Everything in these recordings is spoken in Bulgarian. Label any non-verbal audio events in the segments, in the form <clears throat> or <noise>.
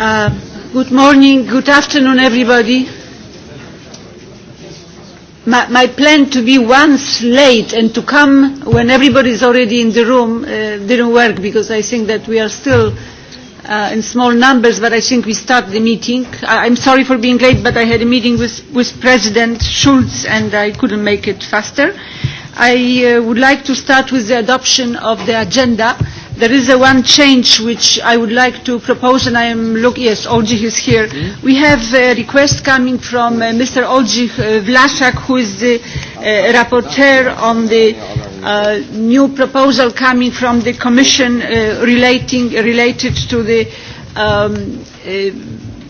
Uh, good morning, good afternoon, everybody. My, my plan to be once late and to come when everybody is already in the room uh, didn't work because I think that we are still uh, in small numbers, but I think we start the meeting. I, I'm sorry for being late, but I had a meeting with, with President Schulz and I couldn't make it faster. I uh, would like to start with the adoption of the agenda. There is a one change which I would like to propose, and I am look. Yes, Olgich is here. Mm-hmm. We have a request coming from uh, Mr. Olgich uh, Vlasak, who is the uh, rapporteur on the uh, new proposal coming from the Commission uh, relating related to the um, uh,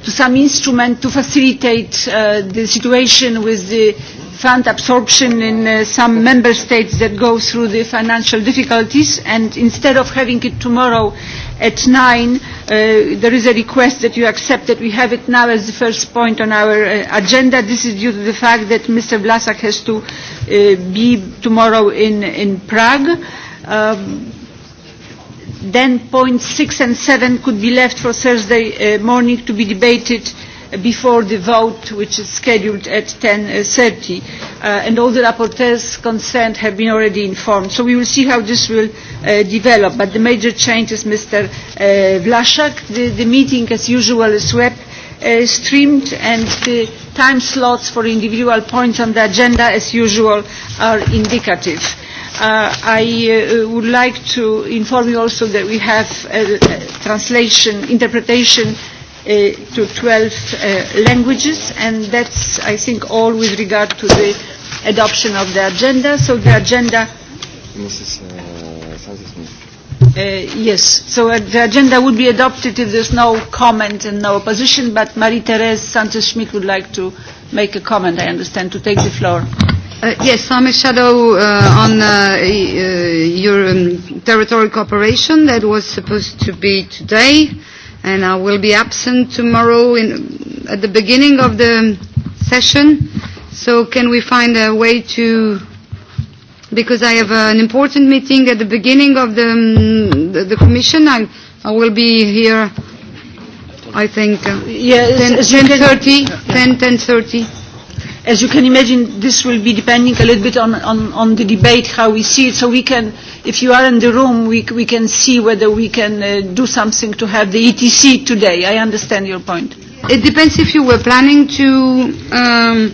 to some instrument to facilitate uh, the situation with the fund absorption in uh, some member states that go through the financial difficulties and instead of having it tomorrow at 9 uh, there is a request that you accept that we have it now as the first point on our uh, agenda. This is due to the fact that Mr. Vlasak has to uh, be tomorrow in, in Prague. Um, then points 6 and 7 could be left for Thursday uh, morning to be debated uh, before the vote which is scheduled at 10.30 uh, and all the rapporteurs concerned have been already informed so we will see how this will uh, develop but the major change is Mr. Uh, Vlasak the, the meeting as usual is web uh, streamed and the time slots for individual points on the agenda as usual are indicative uh, I uh, would like to inform you also that we have a translation, interpretation uh, to 12 uh, languages, and that's, I think, all with regard to the adoption of the agenda. So the agenda. Mrs. Uh, yes, so uh, the agenda would be adopted if there's no comment and no opposition, but Marie-Thérèse Sanchez-Schmidt would like to make a comment, I understand, to take the floor. Uh, yes, I'm a shadow uh, on uh, uh, your um, territorial cooperation that was supposed to be today. Uh, and I will be absent tomorrow in, at the beginning of the session. So can we find a way to, because I have an important meeting at the beginning of the, the, the commission, I, I will be here, I think, uh, yes, 10, 10.30, 10, 10.30 as you can imagine, this will be depending a little bit on, on, on the debate, how we see it. So we can, if you are in the room, we, we can see whether we can uh, do something to have the ETC today. I understand your point. It depends if you were planning to um,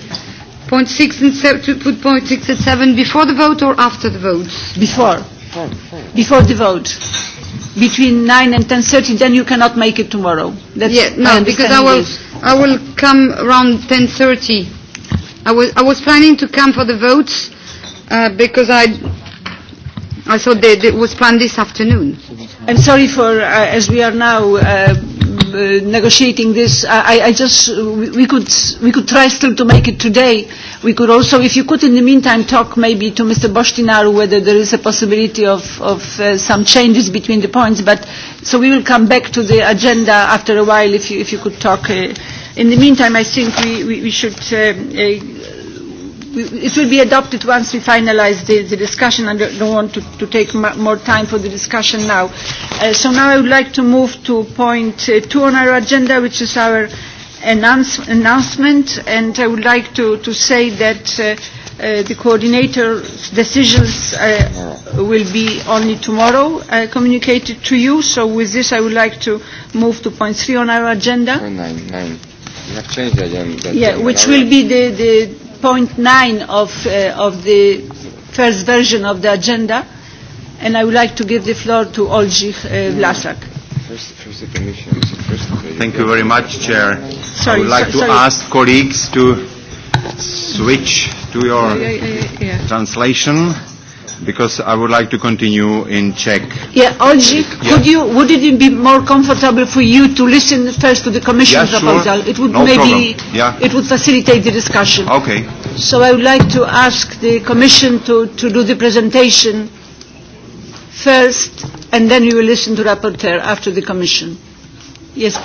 point six and se- to put point six and seven before the vote or after the vote. Before, before the vote between 9 and 10.30, then you cannot make it tomorrow. That's yeah, no, because I will, I will come around 10.30 I was, I was planning to come for the votes uh, because I, I thought they, they was planned this afternoon. I'm sorry for, uh, as we are now uh, uh negotiating this, I, I just we could we could try still to make it today. We could also, if you could, in the meantime, talk maybe to Mr. Boshtinaru whether there is a possibility of of uh, some changes between the points. But so we will come back to the agenda after a while if you if you could talk. Uh, In the meantime, I think we, we, we should. Uh, uh, it will be adopted once we finalize the, the discussion. I don't want to, to take more time for the discussion now. Uh, so now I would like to move to point uh, two on our agenda, which is our announce, announcement. And I would like to, to say that uh, uh, the coordinator's decisions uh, will be only tomorrow uh, communicated to you. So with this, I would like to move to point three on our agenda. Nine, nine. Yeah, which will be the, the point nine of, uh, of the first version of the agenda. And I would like to give the floor to Olgich uh, Vlasak. Thank you very much, Chair. Sorry, I would like so, to sorry. ask colleagues to switch to your yeah, yeah, yeah, yeah. translation because I would like to continue in Czech. Yeah, Olgi, yeah. could you, would it be more comfortable for you to listen first to the Commission's yeah, proposal? Sure. It would no maybe, yeah. it would facilitate the discussion. Okay. So I would like to ask the Commission to, to do the presentation first, and then you will listen to Rapporteur after the Commission. Yes.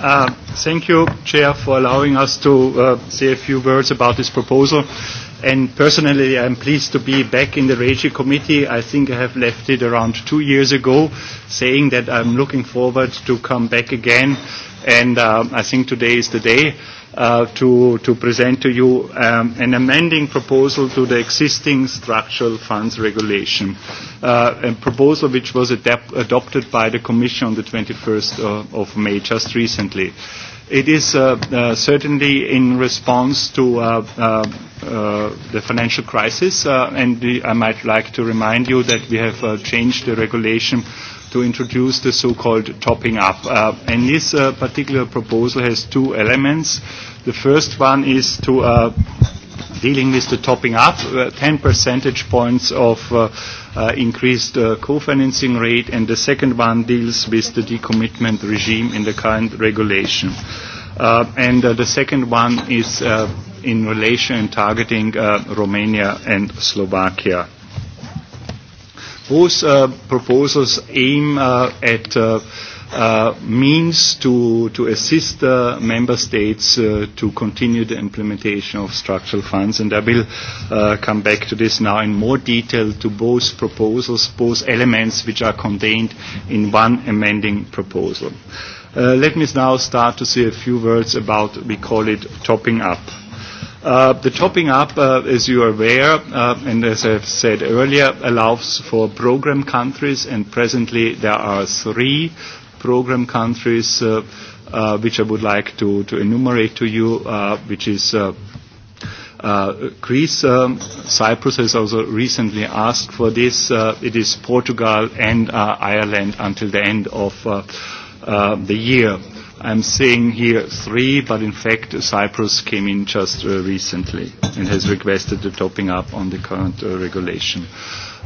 Uh, thank you, Chair, for allowing us to uh, say a few words about this proposal. Uh, And personally, I'm pleased to be back in the REGI committee. I think I have left it around two years ago, saying that I'm looking forward to come back again and uh, I think today is the day uh, to, to present to you um, an amending proposal to the existing structural funds regulation, uh, a proposal which was adap- adopted by the Commission on the 21st uh, of May just recently. It is uh, uh, certainly in response to uh, uh, uh, the financial crisis, uh, and the, I might like to remind you that we have uh, changed the regulation to introduce the so-called topping up. Uh, and this uh, particular proposal has two elements. The first one is to uh, dealing with the topping up, uh, 10 percentage points of uh, uh, increased uh, co-financing rate, and the second one deals with the decommitment regime in the current regulation. Uh, and uh, the second one is uh, in relation and targeting uh, Romania and Slovakia. Both uh, proposals aim uh, at uh, uh, means to, to assist uh, member states uh, to continue the implementation of structural funds. And I will uh, come back to this now in more detail to both proposals, both elements which are contained in one amending proposal. Uh, let me now start to say a few words about, we call it topping up Uh, the topping up, uh, as you are aware, uh, and as I've said earlier, allows for program countries, and presently there are three program countries uh, uh, which I would like to, to enumerate to you, uh, which is uh, uh, Greece, um, Cyprus has also recently asked for this. Uh, it is Portugal and uh, Ireland until the end of uh, uh, the year. I'm seeing here three, but in fact Cyprus came in just uh, recently and has requested the topping up on the current uh, regulation.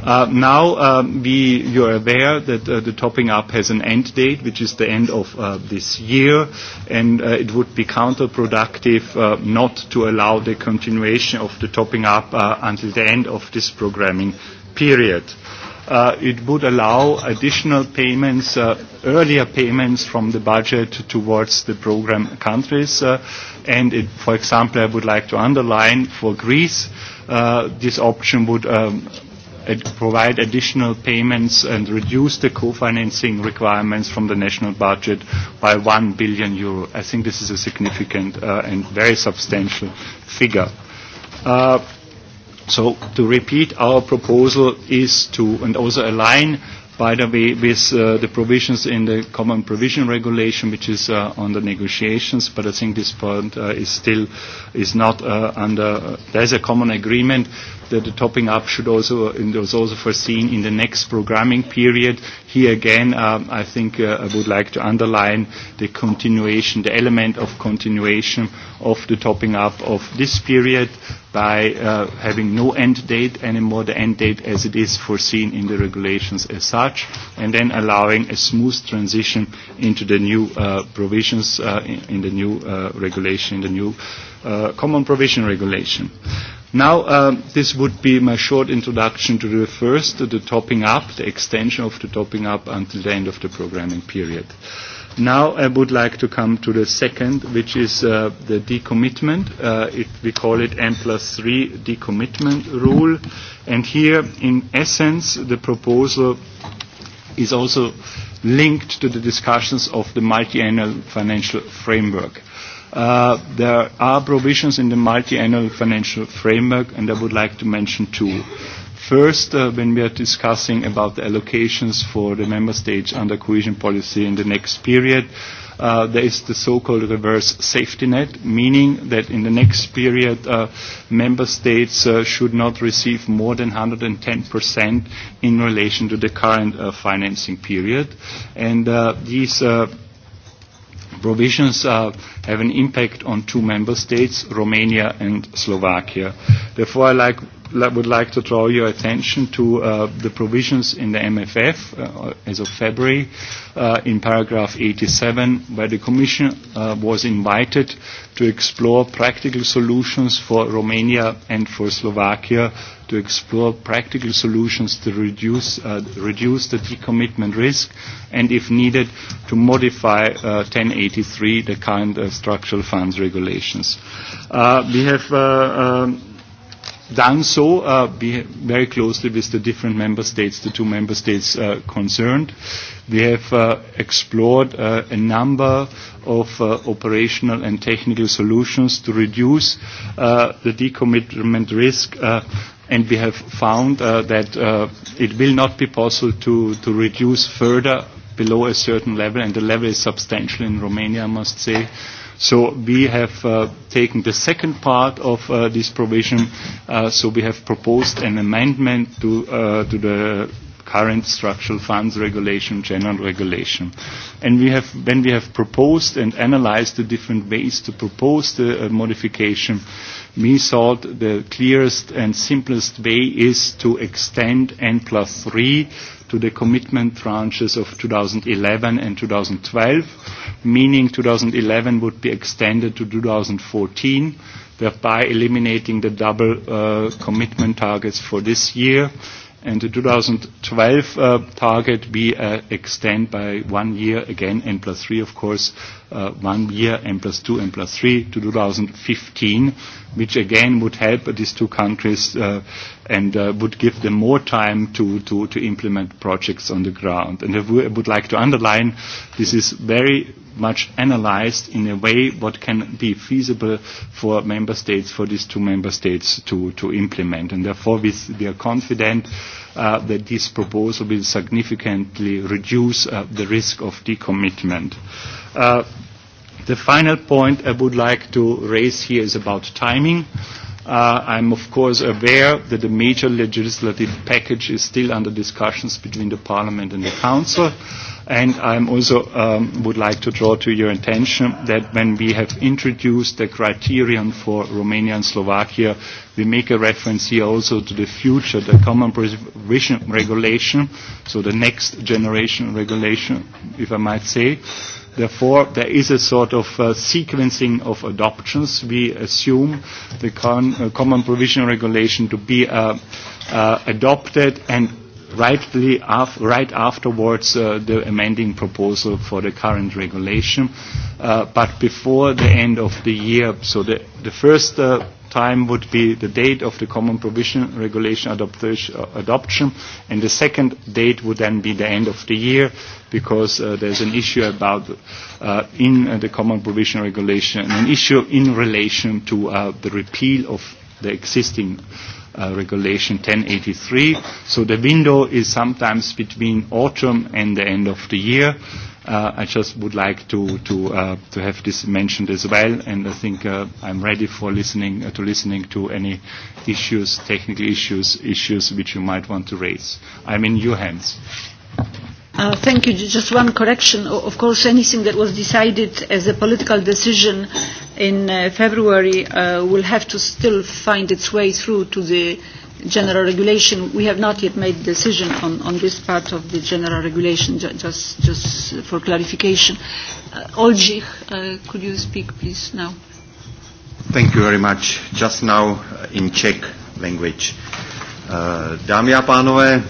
Uh, now um, we, are aware that uh, the topping up has an end date, which is the end of uh, this year, and uh, it would be counterproductive uh, not to allow the continuation of the topping up uh, until the end of this programming period. Uh, uh, it would allow additional payments, uh, earlier payments from the budget towards the program countries. Uh, and it, for example, I would like to underline for Greece, uh, this option would um, provide additional payments and reduce the co-financing requirements from the national budget by 1 billion euro. I think this is a significant uh, and very substantial figure. Uh, So to repeat, our proposal is to, and also align, by the way, with uh, the provisions in the Common Provision Regulation, which is uh, on the negotiations, but I think this point uh, is still, is not uh, under, there's a common agreement, that the topping up should also and was also foreseen in the next programming period. Here again, um, I think uh, I would like to underline the continuation, the element of continuation of the topping up of this period by uh, having no end date anymore, the end date as it is foreseen in the regulations as such, and then allowing a smooth transition into the new uh, provisions uh, in, in the new uh, regulation, in the new uh, common provision regulation. Now, uh, this would be my short introduction to the first, to the topping up, the extension of the topping up until the end of the programming period. Now I would like to come to the second, which is uh, the decommitment. Uh, it, we call it N plus 3 decommitment rule. And here, in essence, the proposal is also linked to the discussions of the multi-annual financial framework Uh, there are provisions in the multi-annual financial framework, and I would like to mention two. First, uh, when we are discussing about the allocations for the member states under cohesion policy in the next period, uh, there is the so-called reverse safety net, meaning that in the next period, uh, member states uh, should not receive more than 110% in relation to the current uh, financing period. And uh, these uh, provisions uh, have an impact on two member states, Romania and Slovakia. Therefore, I like would like to draw your attention to uh, the provisions in the MFF uh, as of February uh, in paragraph 87 where the Commission uh, was invited to explore practical solutions for Romania and for Slovakia to explore practical solutions to reduce, uh, reduce the decommitment risk and, if needed, to modify uh, 1083, the current uh, structural funds regulations. Uh, we have uh, uh, done so uh, be very closely with the different member states, the two member states uh, concerned. We have uh, explored uh, a number of uh, operational and technical solutions to reduce uh, the decommitment risk uh, and we have found uh, that uh, it will not be possible to, to reduce further below a certain level, and the level is substantial in Romania, I must say, So we have uh, taken the second part of uh, this provision, uh, so we have proposed an amendment to, uh, to the current structural funds regulation, general regulation. And we have, when we have proposed and analyzed the different ways to propose the uh, modification, we thought the clearest and simplest way is to extend N plus 3 to the commitment tranches of 2011 and 2012, meaning 2011 would be extended to 2014, thereby eliminating the double uh, commitment targets for this year and the 2012 uh, target we uh, extend by one year again, N plus three, of course, uh, one year, M plus two, M plus three, to 2015, which again would help these two countries uh, and uh, would give them more time to, to, to implement projects on the ground. And I would like to underline this is very much analyzed in a way what can be feasible for member states, for these two member states to, to implement. And therefore we, we are confident uh, that this proposal will significantly reduce uh, the risk of decommitment the final point I would like to raise here is about timing. Uh, I'm of course aware that the major legislative package is still under discussions between the Parliament and the Council. And I also um, would like to draw to your attention that when we have introduced the criterion for Romania and Slovakia, we make a reference here also to the future, the common provision regulation, so the next generation regulation, if I might say Therefore, there is a sort of uh, sequencing of adoptions. We assume the con- uh, common provision regulation to be uh, uh, adopted and rightly af- right afterwards uh, the amending proposal for the current regulation, uh, but before the end of the year. So the, the first uh, time would be the date of the common provision regulation adoption, and the second date would then be the end of the year because uh, there's an issue about uh, in uh, the common provision regulation, an issue in relation to uh, the repeal of the existing uh, regulation 1083. So the window is sometimes between autumn and the end of the year Uh, I just would like to to uh, to have this mentioned as well, and I think uh, I'm ready for listening uh, to listening to any issues, technical issues, issues which you might want to raise. I'm in your hands. Uh, thank you. Just one correction. Of course, anything that was decided as a political decision in uh, February uh, will have to still find its way through to the general regulation. We have not yet made decision on, on this part of the general regulation, ju just, just for clarification. Uh, Olgich, uh, could you speak, please, now? Thank you very much. Just now in Czech language. Dámy a pánové,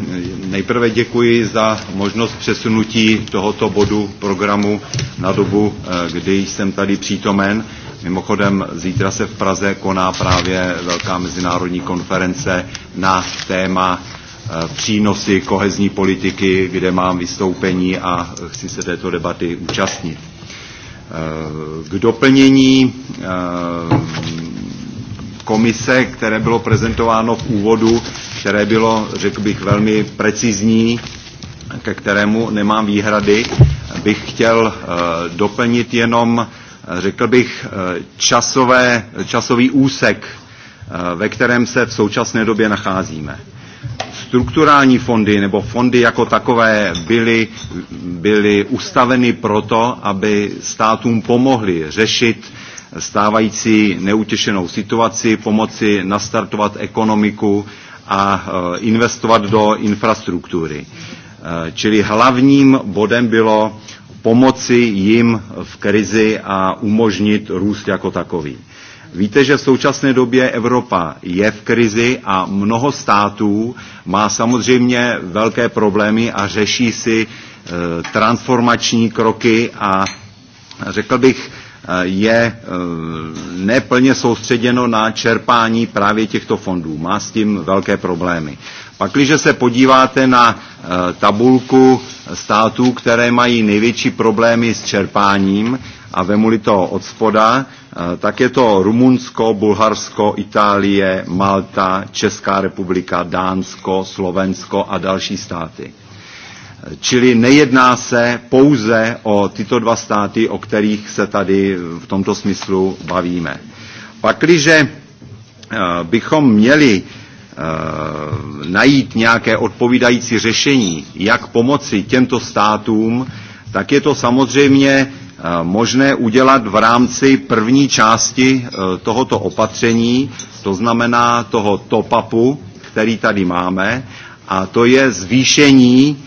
nejprve děkuji za možnost přesunutí tohoto bodu programu na dobu, kdy jsem tady přítomen. Mimochodem, zítra se v Praze koná právě velká mezinárodní konference na téma přínosy kohezní politiky, kde mám vystoupení a chci se této debaty účastnit. K doplnění komise, které bylo prezentováno v úvodu, které bylo, řekl bych, velmi precizní, ke kterému nemám výhrady, bych chtěl doplnit jenom řekl bych, časové, časový úsek, ve kterém se v současné době nacházíme. Strukturální fondy nebo fondy jako takové byly, byly ustaveny proto, aby státům pomohly řešit stávající neutěšenou situaci, pomoci nastartovat ekonomiku a investovat do infrastruktury. Čili hlavním bodem bylo pomoci jim v krizi a umožnit růst jako takový. Víte, že v současné době Evropa je v krizi a mnoho států má samozřejmě velké problémy a řeší si transformační kroky a řekl bych, je neplně soustředěno na čerpání právě těchto fondů. Má s tím velké problémy. Pakliže se podíváte na tabulku států, které mají největší problémy s čerpáním, a vemuli to od spoda, tak je to Rumunsko, Bulharsko, Itálie, Malta, Česká republika, Dánsko, Slovensko a další státy. Čili nejedná se pouze o tyto dva státy, o kterých se tady v tomto smyslu bavíme. Pakliže bychom měli uh, najít nějaké odpovídající řešení, jak pomoci těmto státům, tak je to samozřejmě možné udělat v rámci první části tohoto opatření, to znamená toho top-upu, který tady máme, a to je zvýšení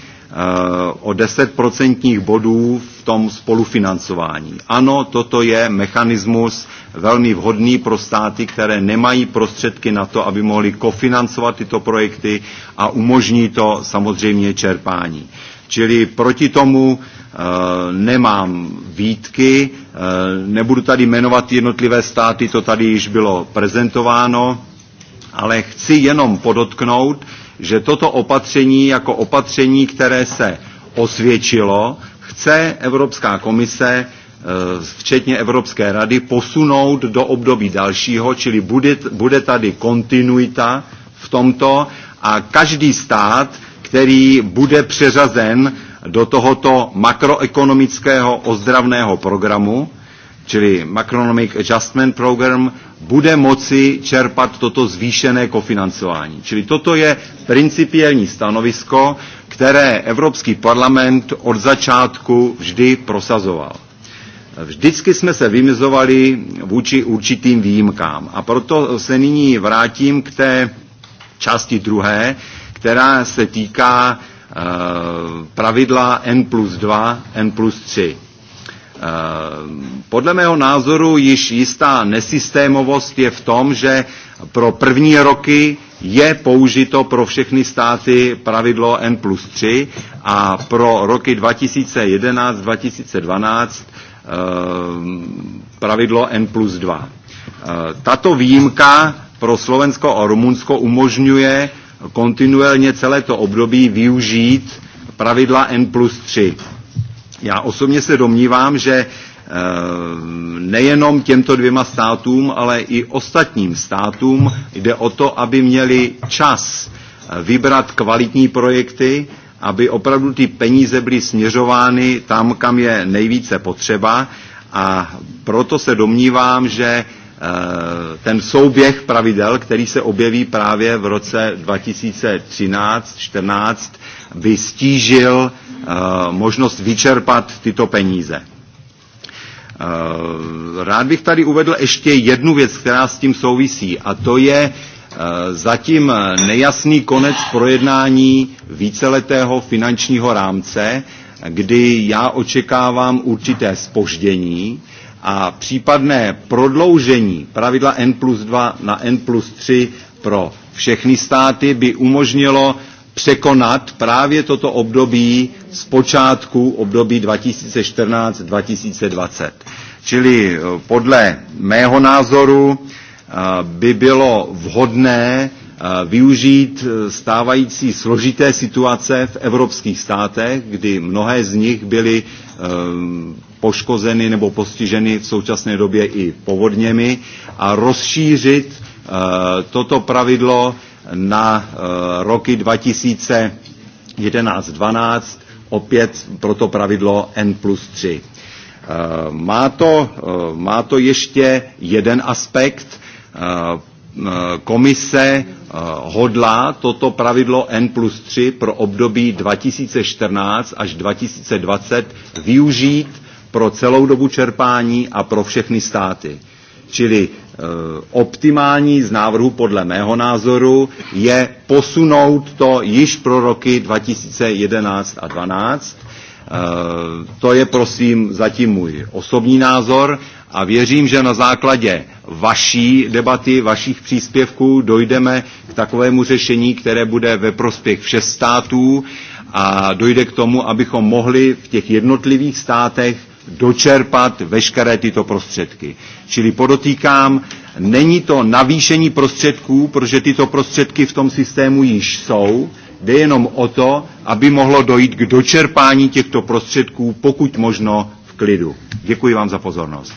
o 10% bodů v tom spolufinancování. Ano, toto je mechanismus velmi vhodný pro státy, které nemají prostředky na to, aby mohly kofinancovat tyto projekty a umožní to samozřejmě čerpání. Čili proti tomu nemám výtky, nebudu tady jmenovat jednotlivé státy, to tady již bylo prezentováno, ale chci jenom podotknout, že toto opatření jako opatření, které se osvědčilo, chce Evropská komise včetně Evropské rady, posunout do období dalšího, čili bude, bude tady kontinuita v tomto a každý stát, který bude přeřazen do tohoto makroekonomického ozdravného programu, čili Macronomic Adjustment Program, bude moci čerpat toto zvýšené kofinancování. Čili toto je principiální stanovisko, které Evropský parlament od začátku vždy prosazoval. Vždycky jsme se vymizovali vůči určitým výjimkám a proto se nyní vrátím k té části druhé, která se týká pravidla N plus 2, N plus 3. Podle mého názoru již jistá nesystémovost je v tom, že pro první roky je použito pro všechny státy pravidlo N plus 3 a pro roky 2011-2012 pravidlo N plus 2. Tato výjimka pro Slovensko a Rumunsko umožňuje kontinuálně celé to období využít pravidla N plus 3 Já osobně se domnívám, že nejenom těmto dvěma státům, ale i ostatním státům jde o to, aby měli čas vybrat kvalitní projekty, aby opravdu ty peníze byly směřovány tam, kam je nejvíce potřeba. A proto se domnívám, že ten souběh pravidel, který se objeví právě v roce 2013-2014, by stížil možnost vyčerpat tyto peníze. Rád bych tady uvedl ještě jednu věc, která s tím souvisí, a to je zatím nejasný konec projednání víceletého finančního rámce, kdy já očekávám určité spoždění a případné prodloužení pravidla N plus 2 na N plus 3 pro všechny státy by umožnilo překonat právě toto období z počátku období 2014-2020. Čili podle mého názoru by bylo vhodné využít stávající složité situace v evropských státech, kdy mnohé z nich byly poškozeny nebo postiženy v současné době i povodněmi a rozšířit toto pravidlo na roky 2011-12 opět pro to pravidlo N plus 3. Má to, má to ještě jeden aspekt. Komise hodlá toto pravidlo N plus 3 pro období 2014 až 2020 využít pro celou dobu čerpání a pro všechny státy. Čili optimální z návrhu podle mého názoru je posunout to již pro roky 2011 a 2012. To je prosím zatím můj osobní názor a věřím, že na základě vaší debaty, vašich příspěvků dojdeme k takovému řešení, které bude ve prospěch všech států a dojde k tomu, abychom mohli v těch jednotlivých státech dočerpat veškeré tyto prostředky. Čili podotýkám, není to navýšení prostředků, protože tyto prostředky v tom systému již jsou, jde jenom o to, aby mohlo dojít k dočerpání těchto prostředků pokud možno v klidu. Děkuji vám za pozornost.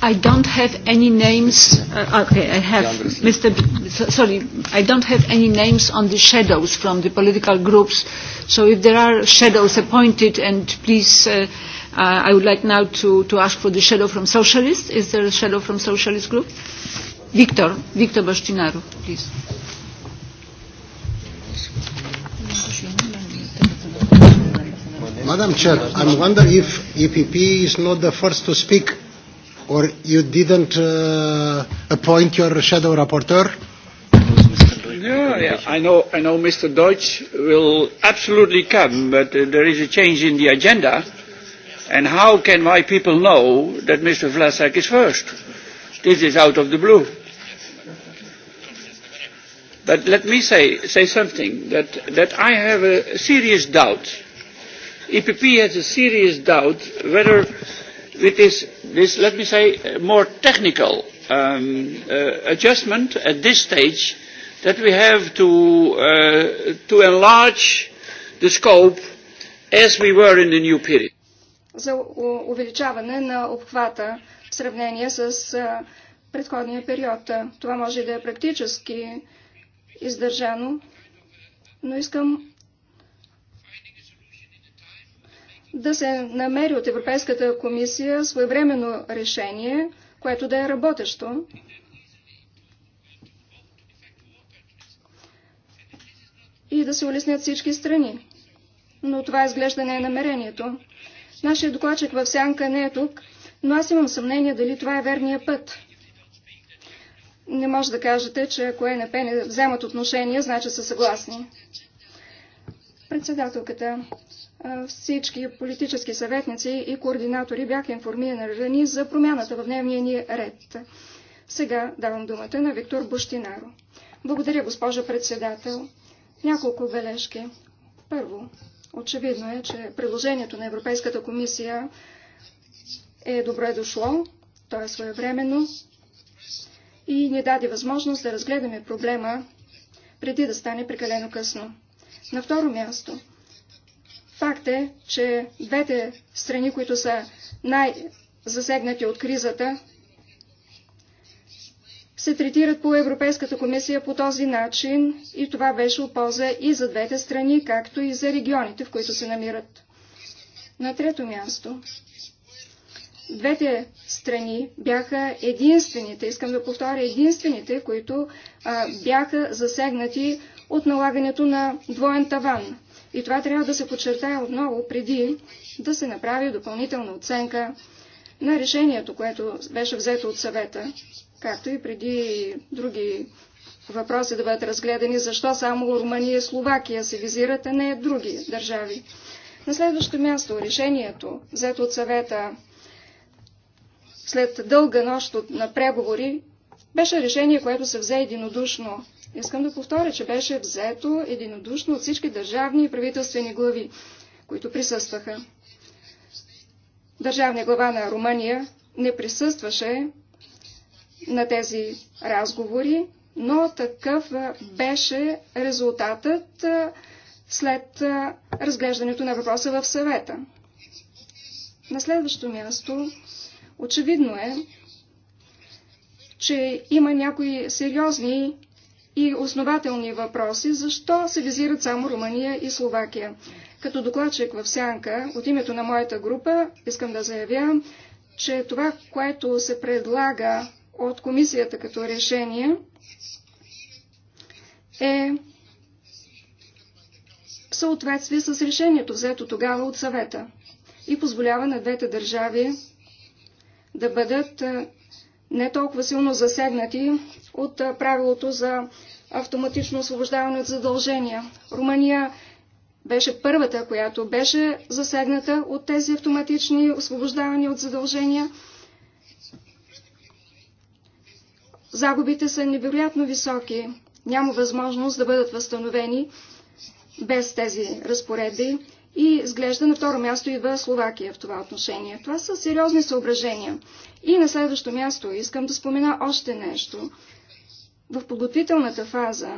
I don't have any names. Uh, okay, I have Mr. B- Sorry, I don't have any names on the shadows from the political groups. So if there are shadows appointed, and please, uh, uh, I would like now to, to ask for the shadow from Socialists. Is there a shadow from Socialist group? Victor, Victor Bastinaro, please. Madam Chair, I wonder if EPP is not the first to speak or you didn't uh, appoint your shadow rapporteur? Yeah, yeah. I know. I know. Mr. Deutsch will absolutely come, but uh, there is a change in the agenda. And how can my people know that Mr. Vlasak is first? This is out of the blue. But let me say, say something, that, that I have a serious doubt. EPP has a serious doubt whether It is this, let me say, more technical um, uh, adjustment at this stage that we have to, uh, to enlarge the scope as we were in the new period. За увеличаване на обхвата в сравнение с предходния период. Това може да е практически издържано, но искам да се намери от Европейската комисия своевременно решение, което да е работещо. и да се улеснят всички страни. Но това изглежда не е намерението. Нашия докладчик в сянка не е тук, но аз имам съмнение дали това е верния път. Не може да кажете, че ако е на не вземат отношения, значи са съгласни. Председателката, всички политически съветници и координатори бяха информирани за промяната в дневния ни ред. Сега давам думата на Виктор Буштинаро. Благодаря, госпожа председател. Няколко бележки. Първо, очевидно е, че предложението на Европейската комисия е добре дошло, то е своевременно и ни даде възможност да разгледаме проблема преди да стане прекалено късно. На второ място, Факт е, че двете страни, които са най-засегнати от кризата, се третират по Европейската комисия по този начин и това беше от полза и за двете страни, както и за регионите, в които се намират. На трето място, двете страни бяха единствените, искам да повторя, единствените, които а, бяха засегнати от налагането на двоен таван. И това трябва да се подчертая отново, преди да се направи допълнителна оценка на решението, което беше взето от съвета, както и преди други въпроси да бъдат разгледани, защо само Румъния и Словакия се визират, а не други държави. На следващо място решението, взето от съвета след дълга нощ на преговори, беше решение, което се взе единодушно. Искам да повторя, че беше взето единодушно от всички държавни и правителствени глави, които присъстваха. Държавния глава на Румъния не присъстваше на тези разговори, но такъв беше резултатът след разглеждането на въпроса в съвета. На следващо място, очевидно е, че има някои сериозни и основателни въпроси, защо се визират само Румъния и Словакия. Като докладчик в Сянка, от името на моята група, искам да заявя, че това, което се предлага от комисията като решение, е в съответствие с решението, взето тогава от съвета и позволява на двете държави да бъдат не толкова силно засегнати от правилото за автоматично освобождаване от задължения. Румъния беше първата, която беше засегната от тези автоматични освобождавания от задължения. Загубите са невероятно високи. Няма възможност да бъдат възстановени без тези разпоредби и изглежда на второ място идва Словакия в това отношение. Това са сериозни съображения. И на следващо място искам да спомена още нещо. В подготвителната фаза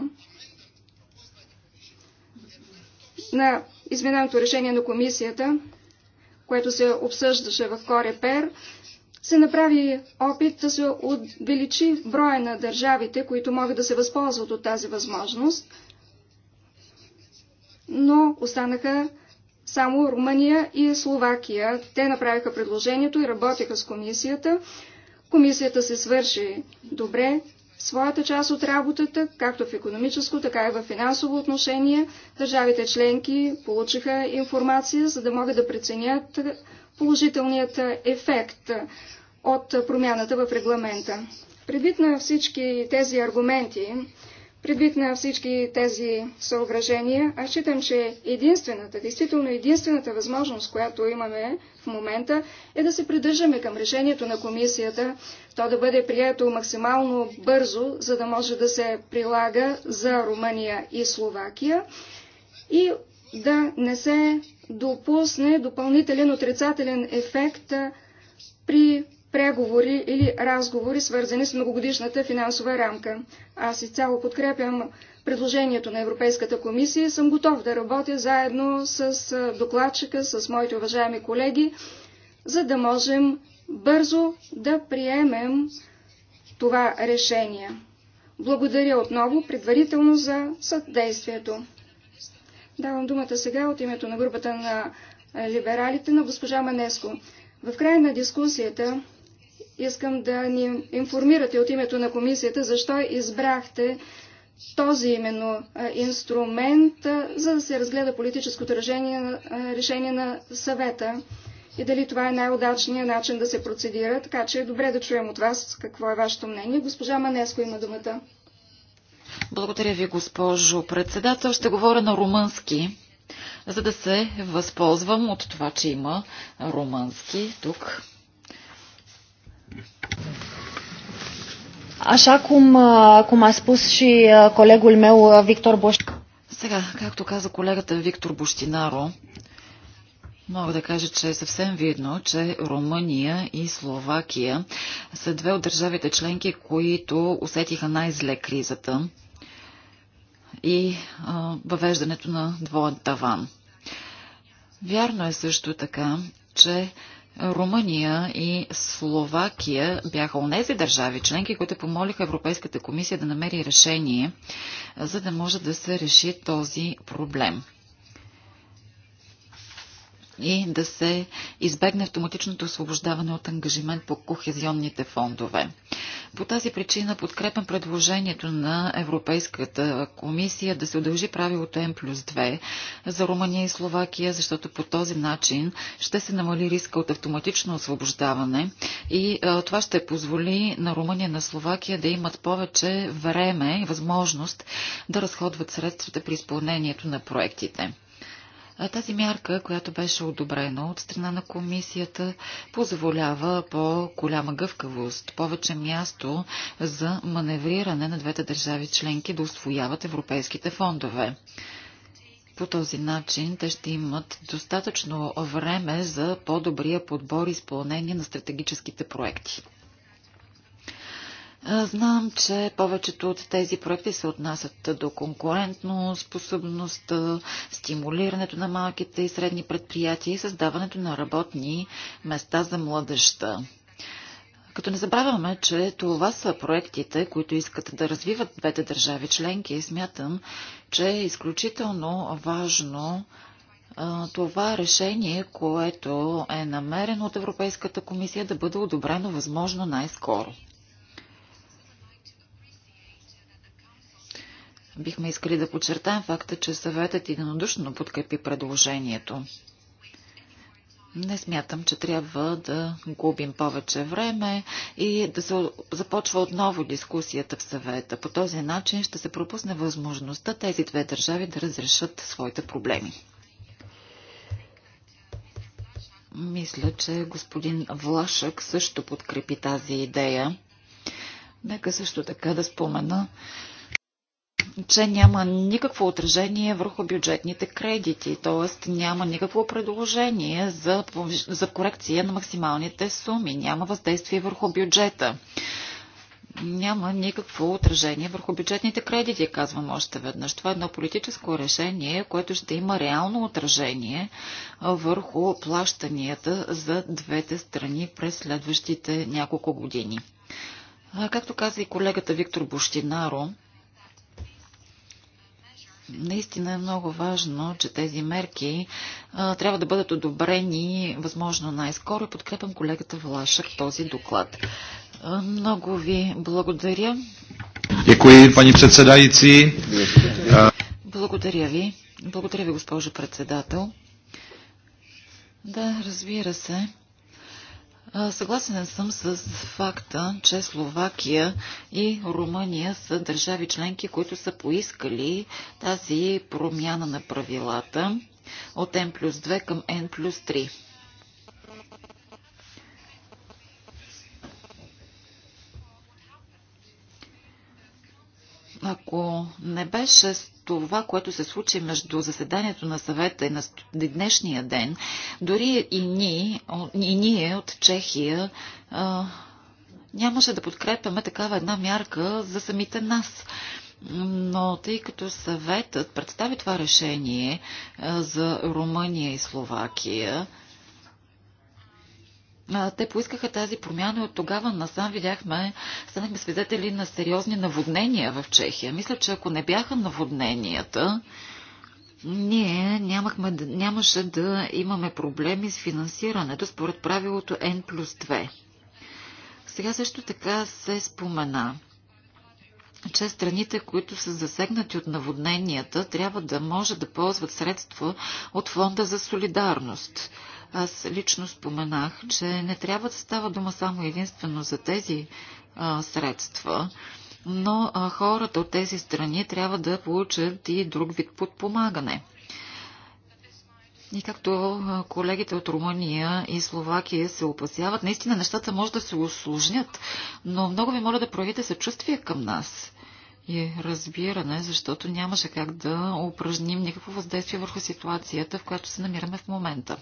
на измененото решение на комисията, което се обсъждаше в Корепер, се направи опит да се увеличи броя на държавите, които могат да се възползват от тази възможност, но останаха само Румъния и Словакия. Те направиха предложението и работеха с комисията. Комисията се свърши добре своята част от работата, както в економическо, така и в финансово отношение. Държавите членки получиха информация, за да могат да преценят положителният ефект от промяната в регламента. Предвид на всички тези аргументи, Предвид на всички тези съображения, аз считам, че единствената, действително единствената възможност, която имаме в момента, е да се придържаме към решението на комисията, то да бъде прието максимално бързо, за да може да се прилага за Румъния и Словакия и да не се допусне допълнителен отрицателен ефект при преговори или разговори, свързани с многогодишната финансова рамка. Аз изцяло подкрепям предложението на Европейската комисия и съм готов да работя заедно с докладчика, с моите уважаеми колеги, за да можем бързо да приемем това решение. Благодаря отново предварително за съдействието. Давам думата сега от името на групата на либералите на госпожа Манеско. В края на дискусията Искам да ни информирате от името на комисията, защо избрахте този именно инструмент, за да се разгледа политическото решение, решение на съвета и дали това е най-удачният начин да се процедира. Така че е добре да чуем от вас какво е вашето мнение. Госпожа Манеско има думата. Благодаря ви, госпожо председател. Ще говоря на румънски, за да се възползвам от това, че има румънски тук. Așa cum, uh, cum a spus și uh, colegul meu, uh, Victor Boștinaru. Сега, както каза колегата Виктор Бощинаро, Мога да кажа, че е съвсем видно, че Румъния и Словакия са две от държавите членки, които усетиха най-зле кризата и а, въвеждането на двоен таван. Вярно е също така, че Румъния и Словакия бяха онези държави членки, които помолиха Европейската комисия да намери решение, за да може да се реши този проблем и да се избегне автоматичното освобождаване от ангажимент по кохезионните фондове. По тази причина подкрепям предложението на Европейската комисия да се удължи правилото М плюс 2 за Румъния и Словакия, защото по този начин ще се намали риска от автоматично освобождаване и а, това ще позволи на Румъния и на Словакия да имат повече време и възможност да разходват средствата при изпълнението на проектите. Тази мярка, която беше одобрена от страна на комисията, позволява по-голяма гъвкавост, повече място за маневриране на двете държави членки да освояват европейските фондове. По този начин те ще имат достатъчно време за по-добрия подбор и изпълнение на стратегическите проекти. Знам, че повечето от тези проекти се отнасят до конкурентно способност, стимулирането на малките и средни предприятия и създаването на работни места за младеща. Като не забравяме, че това са проектите, които искат да развиват двете държави членки, смятам, че е изключително важно това решение, което е намерено от Европейската комисия да бъде одобрено възможно най-скоро. Бихме искали да подчертаем факта, че съветът единодушно подкрепи предложението. Не смятам, че трябва да губим повече време и да се започва отново дискусията в съвета. По този начин ще се пропусне възможността тези две държави да разрешат своите проблеми. Мисля, че господин Влашък също подкрепи тази идея. Нека също така да спомена, че няма никакво отражение върху бюджетните кредити, т.е. няма никакво предложение за, за корекция на максималните суми, няма въздействие върху бюджета. Няма никакво отражение върху бюджетните кредити, казвам още веднъж. Това е едно политическо решение, което ще има реално отражение върху плащанията за двете страни през следващите няколко години. Както каза и колегата Виктор Бощинаро, Наистина е много важно, че тези мерки а, трябва да бъдат одобрени възможно най-скоро и подкрепям колегата Влашък този доклад. А, много ви благодаря. Děkuji, пани председайци. Благодаря ви. Благодаря ви, госпожо председател. Да, разбира се. Съгласен съм с факта, че Словакия и Румъния са държави членки, които са поискали тази промяна на правилата от N плюс 2 към N плюс 3. Ако не беше това, което се случи между заседанието на съвета и на днешния ден, дори и ние, и ние от Чехия нямаше да подкрепяме такава една мярка за самите нас. Но тъй като съветът представи това решение за Румъния и Словакия, те поискаха тази промяна и от тогава насам видяхме, станахме свидетели на сериозни наводнения в Чехия. Мисля, че ако не бяха наводненията, ние нямахме, нямаше да имаме проблеми с финансирането според правилото N плюс 2. Сега също така се спомена, че страните, които са засегнати от наводненията, трябва да може да ползват средства от фонда за солидарност. Аз лично споменах, че не трябва да става дума само единствено за тези а, средства, но а, хората от тези страни трябва да получат и друг вид подпомагане. И както колегите от Румъния и Словакия се опасяват, наистина нещата може да се осложнят, но много ви моля да проявите съчувствие към нас и разбиране, защото нямаше как да упражним никакво въздействие върху ситуацията, в която се намираме в момента.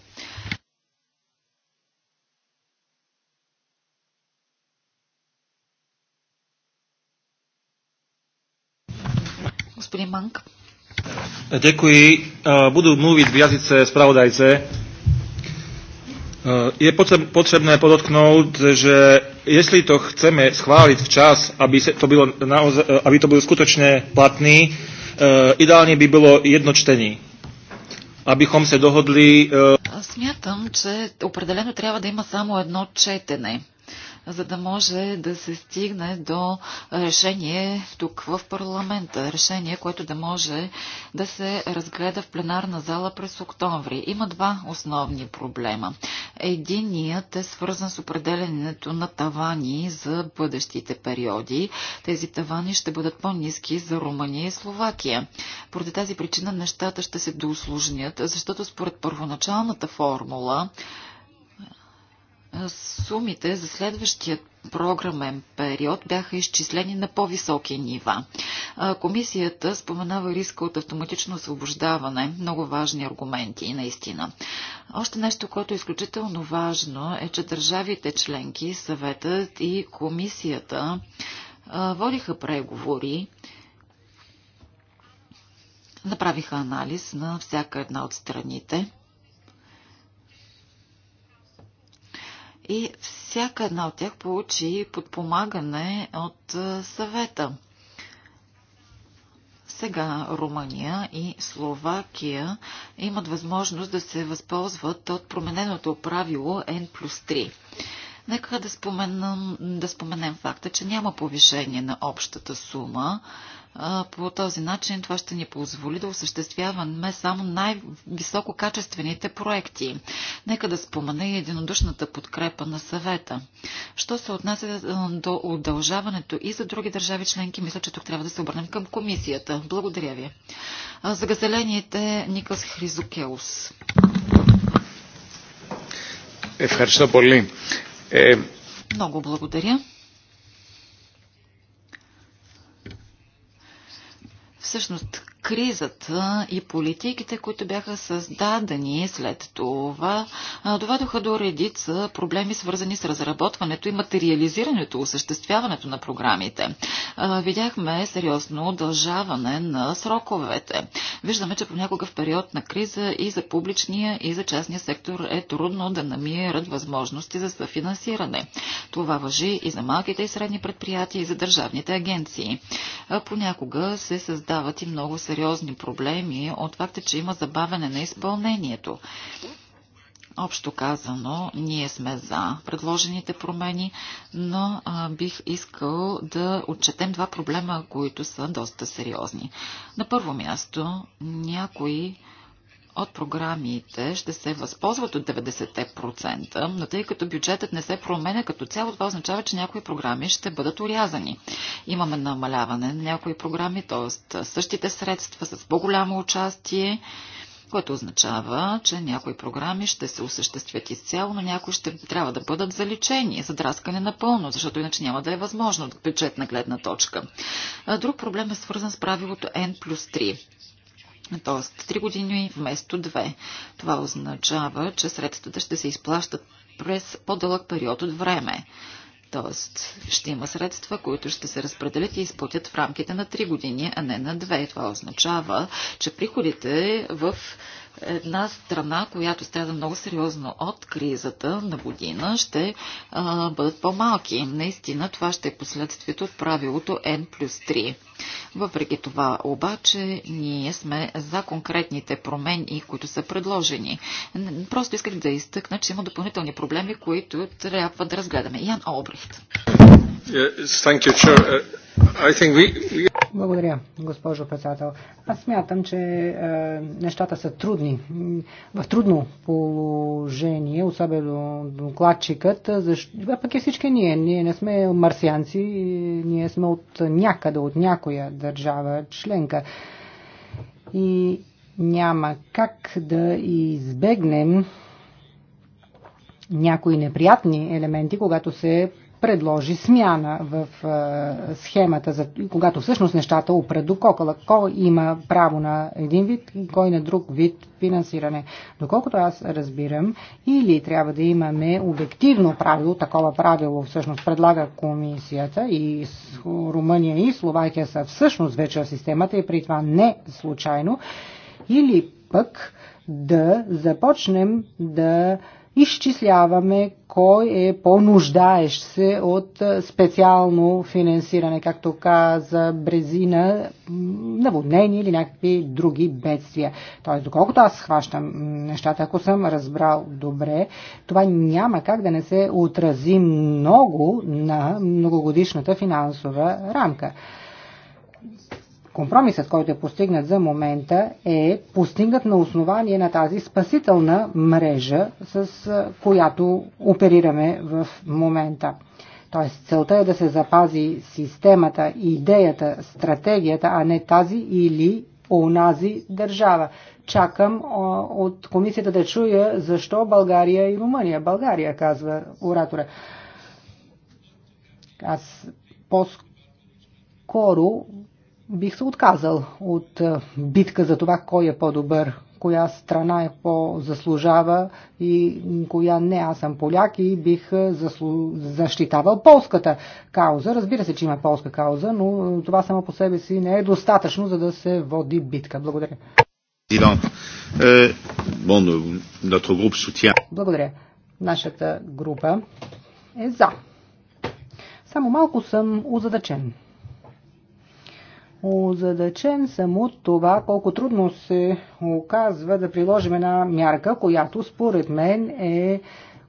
Господин Манк. Děkuji. Budu mluvit v jazyce spravodajce. Je potrebné podotknúť, že jestli to chceme schváliť včas, aby, se to bylo naozaj, aby to bylo skutočne platný, ideálně by bylo jedno čtení. Abychom Абихом dohodli... догодли... Смятам, že upredeleno treba da ima samo jedno четене за да може да се стигне до решение тук в парламента. Решение, което да може да се разгледа в пленарна зала през октомври. Има два основни проблема. Единият е свързан с определенето на тавани за бъдещите периоди. Тези тавани ще бъдат по-низки за Румъния и Словакия. Поради тази причина нещата ще се доусложнят, защото според първоначалната формула, сумите за следващия програмен период бяха изчислени на по-високи нива. Комисията споменава риска от автоматично освобождаване. Много важни аргументи, и наистина. Още нещо, което е изключително важно, е, че държавите членки, съветът и комисията водиха преговори, направиха анализ на всяка една от страните и всяка една от тях получи подпомагане от съвета. Сега Румъния и Словакия имат възможност да се възползват от промененото правило N плюс 3. Нека да споменем, да споменем факта, че няма повишение на общата сума, по този начин това ще ни позволи да осъществяваме само най-висококачествените проекти. Нека да спомена и единодушната подкрепа на съвета. Що се отнася до удължаването и за други държави членки, мисля, че тук трябва да се обърнем към комисията. Благодаря ви. За газелените Никас Хризокеус. Е, е много благодаря. Всъщност, кризата и политиките, които бяха създадени след това, доведоха до редица проблеми, свързани с разработването и материализирането, осъществяването на програмите. Видяхме сериозно удължаване на сроковете. Виждаме, че понякога в период на криза и за публичния, и за частния сектор е трудно да намират възможности за съфинансиране. Това въжи и за малките и средни предприятия, и за държавните агенции. Понякога се създават и много сериозни сериозни проблеми от факта, че има забавене на изпълнението. Общо казано, ние сме за предложените промени, но а, бих искал да отчетем два проблема, които са доста сериозни. На първо място, някои от програмите ще се възползват от 90%, но тъй като бюджетът не се променя като цяло, това означава, че някои програми ще бъдат урязани. Имаме намаляване на някои програми, т.е. същите средства с по-голямо участие, което означава, че някои програми ще се осъществят изцяло, но някои ще трябва да бъдат заличени, задраскане напълно, защото иначе няма да е възможно от бюджетна гледна точка. Друг проблем е свързан с правилото N плюс 3 т.е. 3 години вместо 2. Това означава, че средствата ще се изплащат през по-дълъг период от време. Тоест, ще има средства, които ще се разпределят и изплатят в рамките на 3 години, а не на 2. Това означава, че приходите в една страна, която страда много сериозно от кризата на година, ще а, бъдат по-малки. Наистина това ще е последствието от правилото N плюс 3. Въпреки това обаче ние сме за конкретните промени, които са предложени. Просто исках да изтъкна, че има допълнителни проблеми, които трябва да разгледаме. Ян Обрехт. Uh, Благодаря, госпожо председател. Аз смятам, че е, нещата са трудни. В трудно положение, особено докладчикът, защото. а пък и всички ние. Ние не сме марсианци, ние сме от някъде, от някоя държава членка. И няма как да избегнем някои неприятни елементи, когато се предложи смяна в е, схемата, за, когато всъщност нещата опред кокала. Кой има право на един вид, и кой на друг вид финансиране. Доколкото аз разбирам, или трябва да имаме обективно правило, такова правило всъщност предлага комисията и Румъния и Словакия са всъщност вече в системата и при това не случайно, или пък да започнем да изчисляваме кой е по-нуждаещ се от специално финансиране, както каза Брезина, наводнени или някакви други бедствия. Тоест, доколкото аз хващам нещата, ако съм разбрал добре, това няма как да не се отрази много на многогодишната финансова рамка. Компромисът, който е постигнат за момента, е постигнат на основание на тази спасителна мрежа, с която оперираме в момента. Тоест целта е да се запази системата, идеята, стратегията, а не тази или онази държава. Чакам от комисията да чуя защо България и Румъния. България, казва оратора. Аз по-скоро бих се отказал от е, битка за това кой е по-добър, коя страна е по-заслужава и коя не. Аз съм поляк и бих е, заслу... защитавал полската кауза. Разбира се, че има полска кауза, но е, това само по себе си не е достатъчно, за да се води битка. Благодаря. Благодаря. Нашата група е за. Само малко съм озадачен озадачен съм от това колко трудно се оказва да приложим една мярка, която според мен е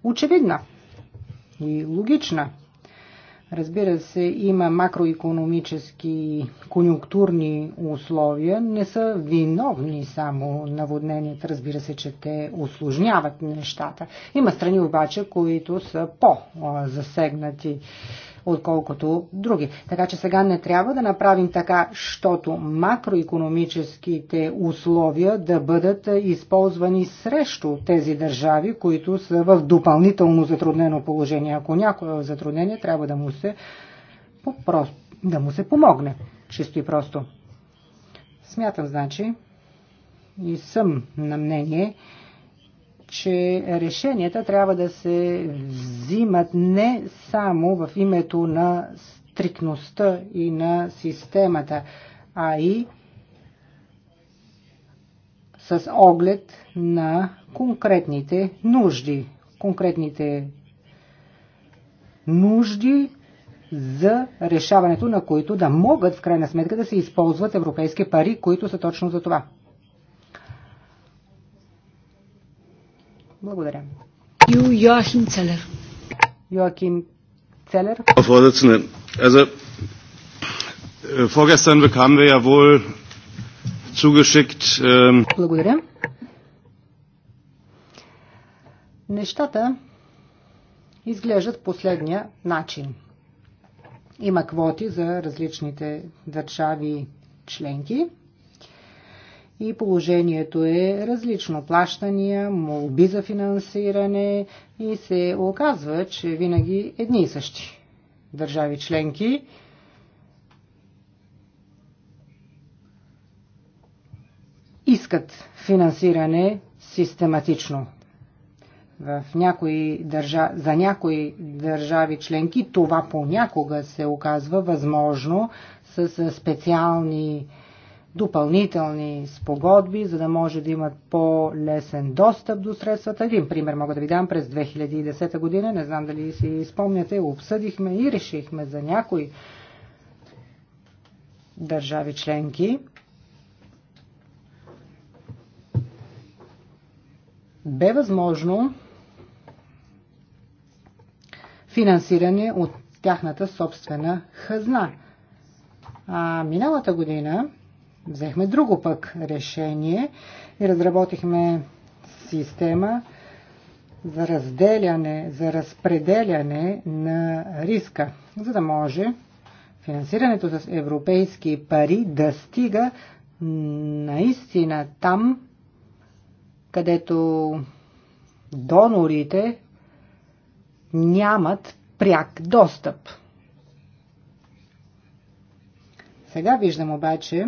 очевидна и логична. Разбира се, има макроекономически конюнктурни условия, не са виновни само наводненията. Разбира се, че те осложняват нещата. Има страни обаче, които са по-засегнати отколкото други. Така че сега не трябва да направим така, щото макроекономическите условия да бъдат е, използвани срещу тези държави, които са в допълнително затруднено положение. Ако някой е в затруднение, трябва да му се, да му се помогне. Чисто и просто. Смятам, значи, и съм на мнение, че решенията трябва да се взимат не само в името на стрикността и на системата, а и с оглед на конкретните нужди. Конкретните нужди за решаването на които да могат в крайна сметка да се използват европейски пари, които са точно за това. Благодаря. Йоахим Целер. Йоахим Целер. Vorgestern bekamen wir ja wohl zugeschickt. Ähm, Благодаря. Нещата изглеждат последния начин. Има квоти за различните държави членки и положението е различно. Плащания, молби за финансиране и се оказва, че винаги едни и същи държави членки искат финансиране систематично. В някои държа... За някои държави членки това понякога се оказва възможно с специални допълнителни спогодби, за да може да имат по-лесен достъп до средствата. Един пример мога да ви дам през 2010 година, не знам дали си спомняте, обсъдихме и решихме за някои държави членки бе възможно финансиране от тяхната собствена хазна. А миналата година взехме друго пък решение и разработихме система за разделяне, за разпределяне на риска, за да може финансирането с европейски пари да стига наистина там, където донорите нямат пряк достъп. Сега виждам обаче,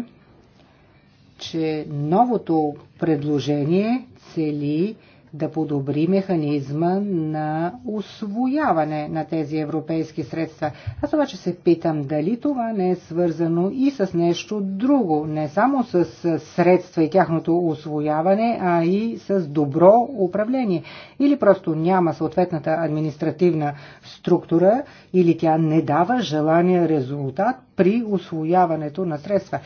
че новото предложение цели да подобри механизма на освояване на тези европейски средства. Аз обаче се питам дали това не е свързано и с нещо друго, не само с средства и тяхното освояване, а и с добро управление. Или просто няма съответната административна структура, или тя не дава желания резултат при освояването на средства.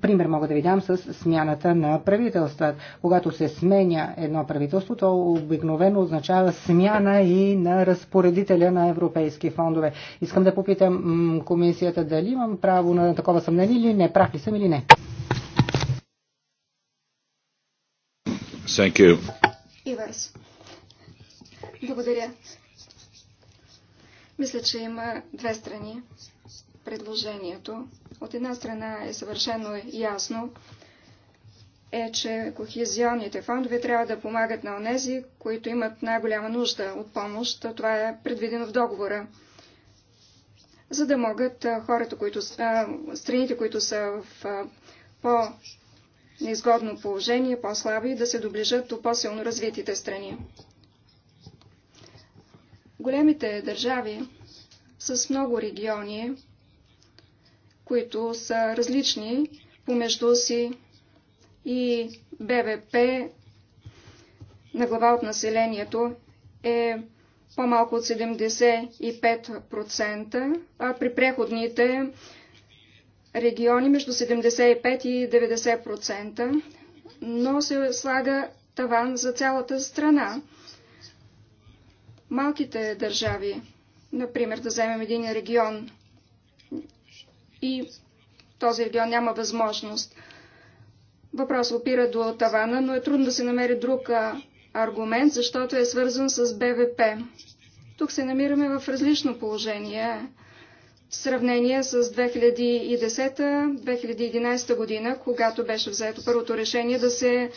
Пример мога да ви дам с смяната на правителства. Когато се сменя едно правителство, то обикновено означава смяна и на разпоредителя на европейски фондове. Искам да попитам комисията дали имам право на такова съмнение или не. Прав ли съм или не? Thank you. И вас. Благодаря. Мисля, че има две страни предложението. От една страна е съвършено ясно, е, че кохезионните фондове трябва да помагат на онези, които имат най-голяма нужда от помощ. Това е предвидено в договора. За да могат хората, които, страните, които са в по неизгодно положение, по-слаби, да се доближат до по-силно развитите страни. Големите държави с много региони които са различни помежду си и БВП на глава от населението е по-малко от 75%, а при преходните региони между 75 и 90%, но се слага таван за цялата страна. Малките държави, например, да вземем един регион и този регион няма възможност. Въпрос опира до тавана, но е трудно да се намери друг аргумент, защото е свързан с БВП. Тук се намираме в различно положение в сравнение с 2010-2011 година, когато беше взето първото решение да се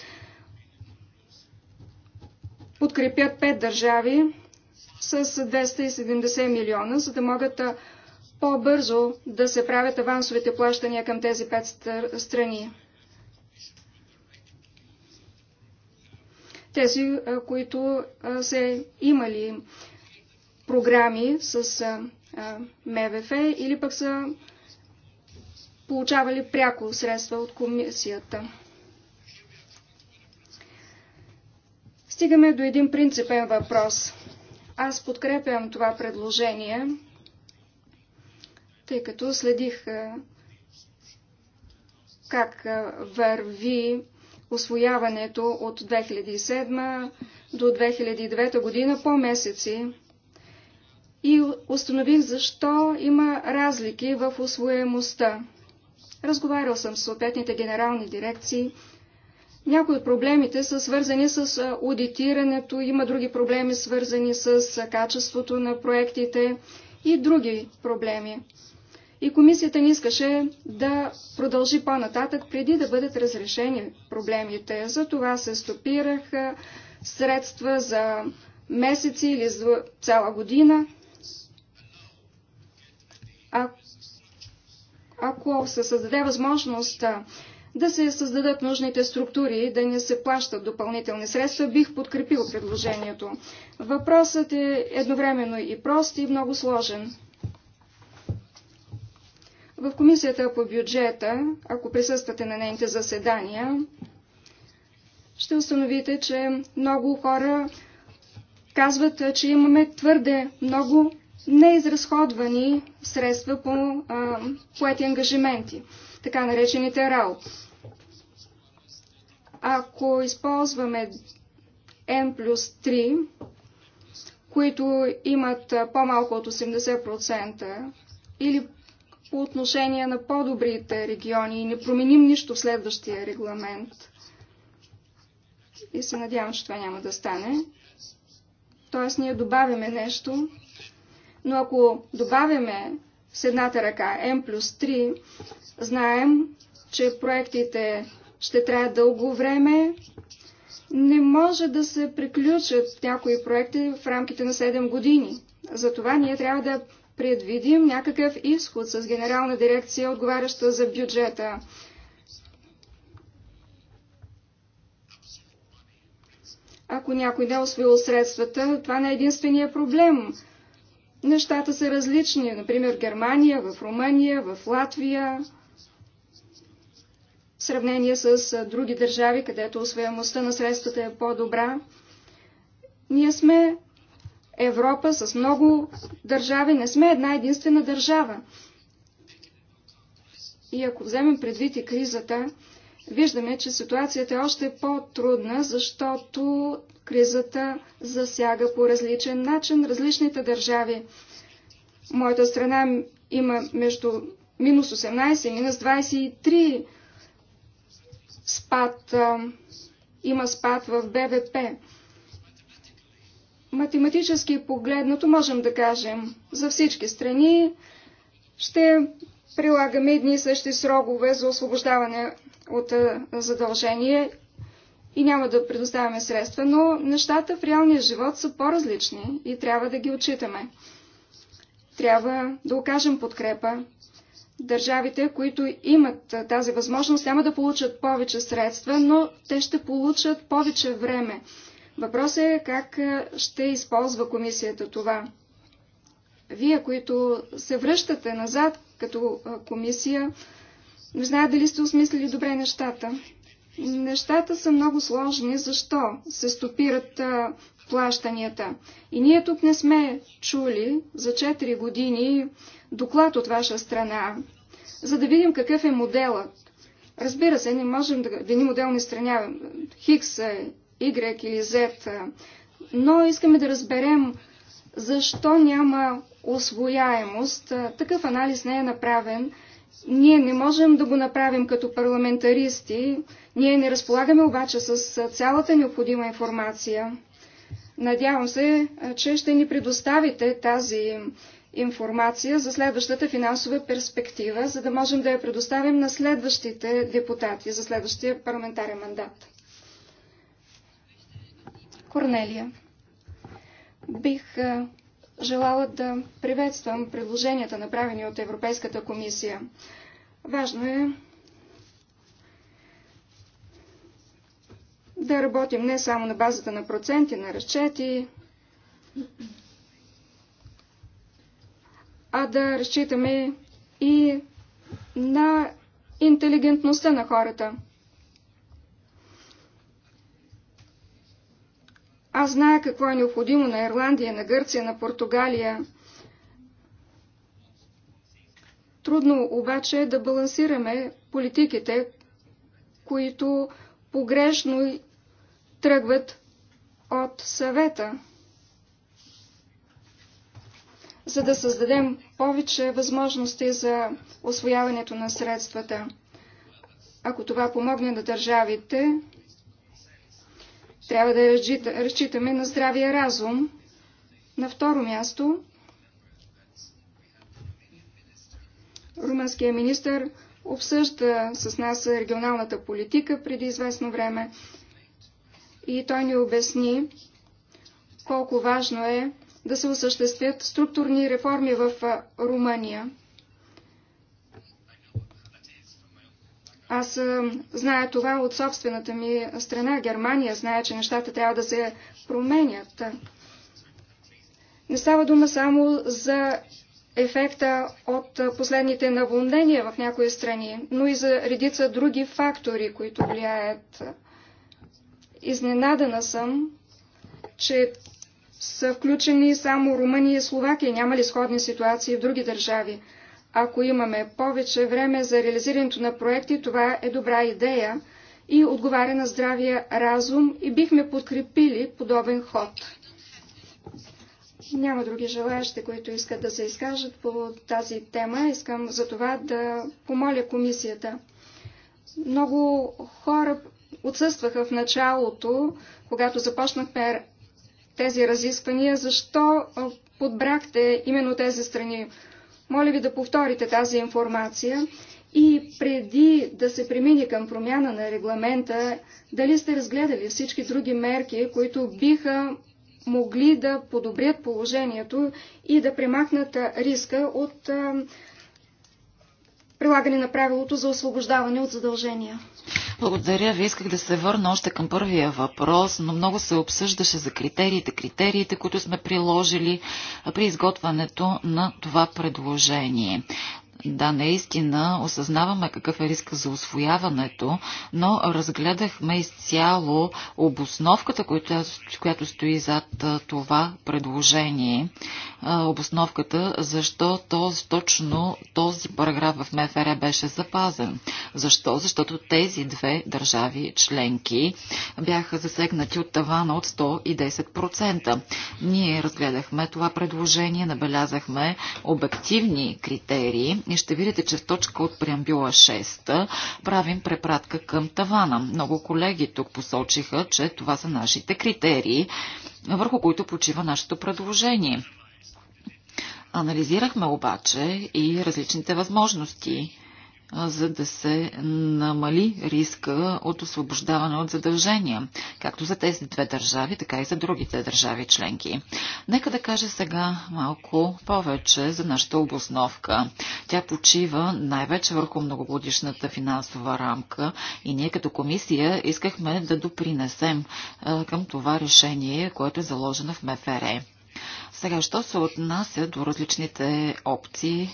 подкрепят пет държави с 270 милиона, за да могат по-бързо да се правят авансовите плащания към тези пет страни. Тези, които са имали програми с МВФ или пък са получавали пряко средства от комисията. Стигаме до един принципен въпрос. Аз подкрепям това предложение тъй като следих е, как е, върви освояването от 2007 до 2009 година по месеци. И установих защо има разлики в освоемостта. Разговарял съм с съответните генерални дирекции. Някои от проблемите са свързани с е, аудитирането, има други проблеми свързани с качеството на проектите и други проблеми. И комисията не искаше да продължи по-нататък, преди да бъдат разрешени проблемите. За това се стопираха средства за месеци или за цяла година. А, ако се създаде възможност да се създадат нужните структури и да не се плащат допълнителни средства, бих подкрепил предложението. Въпросът е едновременно и прост и много сложен. В комисията по бюджета, ако присъствате на нейните заседания, ще установите, че много хора казват, че имаме твърде много неизразходвани средства по поети ангажименти, така наречените РАО. Ако използваме N плюс 3, които имат по-малко от 80%, или по отношение на по-добрите региони и не променим нищо в следващия регламент. И се надявам, че това няма да стане. Тоест ние добавяме нещо, но ако добавяме с едната ръка M плюс 3, знаем, че проектите ще трябва дълго време. Не може да се приключат някои проекти в рамките на 7 години. Затова ние трябва да предвидим някакъв изход с генерална дирекция, отговаряща за бюджета. Ако някой не е освоил средствата, това не е единствения проблем. Нещата са различни, например в Германия, в Румъния, в Латвия, в сравнение с други държави, където освоемостта на средствата е по-добра. Ние сме Европа с много държави. Не сме една единствена държава. И ако вземем предвид и кризата, виждаме, че ситуацията е още по-трудна, защото кризата засяга по различен начин различните държави. Моята страна има между минус 18 и минус 23 спад. Има спад в БВП математически погледнато можем да кажем за всички страни ще прилагаме едни и същи срогове за освобождаване от задължение и няма да предоставяме средства, но нещата в реалния живот са по-различни и трябва да ги отчитаме. Трябва да окажем подкрепа. Държавите, които имат тази възможност, няма да получат повече средства, но те ще получат повече време. Въпросът е как ще използва комисията това. Вие, които се връщате назад като комисия, не знае дали сте осмислили добре нещата. Нещата са много сложни. Защо се стопират плащанията? И ние тук не сме чули за 4 години доклад от ваша страна, за да видим какъв е моделът. Разбира се, не можем да видим модел не страни. Хикс е. Y или Z. Но искаме да разберем защо няма освояемост. Такъв анализ не е направен. Ние не можем да го направим като парламентаристи. Ние не разполагаме обаче с цялата необходима информация. Надявам се, че ще ни предоставите тази информация за следващата финансова перспектива, за да можем да я предоставим на следващите депутати за следващия парламентарен мандат. Корнелия. Бих е, желала да приветствам предложенията, направени от Европейската комисия. Важно е да работим не само на базата на проценти, на разчети, а да разчитаме и на интелигентността на хората – Аз зная какво е необходимо на Ирландия, на Гърция, на Португалия. Трудно обаче е да балансираме политиките, които погрешно тръгват от съвета. За да създадем повече възможности за освояването на средствата. Ако това помогне на държавите, трябва да разчитаме на здравия разум. На второ място, румънския министр обсъжда с нас регионалната политика преди известно време и той ни обясни колко важно е да се осъществят структурни реформи в Румъния. Аз зная това от собствената ми страна. Германия знае, че нещата трябва да се променят. Не става дума само за ефекта от последните наводнения в някои страни, но и за редица други фактори, които влияят. Изненадана съм, че са включени само Румъния и Словакия. Няма ли сходни ситуации в други държави? Ако имаме повече време за реализирането на проекти, това е добра идея и отговаря на здравия разум и бихме подкрепили подобен ход. Няма други желаящи, които искат да се изкажат по тази тема. Искам за това да помоля комисията. Много хора отсъстваха в началото, когато започнахме тези разисквания. Защо подбрахте именно тези страни? Моля ви да повторите тази информация и преди да се премине към промяна на регламента, дали сте разгледали всички други мерки, които биха могли да подобрят положението и да премахнат риска от прилагане на правилото за освобождаване от задължения. Благодаря ви. Исках да се върна още към първия въпрос, но много се обсъждаше за критериите, критериите, които сме приложили при изготвянето на това предложение. Да, наистина осъзнаваме какъв е риска за освояването, но разгледахме изцяло обосновката, която, която стои зад това предложение. Обосновката, защо този, точно този параграф в МФР беше запазен. Защо? Защото тези две държави членки бяха засегнати от тавана от 110%. Ние разгледахме това предложение, набелязахме обективни критерии и ние ще видите, че в точка от преамбюла 6 правим препратка към тавана. Много колеги тук посочиха, че това са нашите критерии, върху които почива нашето предложение. Анализирахме обаче и различните възможности за да се намали риска от освобождаване от задължения, както за тези две държави, така и за другите държави членки. Нека да кажа сега малко повече за нашата обосновка. Тя почива най-вече върху многогодишната финансова рамка и ние като комисия искахме да допринесем към това решение, което е заложено в МФР. Сега, що се отнася до различните опции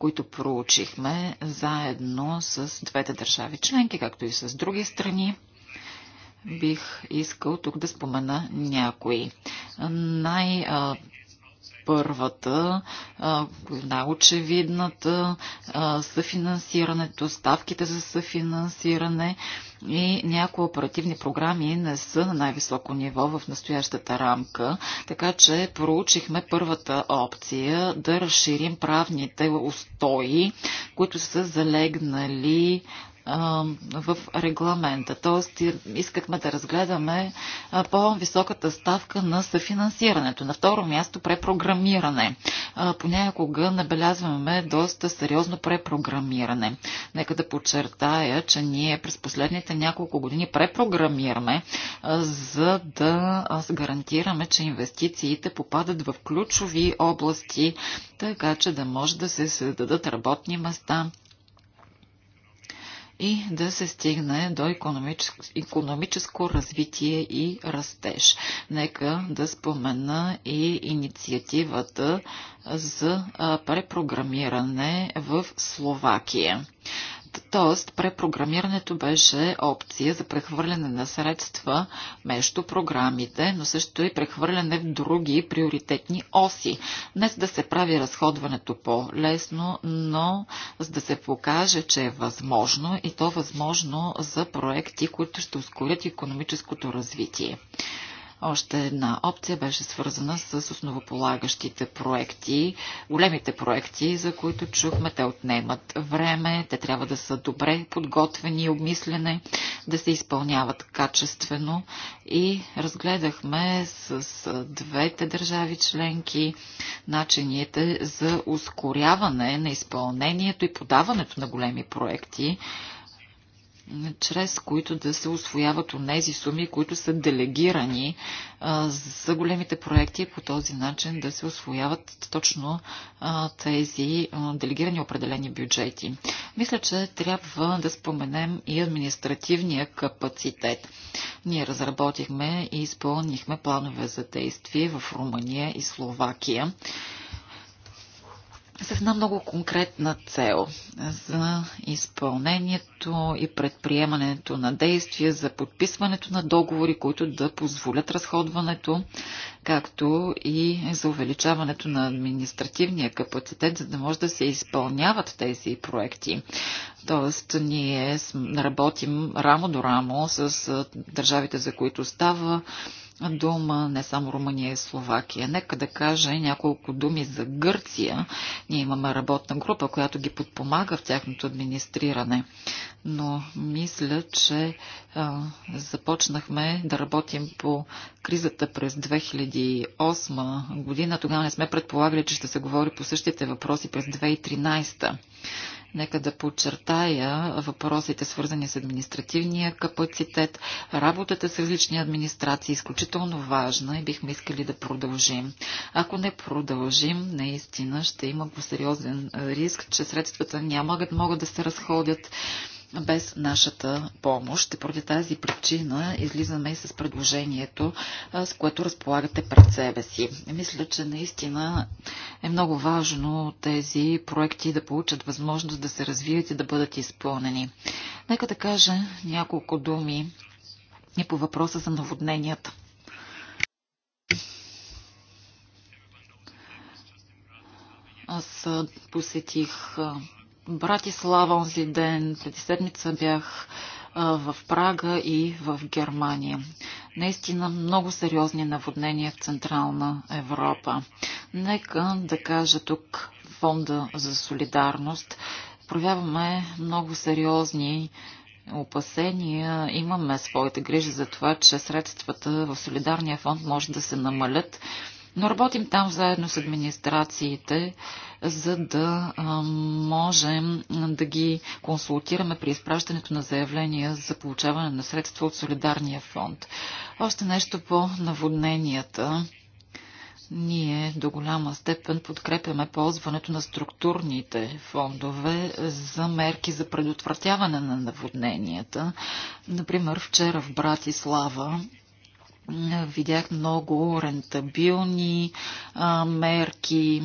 които проучихме заедно с двете държави членки, както и с други страни бих искал тук да спомена някои. Най- първата, най-очевидната, съфинансирането, ставките за съфинансиране и някои оперативни програми не са на най-високо ниво в настоящата рамка, така че проучихме първата опция да разширим правните устои, които са залегнали в регламента. Тоест, искахме да разгледаме по-високата ставка на съфинансирането. На второ място препрограмиране. Понякога набелязваме доста сериозно препрограмиране. Нека да подчертая, че ние през последните няколко години препрограмираме, за да гарантираме, че инвестициите попадат в ключови области, така че да може да се създадат работни места, и да се стигне до економическо, економическо развитие и растеж. Нека да спомена и инициативата за препрограмиране в Словакия. Тоест, препрограмирането беше опция за прехвърляне на средства между програмите, но също и прехвърляне в други приоритетни оси. Не за да се прави разходването по-лесно, но за да се покаже, че е възможно и то възможно за проекти, които ще ускорят економическото развитие. Още една опция беше свързана с основополагащите проекти, големите проекти, за които чухме, те отнемат време, те трябва да са добре подготвени и обмислене, да се изпълняват качествено и разгледахме с двете държави членки начините за ускоряване на изпълнението и подаването на големи проекти, чрез които да се освояват онези суми, които са делегирани за големите проекти по този начин да се освояват точно тези делегирани определени бюджети. Мисля, че трябва да споменем и административния капацитет. Ние разработихме и изпълнихме планове за действие в Румъния и Словакия с една много конкретна цел за изпълнението и предприемането на действия, за подписването на договори, които да позволят разходването, както и за увеличаването на административния капацитет, за да може да се изпълняват тези проекти. Тоест, ние работим рамо до рамо с държавите, за които става дума не само Румъния и Словакия. Нека да кажа няколко думи за Гърция. Ние имаме работна група, която ги подпомага в тяхното администриране. Но мисля, че а, започнахме да работим по кризата през 2008 година. Тогава не сме предполагали, че ще се говори по същите въпроси през 2013. Нека да подчертая въпросите, свързани с административния капацитет. Работата с различни администрации е изключително важна и бихме искали да продължим. Ако не продължим, наистина ще има по-сериозен риск, че средствата няма да могат да се разходят без нашата помощ. И поради тази причина излизаме и с предложението, с което разполагате пред себе си. Мисля, че наистина е много важно тези проекти да получат възможност да се развият и да бъдат изпълнени. Нека да кажа няколко думи и по въпроса за наводненията. Аз посетих Братислава онзи ден, преди седмица бях в Прага и в Германия. Наистина много сериозни наводнения в Централна Европа. Нека да кажа тук Фонда за солидарност. Проявяваме много сериозни опасения, имаме своите грижи за това, че средствата в Солидарния фонд може да се намалят но работим там заедно с администрациите, за да можем да ги консултираме при изпращането на заявления за получаване на средства от Солидарния фонд. Още нещо по наводненията ние до голяма степен подкрепяме ползването на структурните фондове за мерки за предотвратяване на наводненията. Например, вчера в Братислава Видях много рентабилни а, мерки,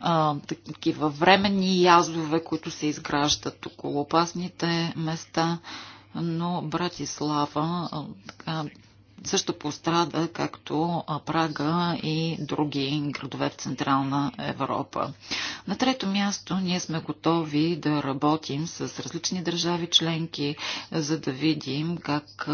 а, такива временни язове, които се изграждат около опасните места но Братислава така, също пострада, както Прага и други градове в Централна Европа. На трето място ние сме готови да работим с различни държави членки, за да видим как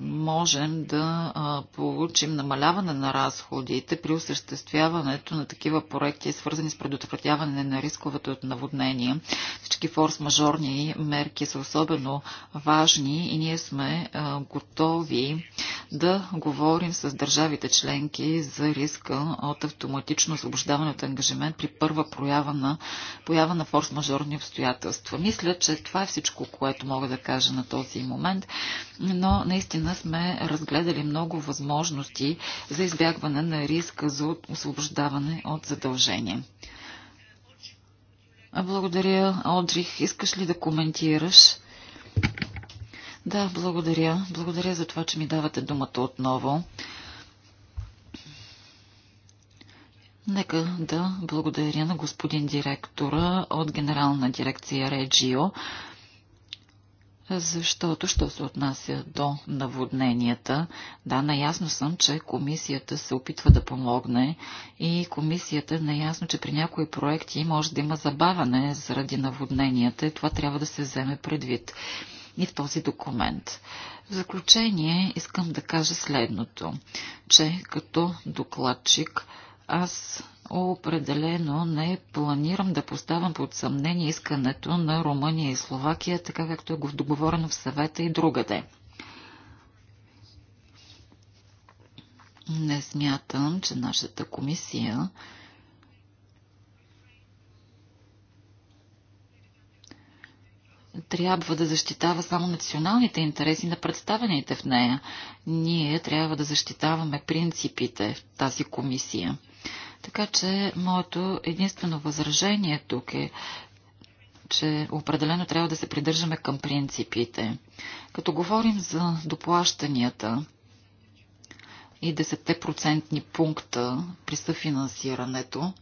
можем да получим намаляване на разходите при осъществяването на такива проекти, свързани с предотвратяване на рисковете от наводнения. Всички форс-мажорни мерки са особено важни и ние сме готови да говорим с държавите членки за риска от автоматично освобождаване от ангажимент при първа проява на, поява на форс-мажорни обстоятелства. Мисля, че това е всичко, което мога да кажа на този момент, но наистина сме разгледали много възможности за избягване на риска за освобождаване от задължения. Благодаря, Одрих. Искаш ли да коментираш? Да, благодаря. Благодаря за това, че ми давате думата отново. Нека да благодаря на господин директора от Генерална дирекция Реджио, защото, що се отнася до наводненията, да, наясно съм, че комисията се опитва да помогне и комисията е наясно, че при някои проекти може да има забаване заради наводненията и това трябва да се вземе предвид и в този документ. В заключение искам да кажа следното, че като докладчик аз определено не планирам да поставям под съмнение искането на Румъния и Словакия, така както е го договорено в съвета и другаде. Не смятам, че нашата комисия трябва да защитава само националните интереси на представените в нея. Ние трябва да защитаваме принципите в тази комисия. Така че моето единствено възражение тук е, че определено трябва да се придържаме към принципите. Като говорим за доплащанията и 10% пункта при съфинансирането,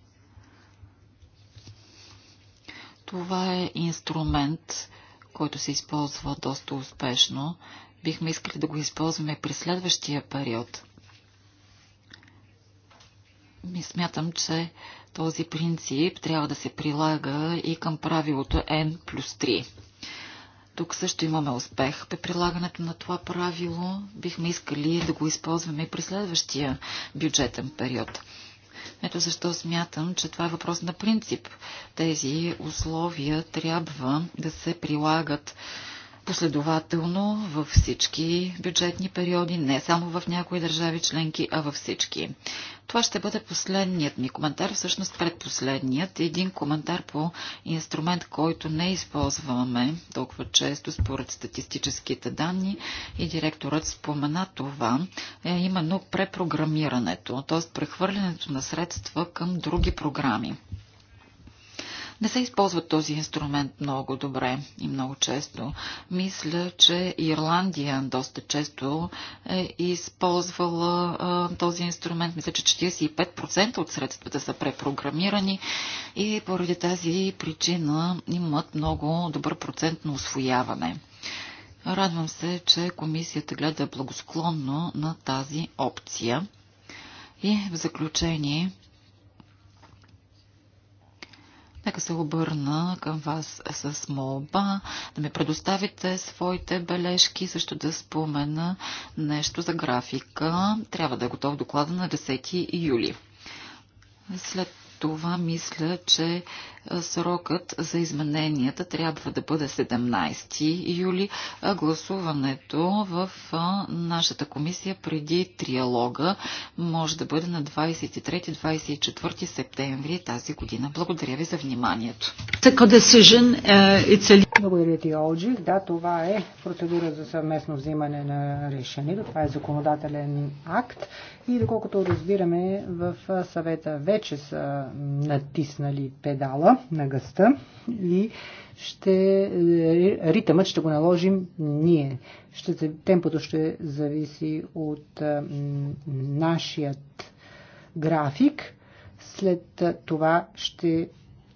това е инструмент, който се използва доста успешно. Бихме искали да го използваме при следващия период. Ми смятам, че този принцип трябва да се прилага и към правилото N плюс 3. Тук също имаме успех при прилагането на това правило. Бихме искали да го използваме и при следващия бюджетен период. Ето защо смятам, че това е въпрос на принцип. Тези условия трябва да се прилагат последователно във всички бюджетни периоди, не само в някои държави членки, а във всички. Това ще бъде последният ми коментар, всъщност предпоследният. Един коментар по инструмент, който не използваме толкова често според статистическите данни и директорът спомена това, е именно препрограмирането, т.е. прехвърлянето на средства към други програми не се използва този инструмент много добре и много често. Мисля, че Ирландия доста често е използвала а, този инструмент. Мисля, че 45% от средствата са препрограмирани и поради тази причина имат много добър процент на освояване. Радвам се, че комисията гледа благосклонно на тази опция. И в заключение Нека се обърна към вас с молба да ми предоставите своите бележки, също да спомена нещо за графика. Трябва да е готов доклада на 10 юли. След това мисля, че срокът за измененията трябва да бъде 17 юли, а гласуването в нашата комисия преди триалога може да бъде на 23-24 септември тази година. Благодаря ви за вниманието. Uh, Благодаря ти, Олджи. Да, това е процедура за съвместно взимане на решение. Това е законодателен акт и доколкото разбираме в съвета вече са натиснали педала на гъста и ще, е, ритъмът ще го наложим ние. Ще, темпото ще зависи от а, е, нашият график. След е, това ще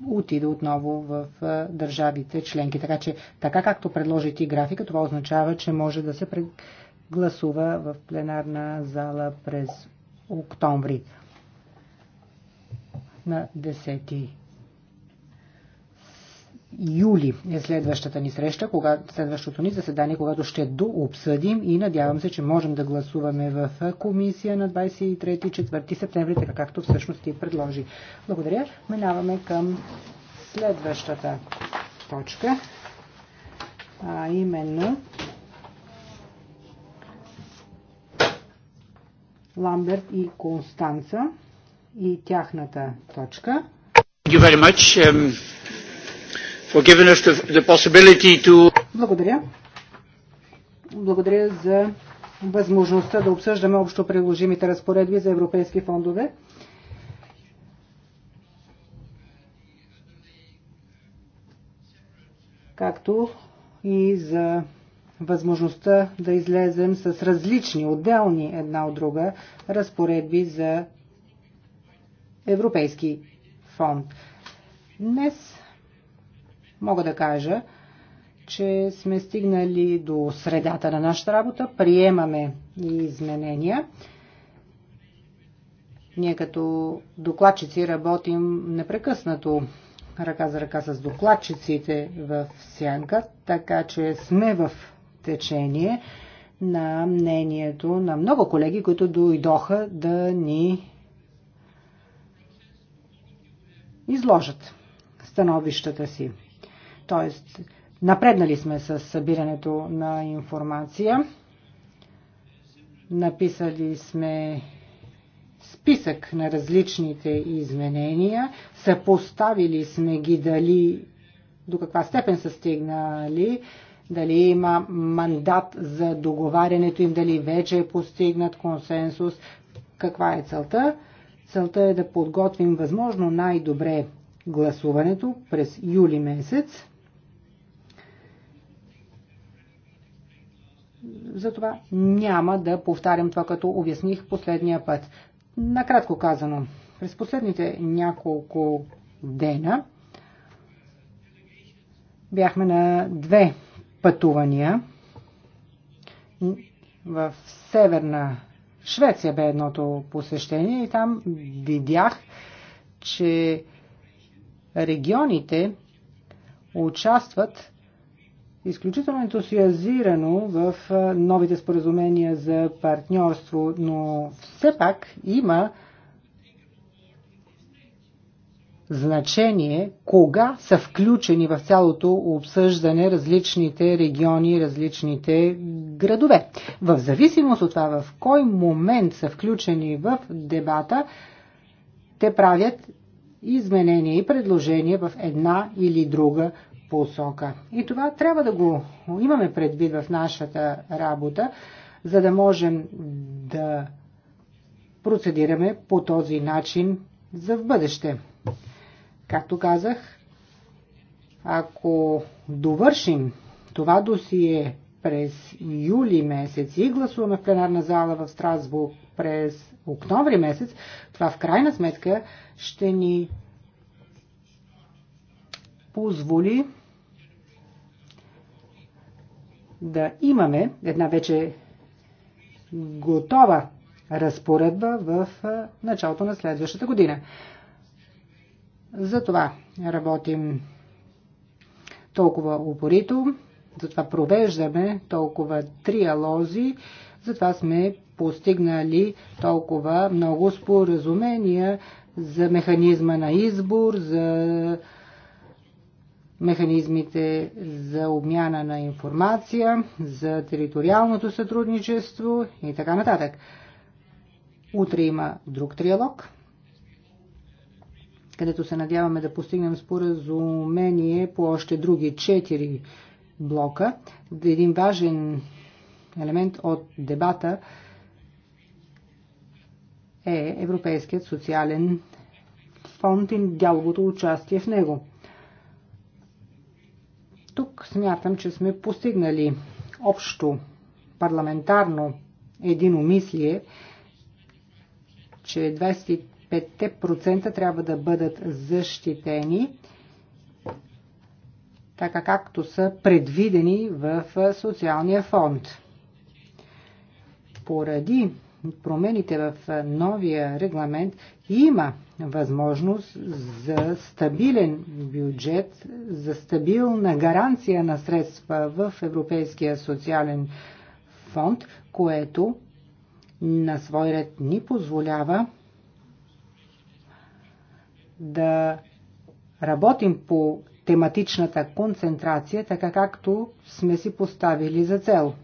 отида отново в държавите членки. Така че, така както предложи ти графика, това означава, че може да се прегласува в пленарна зала през октомври на 10 юли е следващата ни среща, кога, следващото ни заседание, когато ще дообсъдим и надявам се, че можем да гласуваме в комисия на 23-4 септември, така както всъщност ти предложи. Благодаря. Минаваме към следващата точка, а именно Ламберт и Констанца и тяхната точка. Благодаря. Благодаря за възможността да обсъждаме общо приложимите разпоредби за европейски фондове. както и за възможността да излезем с различни, отделни една от друга разпоредби за европейски фонд. Днес мога да кажа, че сме стигнали до средата на нашата работа, приемаме изменения. Ние като докладчици работим непрекъснато ръка за ръка с докладчиците в сянка, така че сме в течение на мнението на много колеги, които дойдоха да ни изложат становищата си. Тоест, напреднали сме с събирането на информация. Написали сме списък на различните изменения, съпоставили сме ги дали до каква степен са стигнали, дали има мандат за договарянето им, дали вече е постигнат консенсус, каква е целта Целта е да подготвим възможно най-добре гласуването през юли месец. Затова няма да повтарям това, като обясних последния път. Накратко казано, през последните няколко дена бяхме на две пътувания в Северна Швеция бе едното посещение и там видях, че регионите участват изключително ентусиазирано в новите споразумения за партньорство, но все пак има значение кога са включени в цялото обсъждане различните региони, различните градове. В зависимост от това в кой момент са включени в дебата, те правят изменения и предложения в една или друга посока. И това трябва да го имаме предвид в нашата работа, за да можем да процедираме по този начин за в бъдеще. Както казах, ако довършим това досие през юли месец и гласуваме в пленарна зала в Страсбург през октомври месец, това в крайна сметка ще ни позволи да имаме една вече готова разпоредба в началото на следващата година. За това работим толкова упорито, затова провеждаме толкова триалози, затова сме постигнали толкова много споразумения за механизма на избор, за механизмите за обмяна на информация, за териториалното сътрудничество и така нататък. Утре има друг триалог където се надяваме да постигнем споразумение по още други четири блока. Един важен елемент от дебата е Европейският социален фонд и дяловото участие в него. Тук смятам, че сме постигнали общо парламентарно единомислие, че 23 5% трябва да бъдат защитени така както са предвидени в социалния фонд. Поради промените в новия регламент има възможност за стабилен бюджет, за стабилна гаранция на средства в Европейския социален фонд, което на свой ред ни позволява да работим по тематичната концентрация, така както сме си поставили за цел.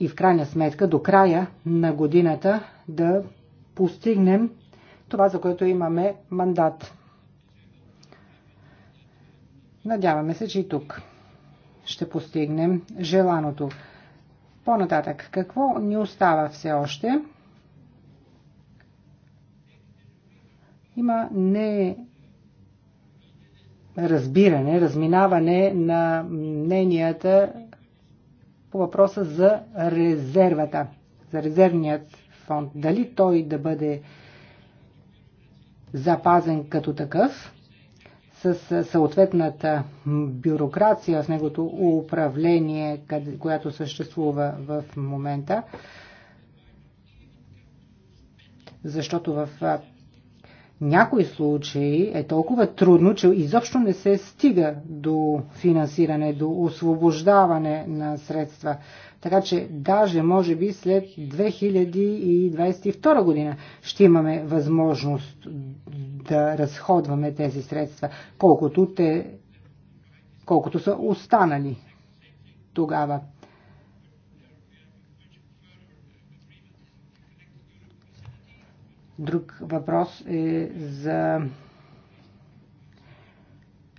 И в крайна сметка, до края на годината да постигнем това, за което имаме мандат. Надяваме се, че и тук ще постигнем желаното. По-нататък, какво ни остава все още? Има не разбиране, разминаване на мненията по въпроса за резервата, за резервният фонд. Дали той да бъде запазен като такъв, с съответната бюрокрация, с негото управление, която съществува в момента, защото в някои случаи е толкова трудно, че изобщо не се стига до финансиране, до освобождаване на средства. Така че даже може би след 2022 година ще имаме възможност да разходваме тези средства, колкото, те, колкото са останали тогава. Друг въпрос е за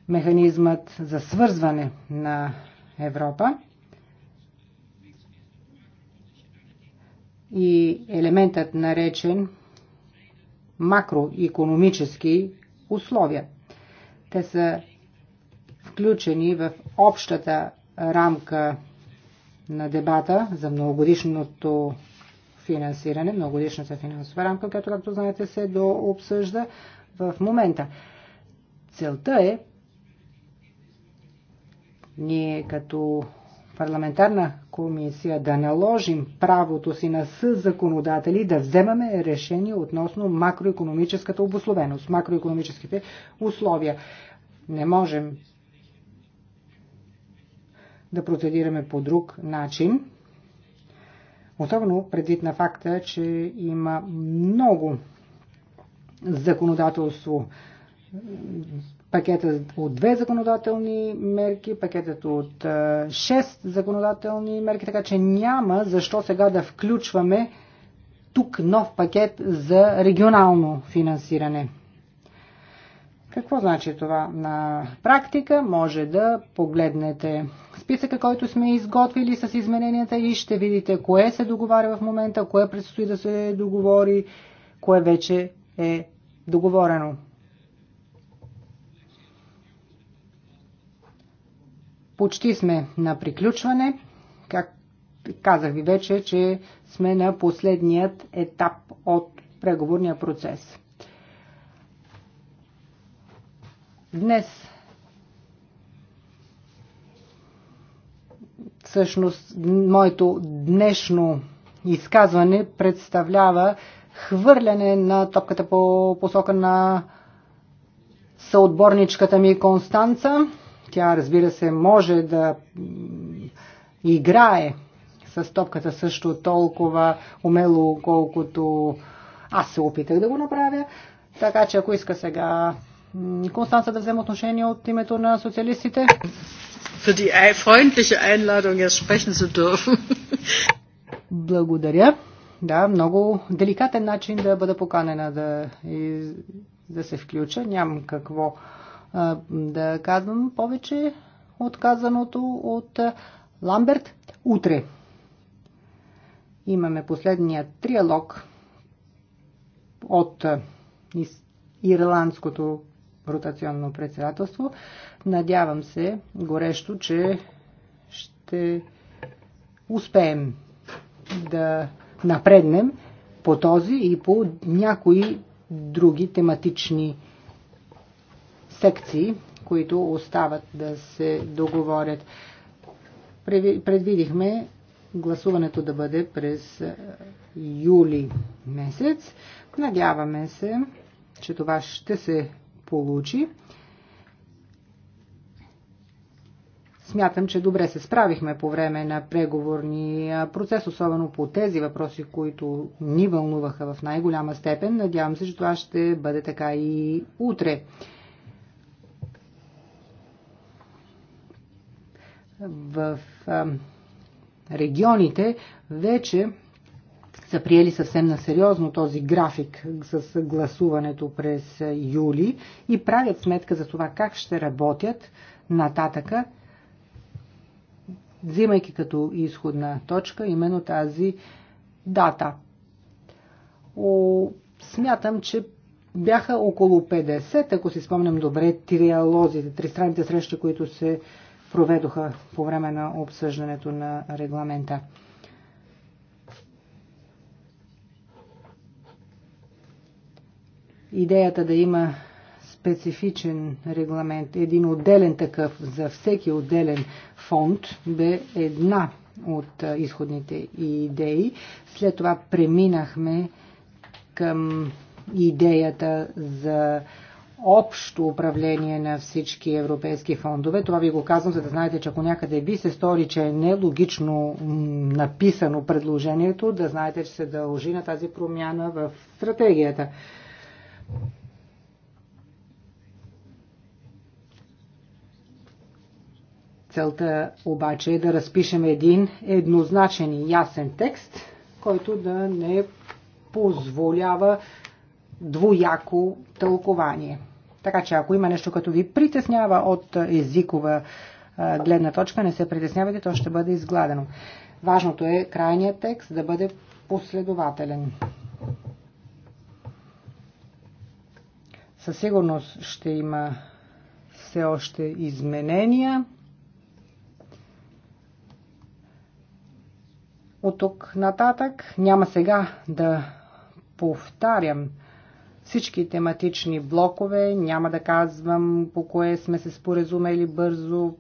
механизмът за свързване на Европа и елементът наречен макроекономически условия. Те са включени в общата рамка на дебата за многогодишното финансиране, многогодишната финансова рамка, която, както знаете, се дообсъжда в момента. Целта е ние като парламентарна комисия да наложим правото си на законодатели да вземаме решение относно макроекономическата обословеност, макроекономическите условия. Не можем да процедираме по друг начин Особено предвид на факта, че има много законодателство. Пакетът от две законодателни мерки, пакетът от шест законодателни мерки, така че няма защо сега да включваме тук нов пакет за регионално финансиране. Какво значи това? На практика може да погледнете списъка, който сме изготвили с измененията и ще видите кое се договаря в момента, кое предстои да се договори, кое вече е договорено. Почти сме на приключване. Как казах ви вече, че сме на последният етап от преговорния процес. Днес всъщност моето днешно изказване представлява хвърляне на топката по посока на съотборничката ми Констанца. Тя, разбира се, може да играе с топката също толкова умело, колкото аз се опитах да го направя. Така че ако иска сега Констанца да вземе отношение от името на социалистите. Благодаря. Да, много деликатен начин да бъда поканена да, и, да се включа. Нямам какво а, да казвам повече от казаното от Ламберт. Утре имаме последния триалог от а, ирландското ротационно председателство. Надявам се горещо, че ще успеем да напреднем по този и по някои други тематични секции, които остават да се договорят. Предвидихме гласуването да бъде през юли месец. Надяваме се, че това ще се получи. Смятам, че добре се справихме по време на преговорния процес, особено по тези въпроси, които ни вълнуваха в най-голяма степен. Надявам се, че това ще бъде така и утре. В регионите вече са приели съвсем насериозно този график с гласуването през юли и правят сметка за това как ще работят нататъка, взимайки като изходна точка именно тази дата. О, смятам, че бяха около 50, ако си спомням добре, триалозите, тристранните срещи, които се проведоха по време на обсъждането на регламента. идеята да има специфичен регламент, един отделен такъв за всеки отделен фонд, бе една от изходните идеи. След това преминахме към идеята за общо управление на всички европейски фондове. Това ви го казвам, за да знаете, че ако някъде би се стори, че е нелогично написано предложението, да знаете, че се дължи на тази промяна в стратегията. Целта обаче е да разпишем един еднозначен и ясен текст, който да не позволява двояко тълкование. Така че ако има нещо, като ви притеснява от езикова гледна точка, не се притеснявайте, то ще бъде изгладено. Важното е крайният текст да бъде последователен. със сигурност ще има все още изменения. От тук нататък няма сега да повтарям всички тематични блокове, няма да казвам по кое сме се споразумели бързо,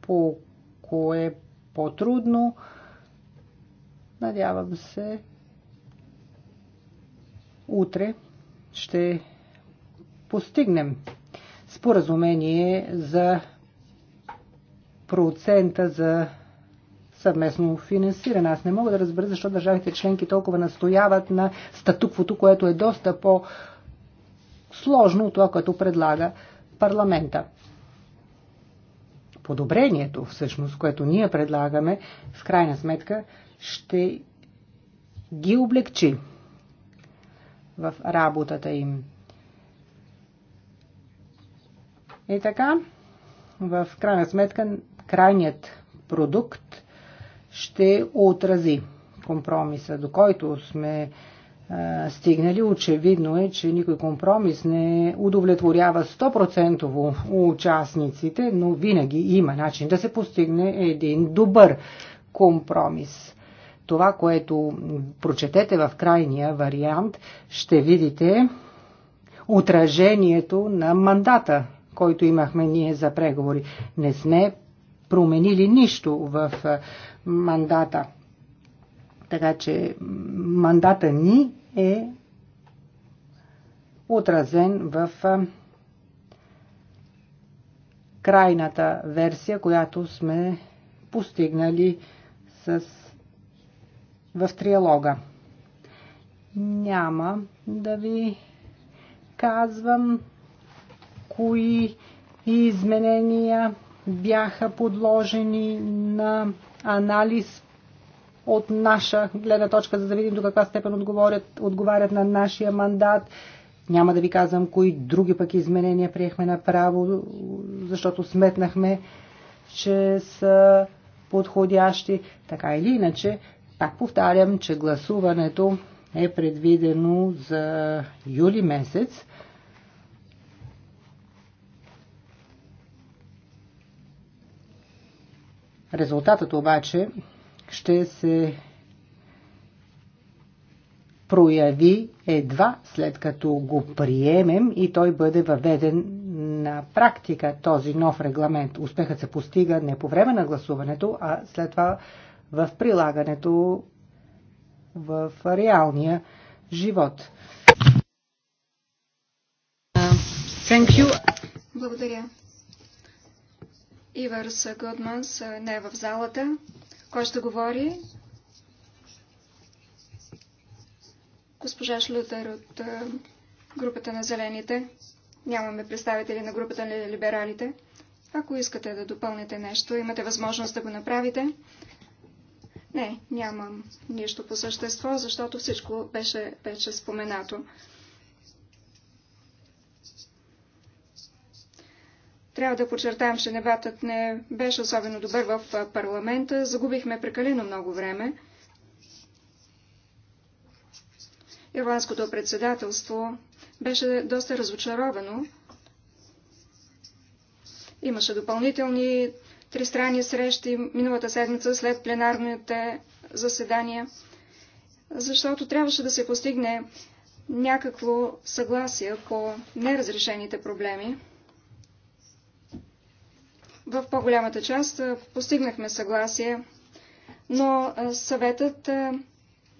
по кое по-трудно. Надявам се, утре ще постигнем споразумение за процента за съвместно финансиране. Аз не мога да разбера защо държавите членки толкова настояват на статуквото, което е доста по-сложно от това, което предлага парламента. Подобрението, всъщност, което ние предлагаме, в крайна сметка ще ги облегчи в работата им. И така, в крайна сметка, крайният продукт ще отрази компромиса, до който сме а, стигнали. Очевидно е, че никой компромис не удовлетворява 100% участниците, но винаги има начин да се постигне един добър компромис. Това, което прочетете в крайния вариант, ще видите отражението на мандата който имахме ние за преговори. Не сме променили нищо в мандата. Така че мандата ни е отразен в крайната версия, която сме постигнали с... в триалога. Няма да ви казвам кои изменения бяха подложени на анализ от наша гледна точка, за да видим до каква степен отговорят, отговарят на нашия мандат. Няма да ви казвам кои други пък изменения приехме направо, защото сметнахме, че са подходящи. Така или иначе, пак повтарям, че гласуването е предвидено за юли месец Резултатът обаче ще се прояви едва след като го приемем и той бъде въведен на практика този нов регламент. Успехът се постига не по време на гласуването, а след това в прилагането в реалния живот. Thank you. Благодаря. Ивърс Гудманс не е в залата. Кой ще говори? Госпожа Шлютер от групата на зелените. Нямаме представители на групата на либералите. Ако искате да допълните нещо, имате възможност да го направите. Не, нямам нищо по същество, защото всичко беше вече споменато. Трябва да подчертаем, че дебатът не беше особено добър в парламента. Загубихме прекалено много време. Ирландското председателство беше доста разочаровано. Имаше допълнителни тристранни срещи миналата седмица след пленарните заседания, защото трябваше да се постигне някакво съгласие по неразрешените проблеми. В по-голямата част постигнахме съгласие, но съветът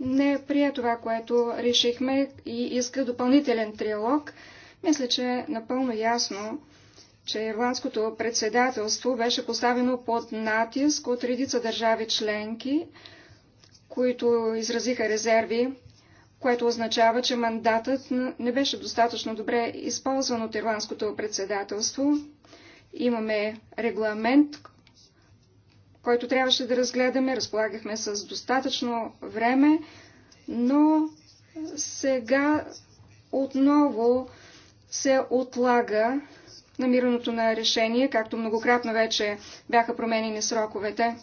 не прие това, което решихме и иска допълнителен триалог. Мисля, че е напълно ясно, че ирландското председателство беше поставено под натиск от редица държави членки, които изразиха резерви, което означава, че мандатът не беше достатъчно добре използван от ирландското председателство. Имаме регламент, който трябваше да разгледаме. Разполагахме с достатъчно време, но сега отново се отлага намирането на решение, както многократно вече бяха променени сроковете.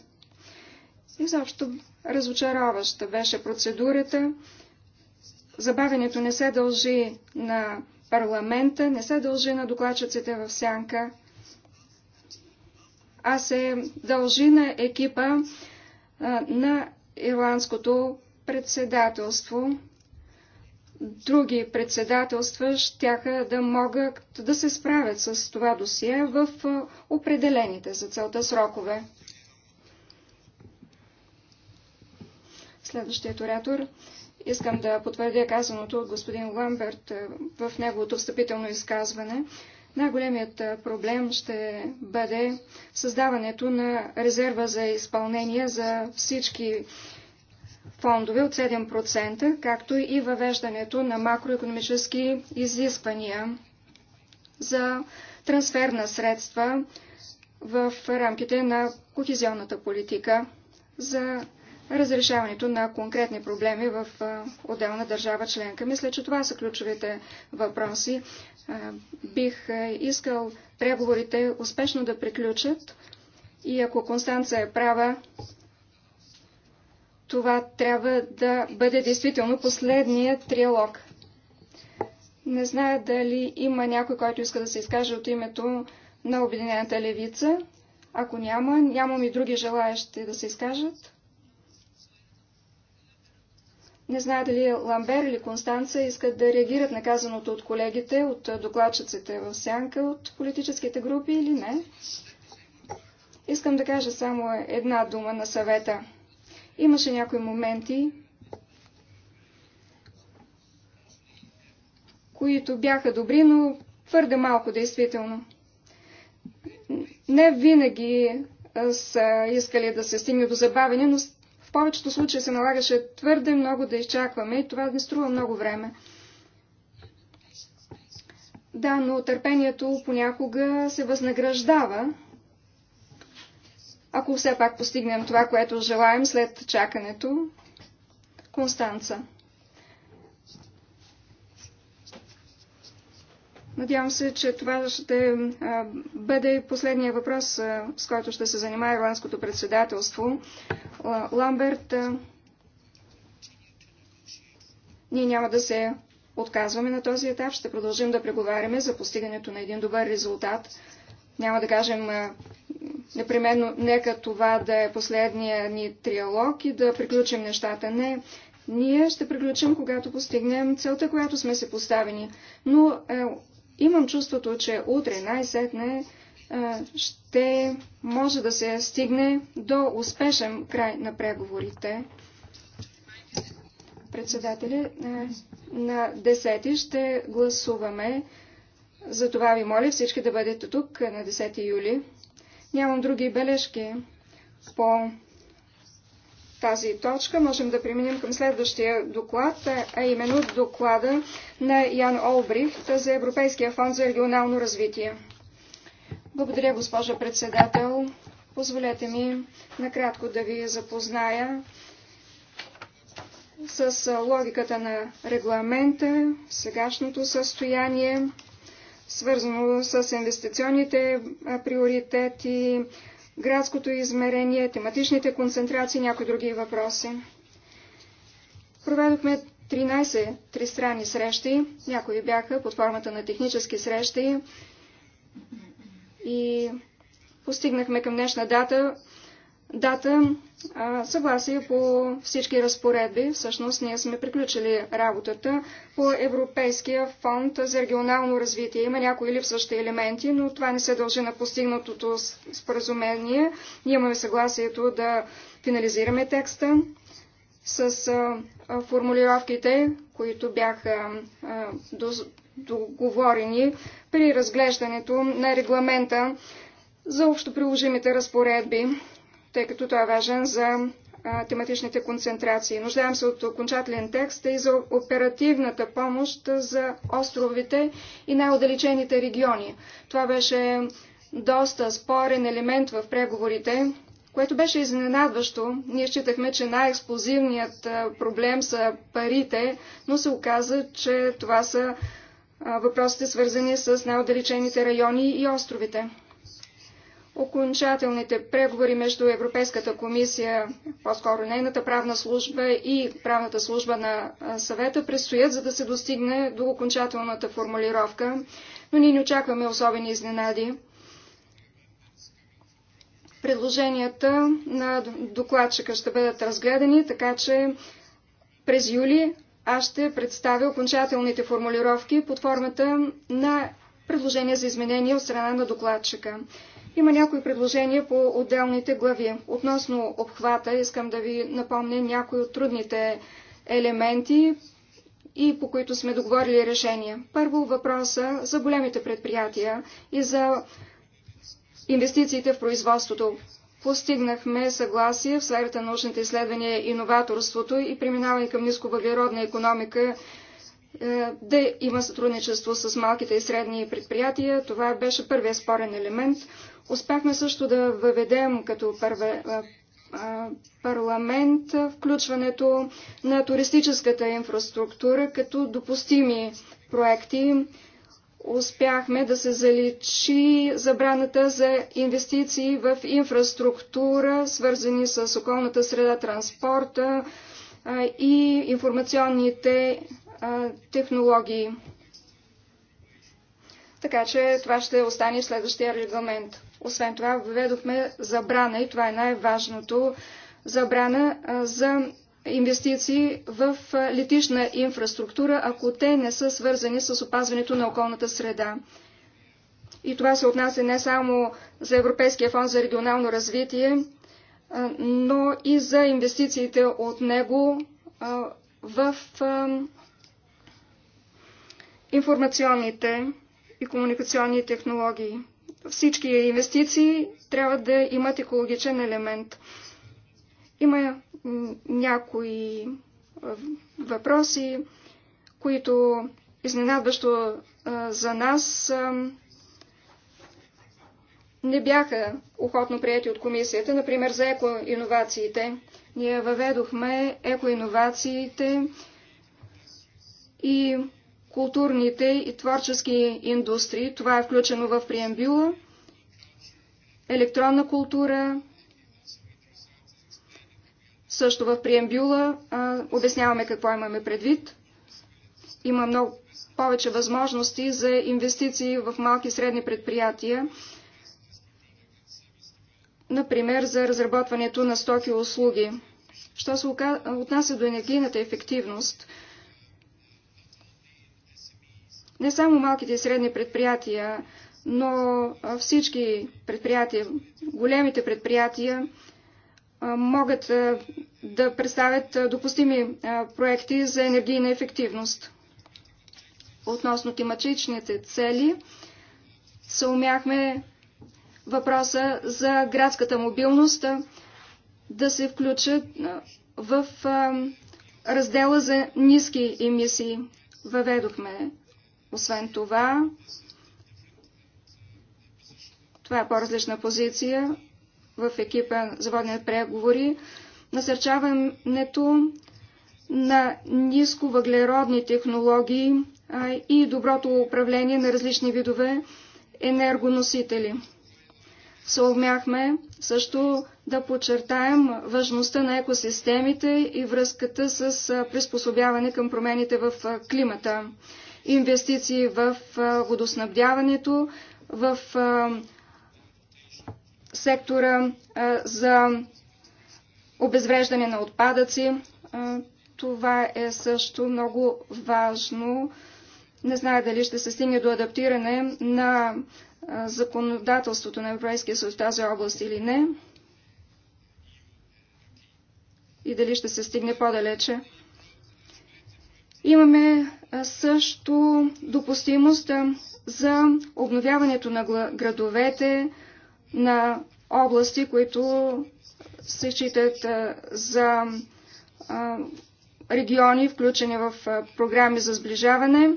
заобщо разочароваща беше процедурата. Забавянето не се дължи на парламента, не се дължи на докладчиците в сянка а се дължи на екипа на ирландското председателство. Други председателства щяха да могат да се справят с това досие в определените за целта срокове. Следващият оратор. Искам да потвърдя казаното от господин Ламберт в неговото встъпително изказване. Най-големият проблем ще бъде създаването на резерва за изпълнение за всички фондове от 7%, както и въвеждането на макроекономически изисквания за трансфер на средства в рамките на кохезионната политика за разрешаването на конкретни проблеми в отделна държава членка. Мисля, че това са ключовите въпроси. Бих искал преговорите успешно да приключат и ако Констанца е права, това трябва да бъде действително последният триалог. Не зная дали има някой, който иска да се изкаже от името на Обединената левица. Ако няма, нямам и други желаящи да се изкажат. Не знае дали Ламбер или Констанца искат да реагират на казаното от колегите, от докладчиците в сянка, от политическите групи или не. Искам да кажа само една дума на съвета. Имаше някои моменти, които бяха добри, но твърде малко действително. Не винаги са искали да се стигне до забавене, но в повечето случаи се налагаше твърде много да изчакваме и това не струва много време. Да, но търпението понякога се възнаграждава, ако все пак постигнем това, което желаем след чакането. Констанца. Надявам се, че това ще бъде последния въпрос, с който ще се занимае Ирландското председателство. Ламберт, ние няма да се отказваме на този етап, ще продължим да преговаряме за постигането на един добър резултат. Няма да кажем непременно, нека това да е последния ни триалог и да приключим нещата. Не, ние ще приключим, когато постигнем целта, която сме се поставени. Но е, Имам чувството, че утре най-сетне е, ще може да се стигне до успешен край на преговорите. Председателя, е, на 10 ще гласуваме. Затова ви моля всички да бъдете тук на 10 юли. Нямам други бележки по тази точка можем да преминем към следващия доклад, а именно доклада на Ян Олбрихт за Европейския фонд за регионално развитие. Благодаря, госпожа председател. Позволете ми накратко да ви запозная с логиката на регламента, сегашното състояние, свързано с инвестиционните приоритети, градското измерение, тематичните концентрации, някои други въпроси. Проведохме 13 тристранни срещи, някои бяха под формата на технически срещи и постигнахме към днешна дата дата съгласие по всички разпоредби. Всъщност ние сме приключили работата по Европейския фонд за регионално развитие. Има някои липсващи елементи, но това не се дължи на постигнатото споразумение. Ние имаме съгласието да финализираме текста с формулировките, които бяха договорени при разглеждането на регламента за общоприложимите разпоредби тъй като той е важен за тематичните концентрации. Нуждаем се от окончателен текст и за оперативната помощ за островите и най-отдалечените региони. Това беше доста спорен елемент в преговорите, което беше изненадващо. Ние считахме, че най-експлозивният проблем са парите, но се оказа, че това са въпросите свързани с най-отдалечените райони и островите окончателните преговори между Европейската комисия, по-скоро нейната правна служба и правната служба на съвета предстоят, за да се достигне до окончателната формулировка, но ние не очакваме особени изненади. Предложенията на докладчика ще бъдат разгледани, така че през юли аз ще представя окончателните формулировки под формата на предложения за изменение от страна на докладчика. Има някои предложения по отделните глави. Относно обхвата, искам да ви напомня някои от трудните елементи и по които сме договорили решения. Първо въпроса за големите предприятия и за инвестициите в производството. Постигнахме съгласие в сферата на научните изследвания и иноваторството и преминаване към нисковъглеродна економика е, да има сътрудничество с малките и средни предприятия. Това беше първият спорен елемент. Успяхме също да въведем като първе, парламент включването на туристическата инфраструктура като допустими проекти. Успяхме да се заличи забраната за инвестиции в инфраструктура, свързани с околната среда, транспорта и информационните технологии. Така че това ще остане следващия регламент. Освен това, въведохме забрана, и това е най-важното, забрана за инвестиции в летишна инфраструктура, ако те не са свързани с опазването на околната среда. И това се отнася не само за Европейския фонд за регионално развитие, но и за инвестициите от него в информационните и комуникационни технологии. Всички инвестиции трябва да имат екологичен елемент. Има някои въпроси, които изненадващо за нас не бяха охотно прияти от комисията, например за екоинновациите. Ние въведохме екоинновациите и културните и творчески индустрии. Това е включено в преамбюла. Електронна култура. Също в преамбюла обясняваме какво имаме предвид. Има много повече възможности за инвестиции в малки и средни предприятия. Например, за разработването на стоки и услуги. Що се отнася до енергийната ефективност – не само малките и средни предприятия, но всички предприятия, големите предприятия могат да представят допустими проекти за енергийна ефективност. Относно тематичните цели, съумяхме въпроса за градската мобилност да се включат в раздела за ниски емисии. Въведохме освен това, това е по-различна позиция в екипа за на преговори. Насърчаването на нисковъглеродни технологии и доброто управление на различни видове енергоносители. Съумяхме също да подчертаем важността на екосистемите и връзката с приспособяване към промените в климата инвестиции в водоснабдяването, в сектора за обезвреждане на отпадъци. Това е също много важно. Не знае дали ще се стигне до адаптиране на законодателството на Европейския съюз в тази област или не. И дали ще се стигне по-далече. Имаме също допустимост за обновяването на градовете, на области, които се считат за региони, включени в програми за сближаване.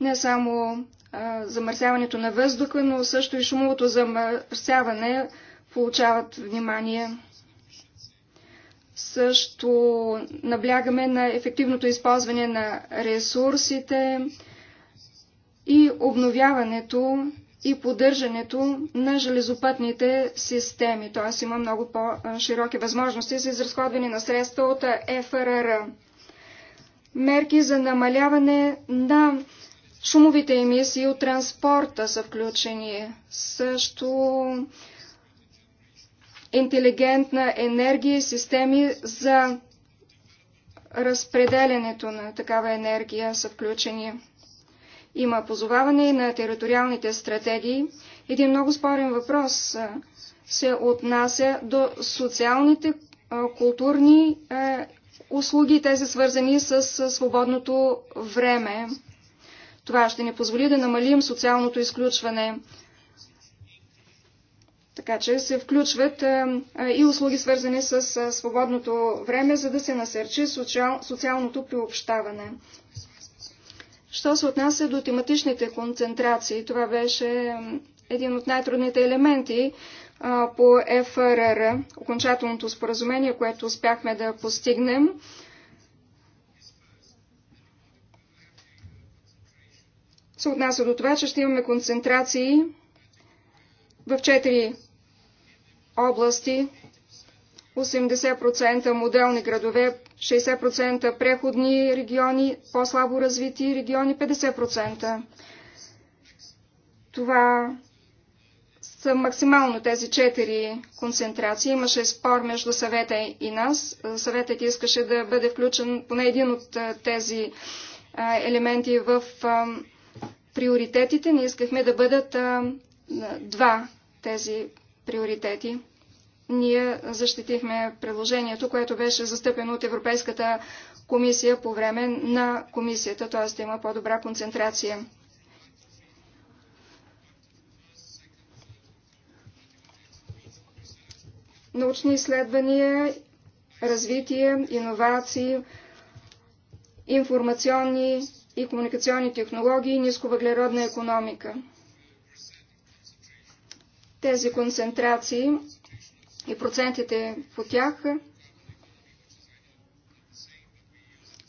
Не само замърсяването на въздуха, но също и шумовото замърсяване получават внимание. Също наблягаме на ефективното използване на ресурсите и обновяването и поддържането на железопътните системи. Т.е. има много по-широки възможности за изразходване на средства от ФРР. Мерки за намаляване на шумовите емисии от транспорта са включени. Също интелигентна енергия и системи за разпределянето на такава енергия са включени. Има позоваване на териториалните стратегии. Един много спорен въпрос се отнася до социалните, културни услуги, тези свързани с свободното време. Това ще ни позволи да намалим социалното изключване. Така че се включват е, е, и услуги свързани с е, свободното време, за да се насърчи социалното приобщаване. Що се отнася до тематичните концентрации, това беше един от най-трудните елементи по ФРР, окончателното споразумение, което успяхме да постигнем. Се отнася до това, че ще имаме концентрации в четири области, 80% моделни градове, 60% преходни региони, по-слабо развити региони, 50%. Това са максимално тези четири концентрации. Имаше спор между съвета и нас. Съветът искаше да бъде включен поне един от тези елементи в приоритетите. Ние искахме да бъдат два тези приоритети ние защитихме предложението, което беше застъпено от Европейската комисия по време на комисията, т.е. да има по-добра концентрация. Научни изследвания, развитие, иновации, информационни и комуникационни технологии и нисковъглеродна економика. Тези концентрации и процентите по тях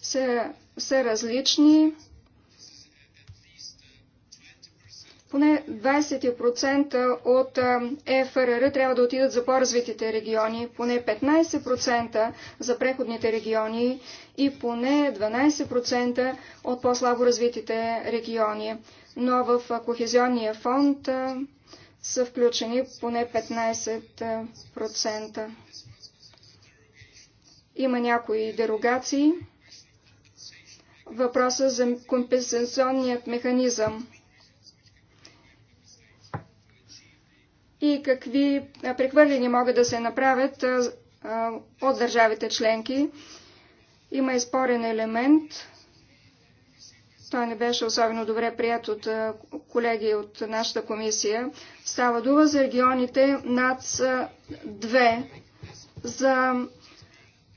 са, са различни. Поне 20% от ФРР трябва да отидат за по-развитите региони, поне 15% за преходните региони и поне 12% от по-слабо развитите региони. Но в Кохезионния фонд са включени поне 15%. Има някои дерогации. Въпроса за компенсационният механизъм. И какви прехвърлени могат да се направят от държавите членки. Има и спорен елемент той не беше особено добре прият от колеги от нашата комисия. Става дума за регионите над 2, за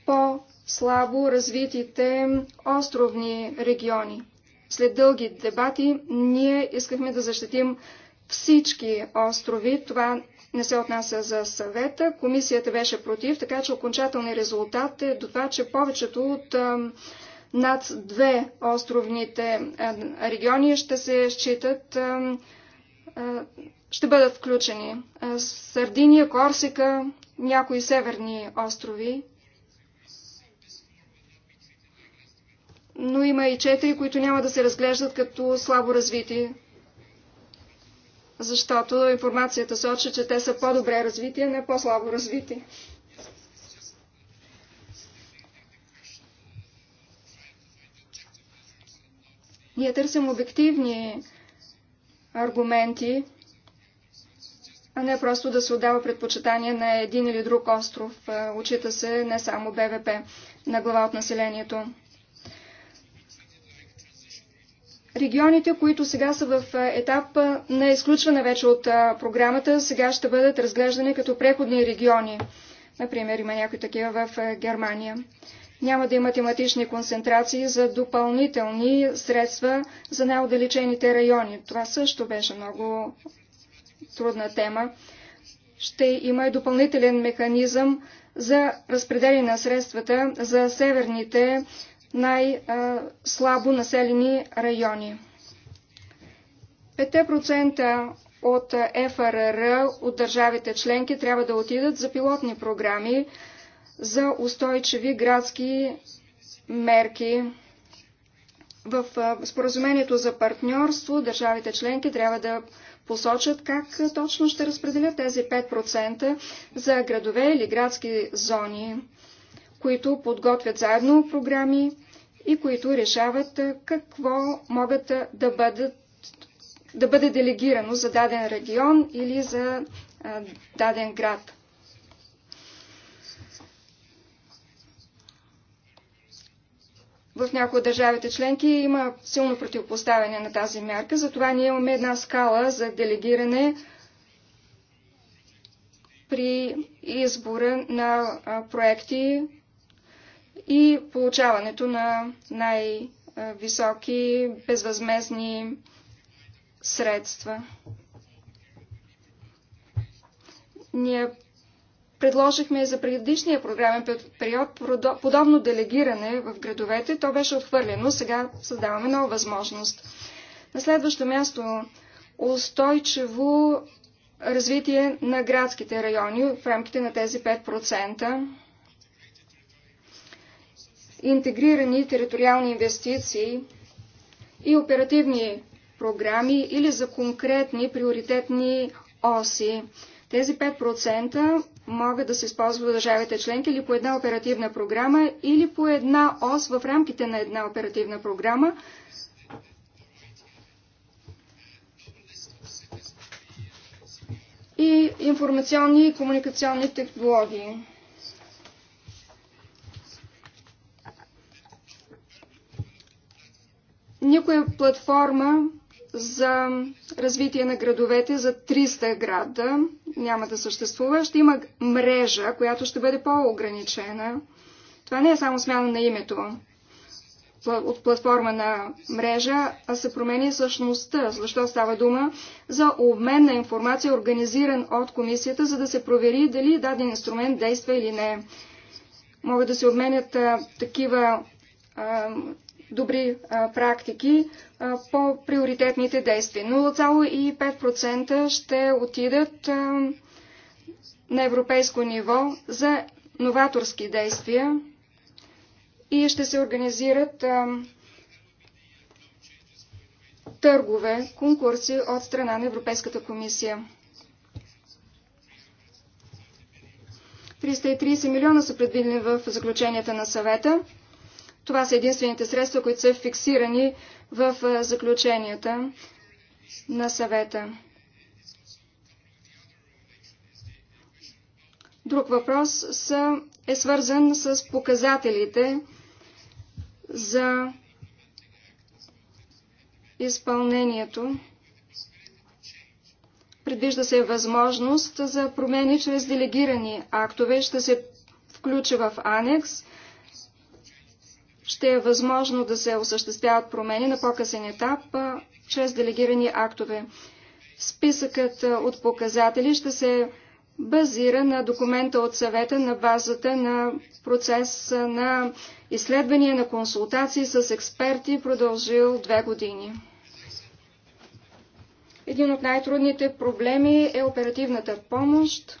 по-слабо развитите островни региони. След дълги дебати ние искахме да защитим всички острови. Това не се отнася за съвета. Комисията беше против, така че окончателният резултат е до това, че повечето от над две островните региони ще се считат, ще бъдат включени. Сардиния, Корсика, някои северни острови. Но има и четири, които няма да се разглеждат като слабо развити, защото информацията сочи, че те са по-добре развити, а не по-слабо развити. Ние търсим обективни аргументи, а не просто да се отдава предпочитание на един или друг остров. Очита се не само БВП на глава от населението. Регионите, които сега са в етап на изключване вече от програмата, сега ще бъдат разглеждани като преходни региони. Например, има някои такива в Германия няма да има тематични концентрации за допълнителни средства за най-отдалечените райони. Това също беше много трудна тема. Ще има и допълнителен механизъм за разпределение на средствата за северните най-слабо населени райони. 5% от ФРР от държавите членки трябва да отидат за пилотни програми, за устойчиви градски мерки. В споразумението за партньорство държавите членки трябва да посочат как точно ще разпределят тези 5% за градове или градски зони, които подготвят заедно програми и които решават какво могат да бъдат да бъде делегирано за даден регион или за даден град. В някои от държавите членки има силно противопоставяне на тази мярка, затова ние имаме една скала за делегиране при избора на проекти и получаването на най-високи безвъзмезни средства. Ние предложихме за предишния програмен период подобно делегиране в градовете. То беше отхвърлено. Сега създаваме нова възможност. На следващо място устойчиво развитие на градските райони в рамките на тези 5%. Интегрирани териториални инвестиции и оперативни програми или за конкретни приоритетни оси. Тези 5% могат да се използват от държавите членки или по една оперативна програма, или по една ос в рамките на една оперативна програма. И информационни и комуникационни технологии. Никоя платформа за развитие на градовете за 300 града. Няма да съществува. Ще има мрежа, която ще бъде по-ограничена. Това не е само смяна на името от платформа на мрежа, а се промени същността, защо става дума за обмен на информация, организиран от комисията, за да се провери дали даден инструмент действа или не. Могат да се обменят а, такива добри а, практики а, по приоритетните действия. 0,5% ще отидат а, на европейско ниво за новаторски действия и ще се организират търгове, конкурси от страна на Европейската комисия. 330 милиона са предвидени в заключенията на съвета. Това са единствените средства, които са фиксирани в заключенията на съвета. Друг въпрос са, е свързан с показателите за изпълнението. Предвижда се възможност за промени чрез делегирани актове. Ще се включи в анекс ще е възможно да се осъществяват промени на по-късен етап чрез делегирани актове. Списъкът от показатели ще се базира на документа от съвета на базата на процес на изследвания на консултации с експерти, продължил две години. Един от най-трудните проблеми е оперативната помощ.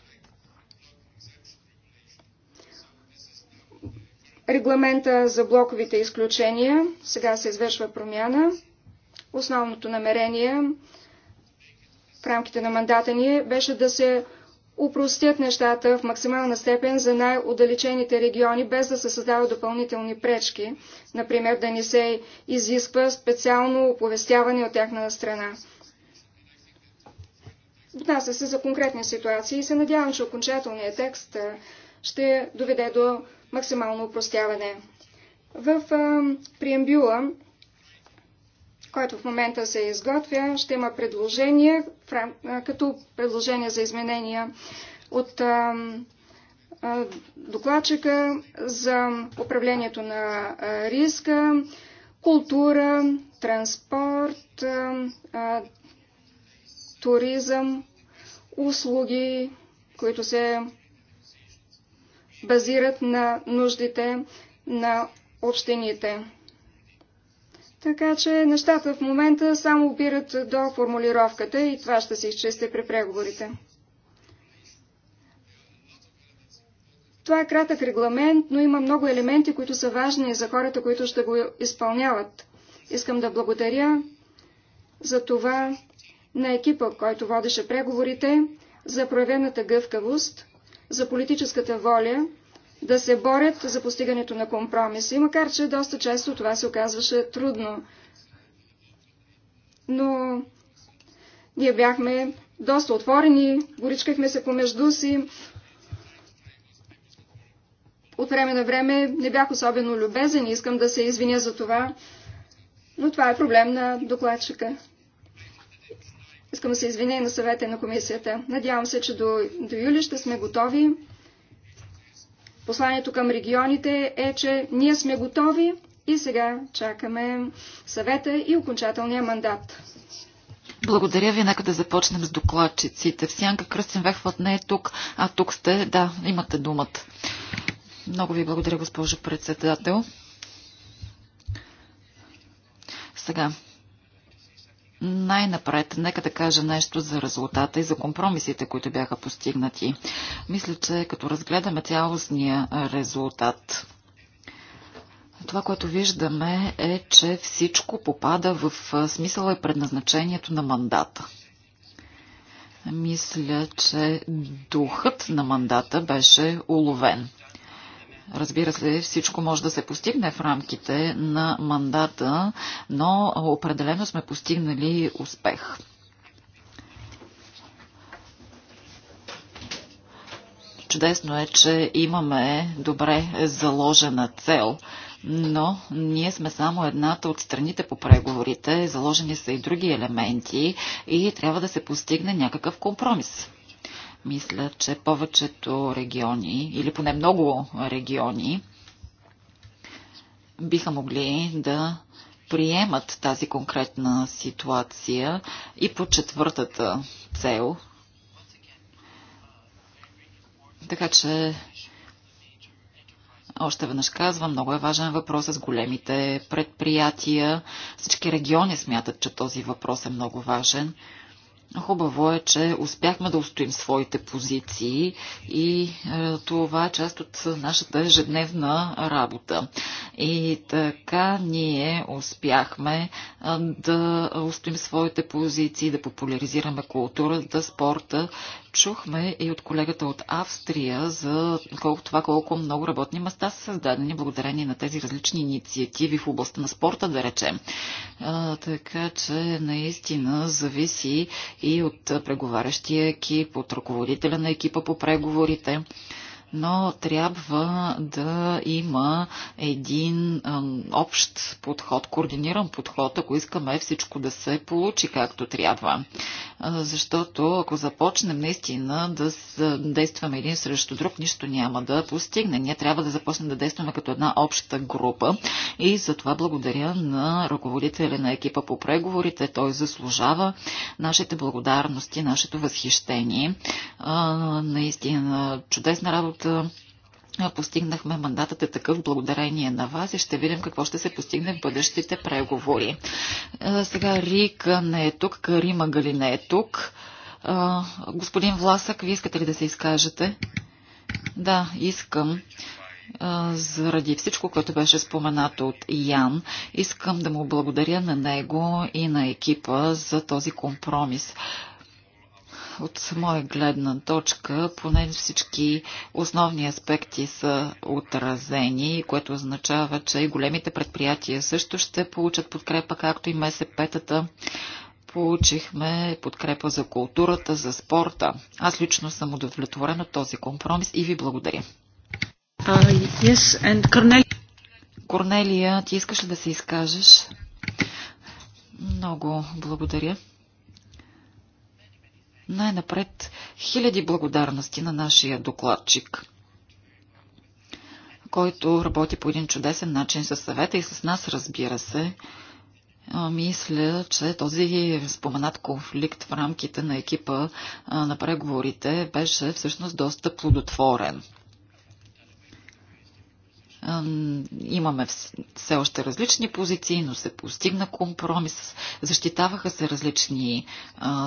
регламента за блоковите изключения. Сега се извършва промяна. Основното намерение в рамките на мандата ни е, беше да се упростят нещата в максимална степен за най-удалечените региони, без да се създават допълнителни пречки, например да не се изисква специално оповестяване от тяхна страна. Отнася се за конкретни ситуации и се надявам, че окончателният текст ще доведе до максимално упростяване. В приембюла, който в момента се изготвя, ще има предложение, като предложение за изменения от докладчика за управлението на риска, култура, транспорт, туризъм, услуги, които се базират на нуждите на общините. Така че нещата в момента само опират до формулировката и това ще се изчисти при преговорите. Това е кратък регламент, но има много елементи, които са важни за хората, които ще го изпълняват. Искам да благодаря за това на екипа, който водеше преговорите, за проявената гъвкавост – за политическата воля да се борят за постигането на компромиси, макар че доста често това се оказваше трудно. Но ние бяхме доста отворени, горичкахме се помежду си. От време на време не бях особено любезен, искам да се извиня за това, но това е проблем на докладчика. Искам да се извиня и на съвета на комисията. Надявам се, че до, до юли ще сме готови. Посланието към регионите е, че ние сме готови и сега чакаме съвета и окончателния мандат. Благодаря ви. Нека да започнем с докладчиците. В Сянка Кръстен Вехват не е тук, а тук сте. Да, имате думата. Много ви благодаря, госпожо председател. Сега, най-напред, нека да кажа нещо за резултата и за компромисите, които бяха постигнати. Мисля, че като разгледаме цялостния резултат, това, което виждаме е, че всичко попада в смисъла и предназначението на мандата. Мисля, че духът на мандата беше уловен. Разбира се, всичко може да се постигне в рамките на мандата, но определено сме постигнали успех. Чудесно е, че имаме добре заложена цел но ние сме само едната от страните по преговорите, заложени са и други елементи и трябва да се постигне някакъв компромис. Мисля, че повечето региони, или поне много региони, биха могли да приемат тази конкретна ситуация и по четвъртата цел. Така че още веднъж казвам, много е важен въпрос с големите предприятия. Всички региони смятат, че този въпрос е много важен. Хубаво е, че успяхме да устоим своите позиции и е, това е част от нашата ежедневна работа. И така ние успяхме е, да устоим своите позиции, да популяризираме културата, спорта чухме и от колегата от Австрия за колко, това колко много работни места са създадени благодарение на тези различни инициативи в областта на спорта, да речем. А, така че наистина зависи и от преговарящия екип, от ръководителя на екипа по преговорите но трябва да има един общ подход, координиран подход, ако искаме всичко да се получи както трябва. Защото ако започнем наистина да действаме един срещу друг, нищо няма да постигне. Ние трябва да започнем да действаме като една обща група и затова благодаря на ръководителя на екипа по преговорите. Той заслужава нашите благодарности, нашето възхищение. Наистина чудесна работа постигнахме мандатът е такъв благодарение на вас и ще видим какво ще се постигне в бъдещите преговори. Сега Рика не е тук, Карима Гали не е тук. Господин Власък, вие искате ли да се изкажете? Да, искам заради всичко, което беше споменато от Ян. Искам да му благодаря на него и на екипа за този компромис от моя гледна точка, поне всички основни аспекти са отразени, което означава, че и големите предприятия също ще получат подкрепа, както и МСП-тата. Получихме подкрепа за културата, за спорта. Аз лично съм удовлетворен от този компромис и ви благодаря. Uh, yes, and Cornel... Корнелия, ти искаш ли да се изкажеш? Много благодаря. Най-напред хиляди благодарности на нашия докладчик, който работи по един чудесен начин със съвета и с нас, разбира се. Мисля, че този споменат конфликт в рамките на екипа на преговорите беше всъщност доста плодотворен. Имаме все още различни позиции, но се постигна компромис. Защитаваха се различни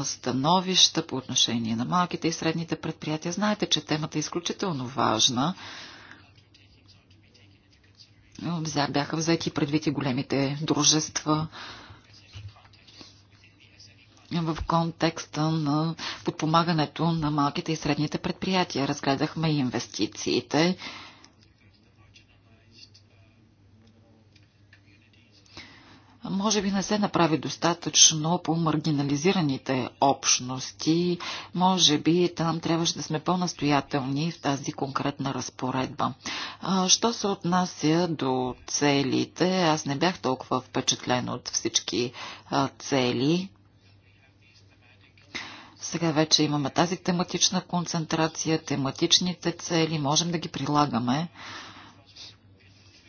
становища по отношение на малките и средните предприятия. Знаете, че темата е изключително важна бяха взети предвид и големите дружества в контекста на подпомагането на малките и средните предприятия. Разгледахме инвестициите може би не се направи достатъчно по маргинализираните общности. Може би там трябваше да сме по-настоятелни в тази конкретна разпоредба. Що се отнася до целите, аз не бях толкова впечатлен от всички цели. Сега вече имаме тази тематична концентрация, тематичните цели, можем да ги прилагаме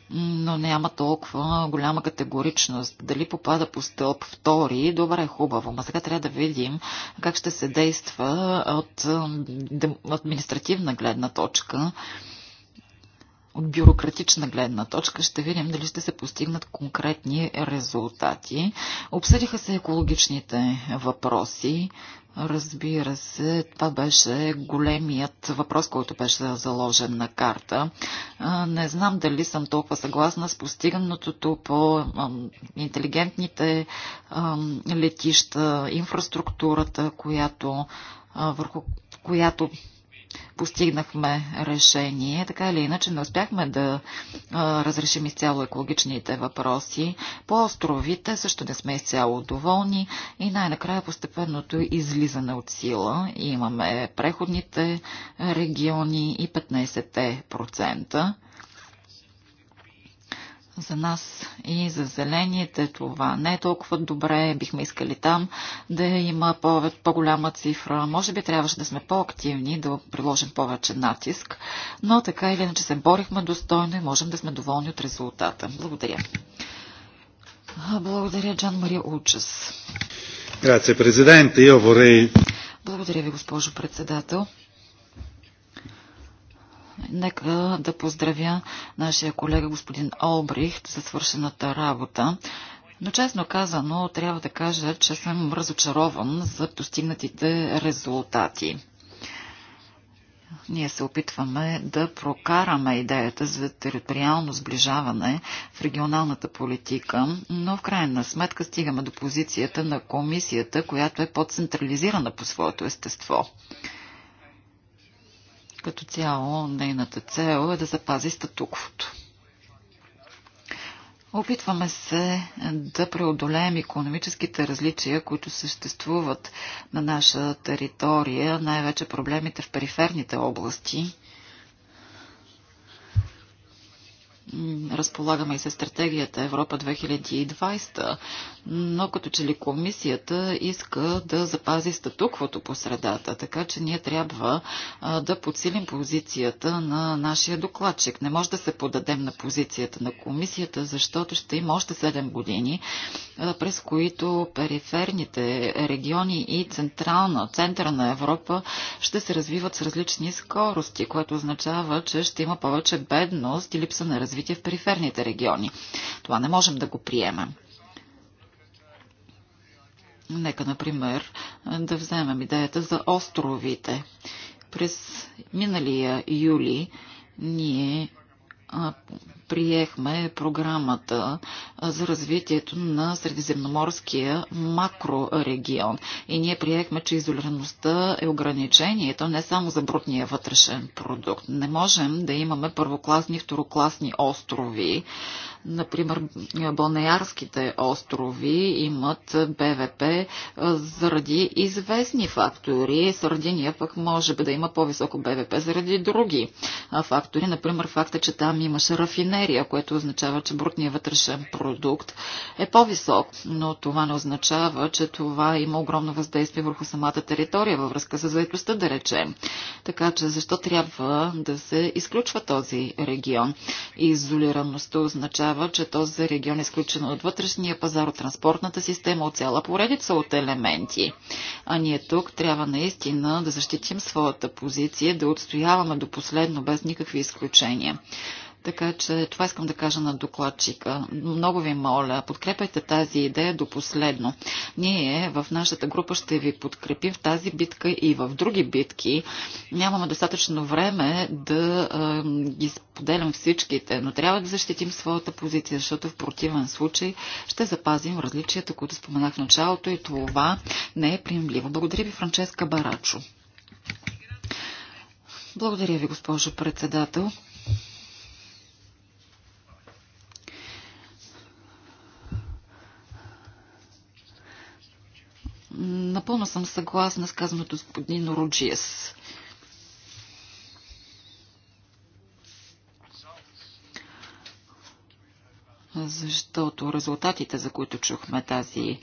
но няма толкова голяма категоричност. Дали попада по стълб втори, добре, хубаво, ма сега трябва да видим как ще се действа от административна гледна точка от бюрократична гледна точка ще видим дали ще се постигнат конкретни резултати. Обсъдиха се екологичните въпроси. Разбира се, това беше големият въпрос, който беше заложен на карта. Не знам дали съм толкова съгласна с постигнатото по интелигентните летища, инфраструктурата, която върху която постигнахме решение. Така или иначе не успяхме да а, разрешим изцяло екологичните въпроси. По островите също не сме изцяло доволни и най-накрая постепенното излизане от сила. Имаме преходните региони и 15%. За нас и за зелените това не е толкова добре. Бихме искали там да има по-голяма цифра. Може би трябваше да сме по-активни, да приложим повече натиск, но така или иначе се борихме достойно и можем да сме доволни от резултата. Благодаря. Благодаря, Джан Мария Учас. Грация, президент. Благодаря ви, госпожо председател. Нека да поздравя нашия колега господин Олбрихт за свършената работа. Но честно казано, трябва да кажа, че съм разочарован за достигнатите резултати. Ние се опитваме да прокараме идеята за териториално сближаване в регионалната политика, но в крайна сметка стигаме до позицията на комисията, която е по-централизирана по своето естество. Като цяло, нейната цел е да запази статуквото. Опитваме се да преодолеем економическите различия, които съществуват на наша територия, най-вече проблемите в периферните области разполагаме и с стратегията Европа 2020, но като че ли комисията иска да запази статуквото по средата, така че ние трябва да подсилим позицията на нашия докладчик. Не може да се подадем на позицията на комисията, защото ще има още 7 години, през които периферните региони и централна, центъра на Европа ще се развиват с различни скорости, което означава, че ще има повече бедност и липса на развитие развитие в периферните региони. Това не можем да го приемем. Нека, например, да вземем идеята за островите. През миналия юли ние приехме програмата за развитието на средиземноморския макрорегион. И ние приехме, че изолираността е ограничението не само за брутния вътрешен продукт. Не можем да имаме първокласни и второкласни острови Например, Балнеярските острови имат БВП заради известни фактори. Сардиния пък може би да има по-високо БВП заради други фактори. Например, факта, че там имаше рафинерия, което означава, че брутният вътрешен продукт е по-висок. Но това не означава, че това има огромно въздействие върху самата територия във връзка с заедостта, да речем. Така че защо трябва да се изключва този регион? Изолираността означава, означава, че този регион е изключен от вътрешния пазар, от транспортната система, от цяла поредица от елементи. А ние тук трябва наистина да защитим своята позиция, да отстояваме до последно без никакви изключения. Така че това искам да кажа на докладчика. Много ви моля, Подкрепайте тази идея до последно. Ние в нашата група ще ви подкрепим в тази битка и в други битки. Нямаме достатъчно време да а, ги споделям всичките, но трябва да защитим своята позиция, защото в противен случай ще запазим различията, които споменах в началото и това не е приемливо. Благодаря ви, Франческа Барачо. Благодаря ви, госпожо председател. Напълно съм съгласна с казаното господин Роджиес. защото резултатите, за които чухме тази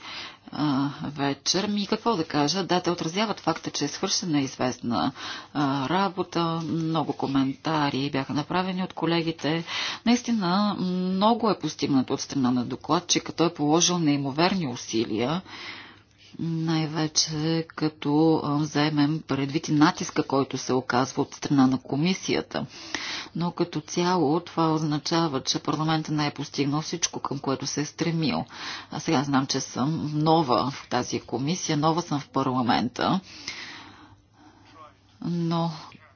а, вечер, ми какво да кажа, да, те отразяват факта, че е свършена известна а, работа, много коментари бяха направени от колегите. Наистина много е постигнато от страна на докладчика, той е положил неимоверни усилия. Най-вече като вземем предвид и натиска, който се оказва от страна на комисията. Но като цяло това означава, че парламента не е постигнал всичко, към което се е стремил. А сега знам, че съм нова в тази комисия, нова съм в парламента. Но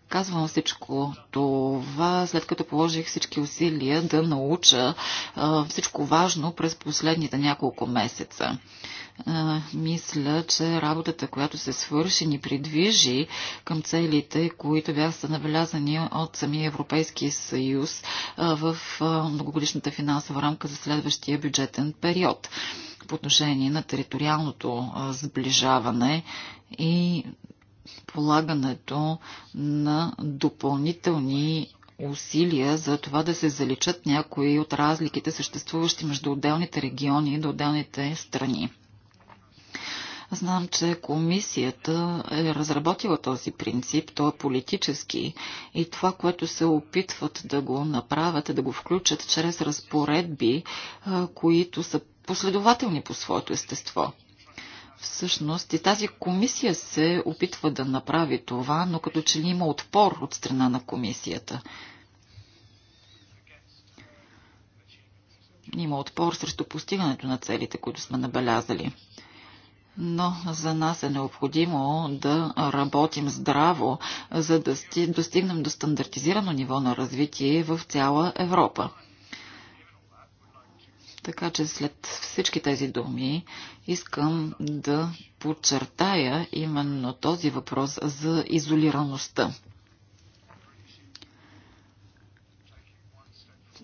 Казвам всичко това, след като положих всички усилия да науча а, всичко важно през последните няколко месеца а, мисля, че работата, която се свърши, ни придвижи към целите, които бяха са набелязани от самия Европейски съюз а, в а, многогодишната финансова рамка за следващия бюджетен период по отношение на териториалното а, сближаване и полагането на допълнителни усилия за това да се заличат някои от разликите, съществуващи между отделните региони и до отделните страни. Знам, че комисията е разработила този принцип, той е политически и това, което се опитват да го направят е да го включат чрез разпоредби, които са последователни по своето естество. Всъщност и тази комисия се опитва да направи това, но като че ли има отпор от страна на комисията. Има отпор срещу постигането на целите, които сме набелязали но за нас е необходимо да работим здраво, за да достигнем до стандартизирано ниво на развитие в цяла Европа. Така че след всички тези думи искам да подчертая именно този въпрос за изолираността.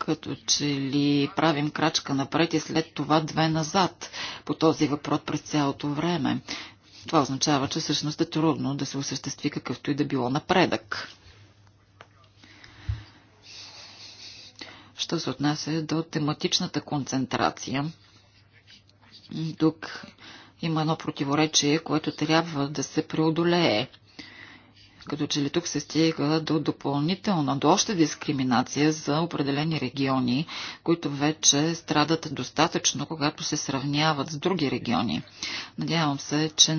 като че ли правим крачка напред и след това две назад по този въпрос през цялото време. Това означава, че всъщност е трудно да се осъществи какъвто и да било напредък. Що се отнася до тематичната концентрация, тук има едно противоречие, което трябва да се преодолее. Като че ли тук се стига до допълнителна, до още дискриминация за определени региони, които вече страдат достатъчно, когато се сравняват с други региони. Надявам се, че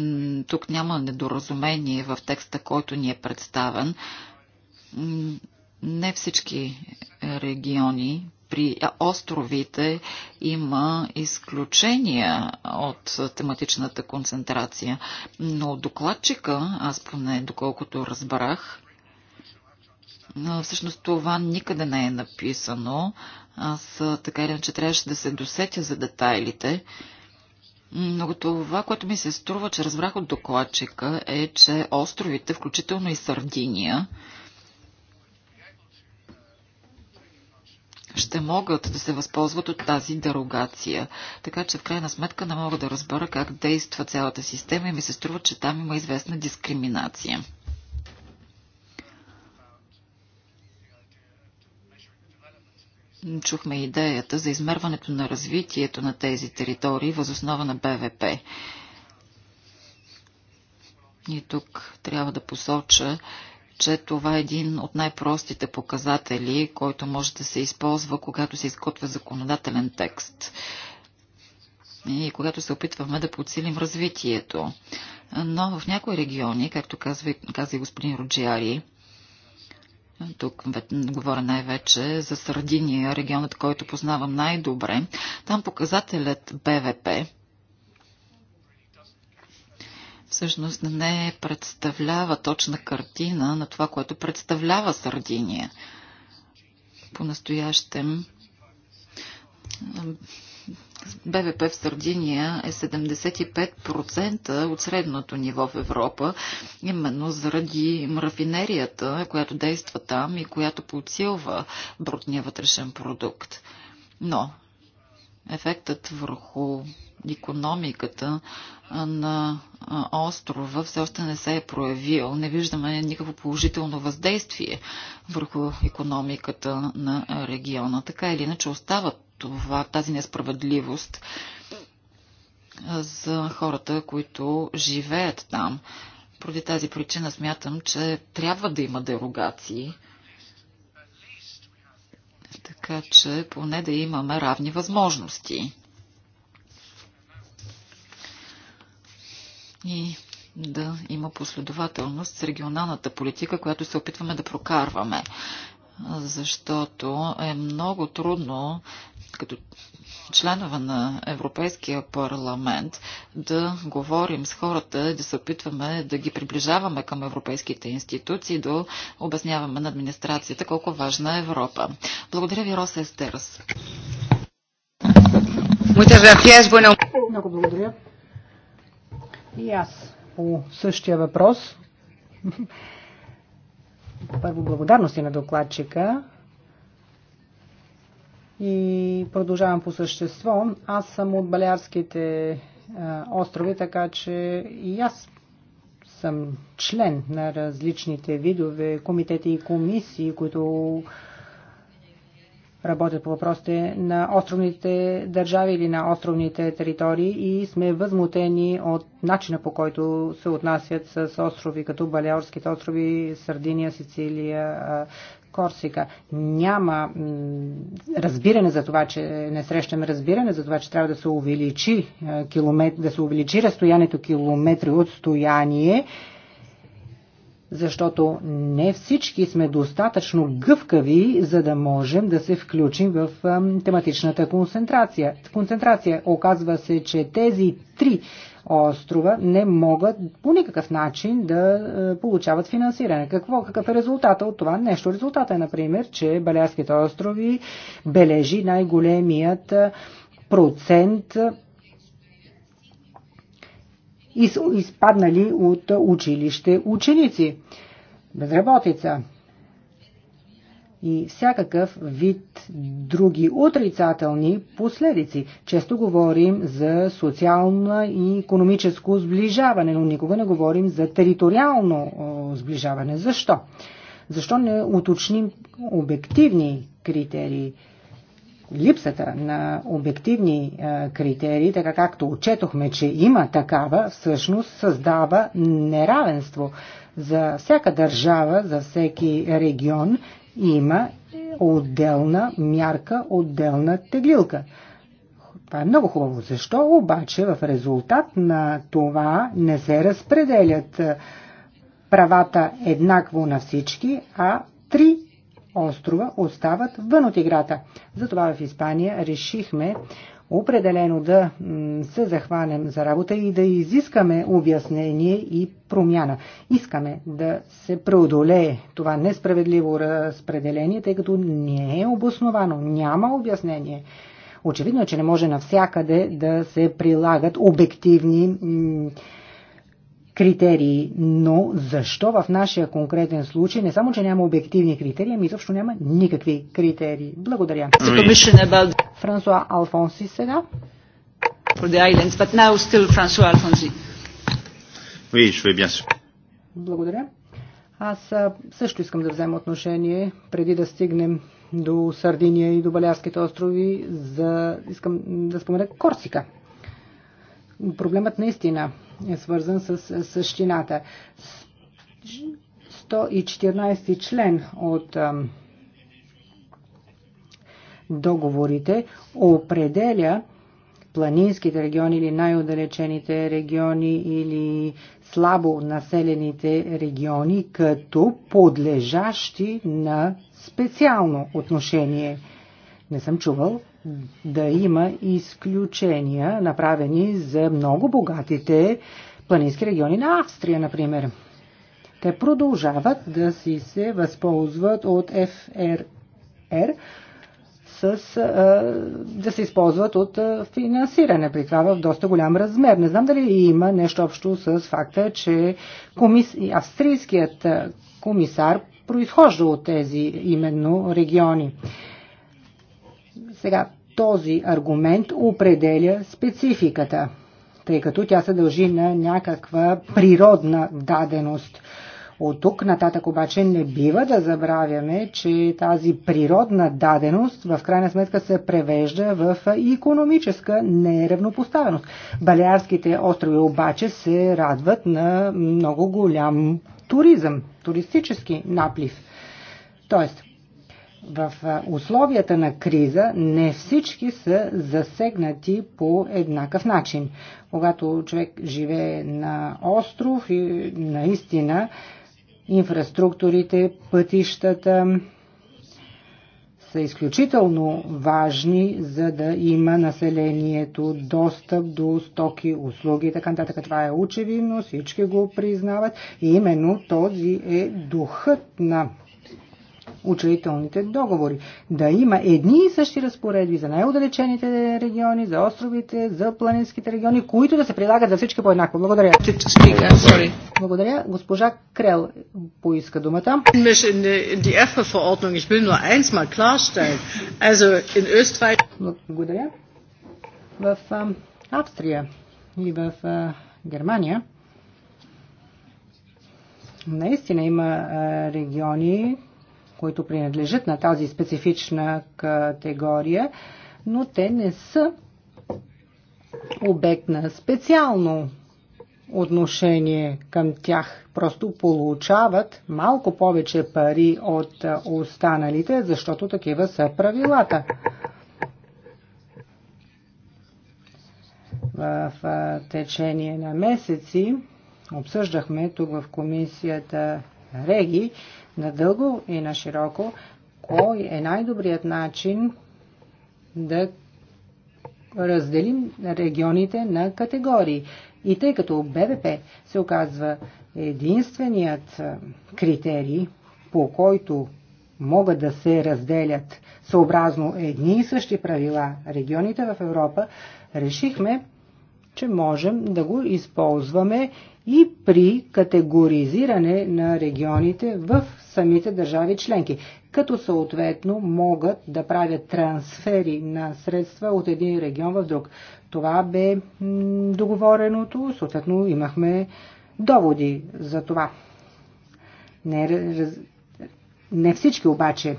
тук няма недоразумение в текста, който ни е представен. Не всички региони при островите има изключения от тематичната концентрация. Но докладчика, аз поне доколкото разбрах, всъщност това никъде не е написано. Аз така или иначе трябваше да се досетя за детайлите. Но това, което ми се струва, че разбрах от докладчика, е, че островите, включително и Сардиния, ще могат да се възползват от тази дерогация. Така че в крайна сметка не мога да разбера как действа цялата система и ми се струва, че там има известна дискриминация. чухме идеята за измерването на развитието на тези територии възоснова на БВП. И тук трябва да посоча, че това е един от най-простите показатели, който може да се използва, когато се изготвя законодателен текст и когато се опитваме да подсилим развитието. Но в някои региони, както казва, каза и господин Роджиари, тук говоря най-вече за Сардиния, регионът, който познавам най-добре. Там показателят БВП всъщност не представлява точна картина на това, което представлява Сардиния. По-настоящем БВП в Сардиния е 75% от средното ниво в Европа, именно заради рафинерията, която действа там и която подсилва брутния вътрешен продукт. Но ефектът върху економиката на острова все още не се е проявил. Не виждаме никакво положително въздействие върху економиката на региона. Така или иначе остава това, тази несправедливост за хората, които живеят там. Поради тази причина смятам, че трябва да има дерогации, така че поне да имаме равни възможности. и да има последователност с регионалната политика, която се опитваме да прокарваме. Защото е много трудно като членове на Европейския парламент да говорим с хората, да се опитваме да ги приближаваме към европейските институции, да обясняваме на администрацията колко важна е Европа. Благодаря ви, Роса Естерас. Много благодаря. И аз по същия въпрос. Първо благодарности на докладчика. И продължавам по същество. Аз съм от Балярските острови, така че и аз съм член на различните видове комитети и комисии, които работят по въпросите на островните държави или на островните територии и сме възмутени от начина по който се отнасят с острови, като Балеорските острови, Сардиния, Сицилия, Корсика. Няма разбиране за това, че не срещаме разбиране за това, че трябва да се увеличи, да се увеличи разстоянието километри от стояние защото не всички сме достатъчно гъвкави, за да можем да се включим в тематичната концентрация. концентрация. Оказва се, че тези три острова не могат по никакъв начин да е, получават финансиране. Какво, какъв е резултата от това нещо? Резултата е, например, че Балярските острови бележи най-големият е, процент са изпаднали от училище ученици. Безработица и всякакъв вид други отрицателни последици. Често говорим за социално и економическо сближаване, но никога не говорим за териториално сближаване. Защо? Защо не уточним обективни критерии? липсата на обективни е, критерии, така както отчетохме, че има такава, всъщност създава неравенство. За всяка държава, за всеки регион има отделна мярка, отделна теглилка. Това е много хубаво. Защо обаче в резултат на това не се разпределят е, правата еднакво на всички, а три острова остават вън от играта. Затова в Испания решихме определено да се захванем за работа и да изискаме обяснение и промяна. Искаме да се преодолее това несправедливо разпределение, тъй като не е обосновано, няма обяснение. Очевидно е, че не може навсякъде да се прилагат обективни критерии, но защо в нашия конкретен случай не само, че няма обективни критерии, ами изобщо няма никакви критерии. Благодаря. Франсуа Алфонси сега. Благодаря. Аз също искам да взема отношение, преди да стигнем до Сардиния и до Балярските острови, за... искам да спомена Корсика. Проблемът наистина е свързан с е, същината. 114 член от договорите определя планинските региони или най-отдалечените региони или слабо населените региони като подлежащи на специално отношение. Не съм чувал да има изключения, направени за много богатите планински региони на Австрия, например. Те продължават да си се възползват от ФРР, с, а, да се използват от а, финансиране, при това в доста голям размер. Не знам дали има нещо общо с факта, че комис... австрийският комисар произхожда от тези именно региони. Сега, този аргумент определя спецификата, тъй като тя се дължи на някаква природна даденост. От тук нататък обаче не бива да забравяме, че тази природна даденост в крайна сметка се превежда в економическа неравнопоставеност. Балиарските острови обаче се радват на много голям туризъм, туристически наплив. Тоест, в условията на криза не всички са засегнати по еднакъв начин. Когато човек живее на остров и наистина инфраструктурите, пътищата са изключително важни, за да има населението достъп до стоки, услуги и така нататък. Това е очевидно, всички го признават и именно този е духът на учредителните договори. Да има едни и същи разпоредби за най-удалечените региони, за островите, за планинските региони, които да се прилагат за всички по-еднакво. Благодаря. Благодаря. Госпожа Крел поиска думата. Э, Благодаря. В Австрия и в Германия наистина има региони, които принадлежат на тази специфична категория, но те не са обект на специално отношение към тях. Просто получават малко повече пари от останалите, защото такива са правилата. В течение на месеци обсъждахме тук в комисията Реги надълго и на широко кой е най-добрият начин да разделим регионите на категории. И тъй като БВП се оказва единственият критерий, по който могат да се разделят съобразно едни и същи правила регионите в Европа, решихме че можем да го използваме и при категоризиране на регионите в самите държави членки, като съответно могат да правят трансфери на средства от един регион в друг. Това бе договореното, съответно имахме доводи за това. Не, не всички обаче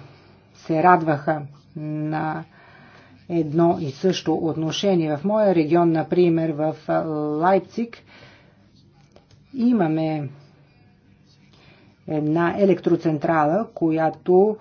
се радваха на едно и също отношение. В моя регион, например, в Лайпциг, имаме една електроцентрала, която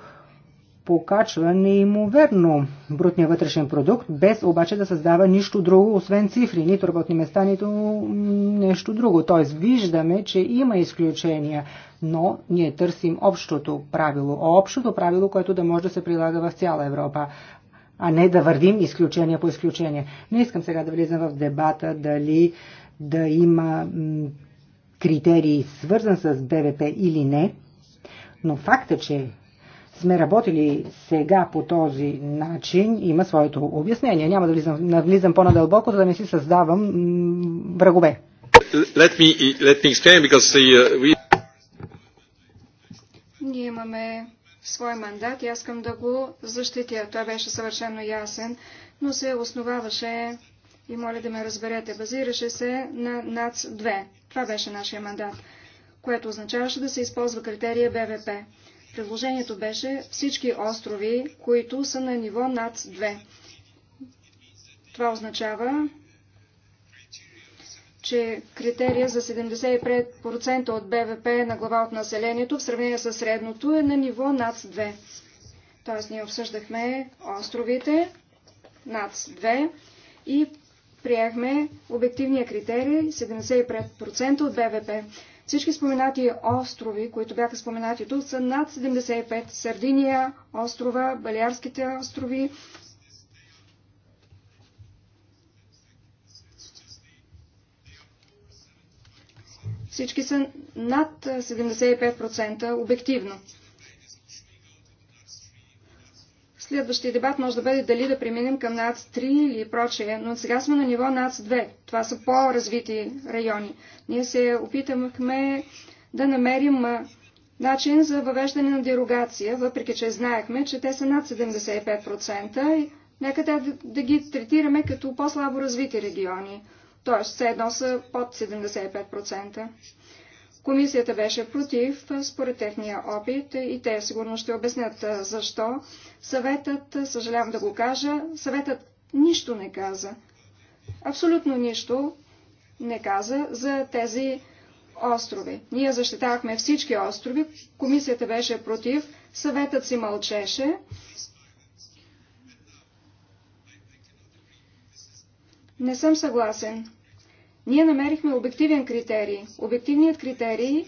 покачва неимоверно брутния вътрешен продукт, без обаче да създава нищо друго, освен цифри, нито работни места, нито нещо друго. Тоест виждаме, че има изключения, но ние търсим общото правило. Общото правило, което да може да се прилага в цяла Европа а не да вървим изключение по изключение. Не искам сега да влизам в дебата дали да има критерии свързан с БВП или не, но факта, че сме работили сега по този начин, има своето обяснение. Няма да влизам, влизам по-надълбоко, за да не си създавам врагове. Let me, let me explain, because the, uh, we... Ние имаме своя мандат и аз искам да го защитя. Той беше съвършено ясен, но се основаваше, и моля да ме разберете, базираше се на НАЦ-2. Това беше нашия мандат, което означаваше да се използва критерия БВП. Предложението беше всички острови, които са на ниво над 2. Това означава, че критерия за 75% от БВП е на глава от населението в сравнение с средното е на ниво над 2 Тоест ние обсъждахме островите над 2 и приехме обективния критерий 75% от БВП. Всички споменати острови, които бяха споменати тук, са над 75. Сардиния, острова, Балиарските острови, всички са над 75% обективно. Следващия дебат може да бъде дали да преминем към НАЦ-3 или прочее, но сега сме на ниво НАЦ-2. Това са по-развити райони. Ние се опитахме да намерим начин за въвеждане на дерогация, въпреки че знаехме, че те са над 75%. Нека да, да ги третираме като по-слабо развити региони т.е. все едно са под 75%. Комисията беше против, според техния опит, и те сигурно ще обяснят защо. Съветът, съжалявам да го кажа, съветът нищо не каза. Абсолютно нищо не каза за тези острови. Ние защитавахме всички острови, комисията беше против, съветът си мълчеше. Не съм съгласен. Ние намерихме обективен критерий. Обективният критерий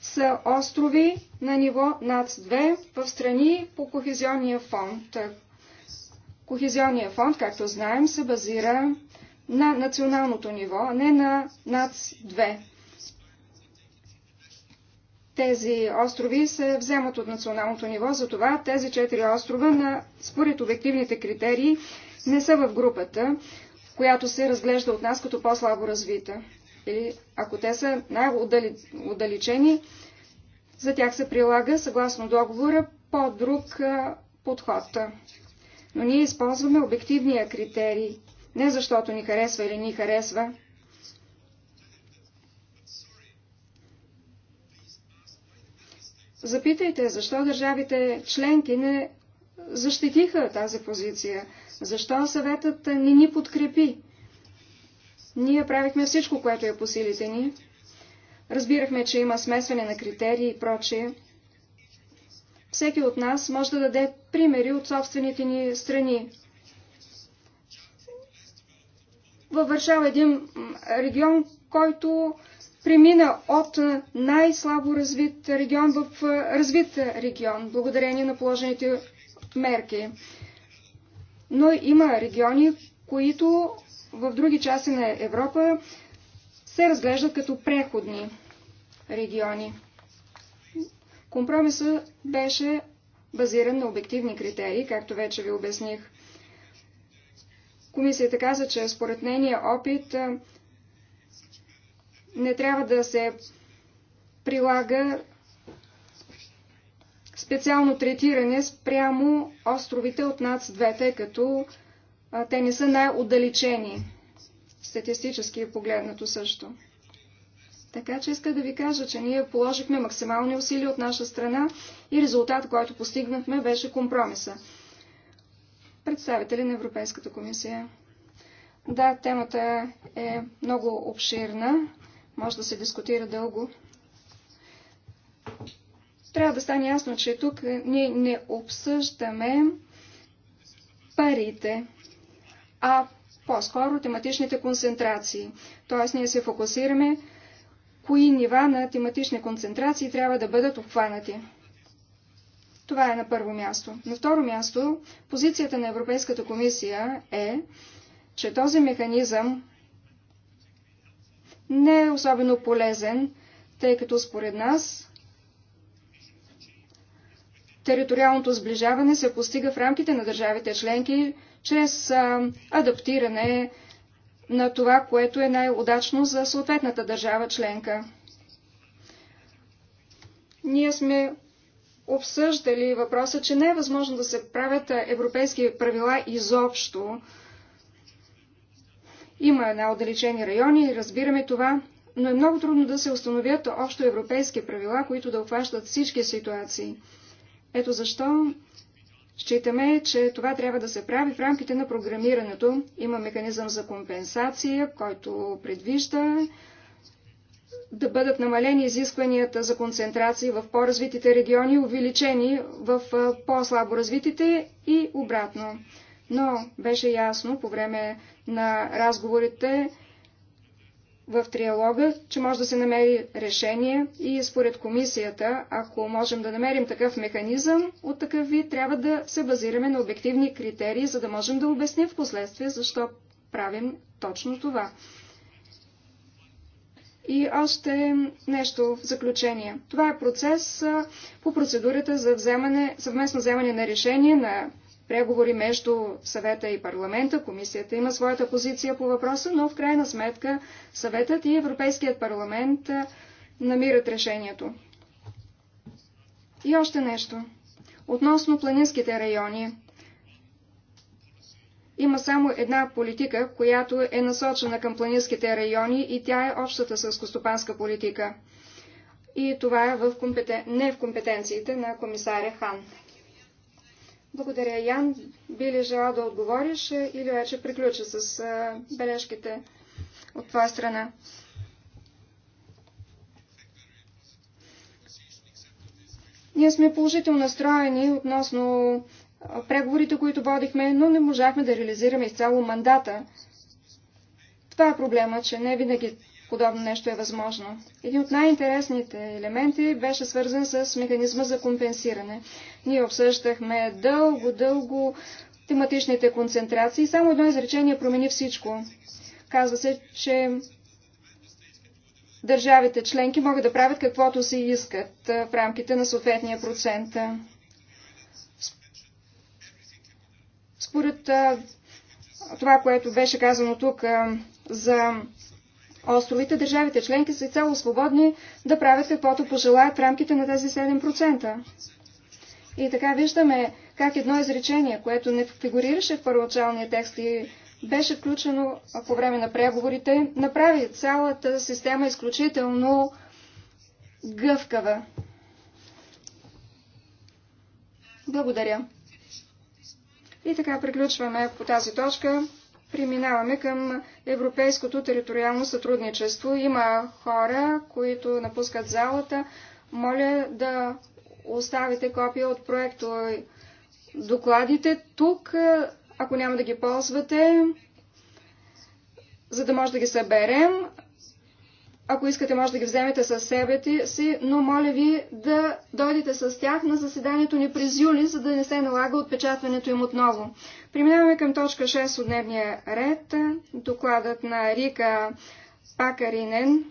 са острови на ниво над 2 в страни по Кохезионния фонд. Кохезионния фонд, както знаем, се базира на националното ниво, а не на над 2. Тези острови се вземат от националното ниво, затова тези четири острова, на, според обективните критерии, не са в групата която се разглежда от нас като по-слабо развита. Или ако те са най-удалечени, за тях се прилага, съгласно договора, по-друг подход. Но ние използваме обективния критерий, не защото ни харесва или ни харесва. Запитайте, защо държавите членки не защитиха тази позиция? Защо съветът не ни подкрепи? Ние правихме всичко, което е по силите ни. Разбирахме, че има смесване на критерии и прочие. Всеки от нас може да даде примери от собствените ни страни. Във Варшава е един регион, който премина от най-слабо развит регион в развит регион, благодарение на положените мерки. Но има региони, които в други части на Европа се разглеждат като преходни региони. Компромисът беше базиран на обективни критерии, както вече ви обясних. Комисията каза, че според нейния опит не трябва да се прилага специално третиране спрямо островите от над двете, тъй като а, те не са най-отдалечени, статистически е погледнато също. Така че иска да ви кажа, че ние положихме максимални усилия от наша страна и резултат, който постигнахме, беше компромиса. Представители на Европейската комисия. Да, темата е много обширна, може да се дискутира дълго. Трябва да стане ясно, че тук е, ние не обсъждаме парите, а по-скоро тематичните концентрации. Тоест ние се фокусираме кои нива на тематични концентрации трябва да бъдат обхванати. Това е на първо място. На второ място, позицията на Европейската комисия е, че този механизъм не е особено полезен, тъй като според нас Териториалното сближаване се постига в рамките на държавите членки чрез адаптиране на това, което е най-удачно за съответната държава членка. Ние сме обсъждали въпроса, че не е възможно да се правят европейски правила изобщо. Има една отдалечени райони, разбираме това, но е много трудно да се установят общо европейски правила, които да обхващат всички ситуации. Ето защо Считаме, че това трябва да се прави в рамките на програмирането. Има механизъм за компенсация, който предвижда да бъдат намалени изискванията за концентрации в по-развитите региони, увеличени в по-слабо развитите и обратно. Но беше ясно по време на разговорите в триалога, че може да се намери решение и според комисията, ако можем да намерим такъв механизъм от такъв вид, трябва да се базираме на обективни критерии, за да можем да обясним в последствие защо правим точно това. И още нещо в заключение. Това е процес по процедурата за вземане, съвместно вземане на решение на преговори между съвета и парламента. Комисията има своята позиция по въпроса, но в крайна сметка съветът и Европейският парламент намират решението. И още нещо. Относно планинските райони. Има само една политика, която е насочена към планинските райони и тя е общата сълскостопанска политика. И това е в компетен... не в компетенциите на комисаря Хан. Благодаря, Ян. Би ли желал да отговориш е, или вече приключа с е, бележките от твоя страна? Ние сме положително настроени относно е, преговорите, които водихме, но не можахме да реализираме изцяло мандата. Това е проблема, че не винаги подобно нещо е възможно. Един от най-интересните елементи беше свързан с механизма за компенсиране. Ние обсъждахме дълго-дълго тематичните концентрации. Само едно изречение промени всичко. Казва се, че държавите членки могат да правят каквото си искат в рамките на съответния процент. Според това, което беше казано тук за островите, държавите членки са цяло свободни да правят каквото пожелаят в рамките на тези 7%. И така виждаме как едно изречение, което не фигурираше в първоначалния текст и беше включено по време на преговорите, направи цялата система изключително гъвкава. Благодаря. И така приключваме по тази точка преминаваме към европейското териториално сътрудничество. Има хора, които напускат залата. Моля да оставите копия от проекто докладите тук, ако няма да ги ползвате, за да може да ги съберем. Ако искате, може да ги вземете със себе си, но моля ви да дойдете с тях на заседанието ни през юли, за да не се налага отпечатването им отново. Преминаваме към точка 6 от дневния ред. Докладът на Рика Пакаринен,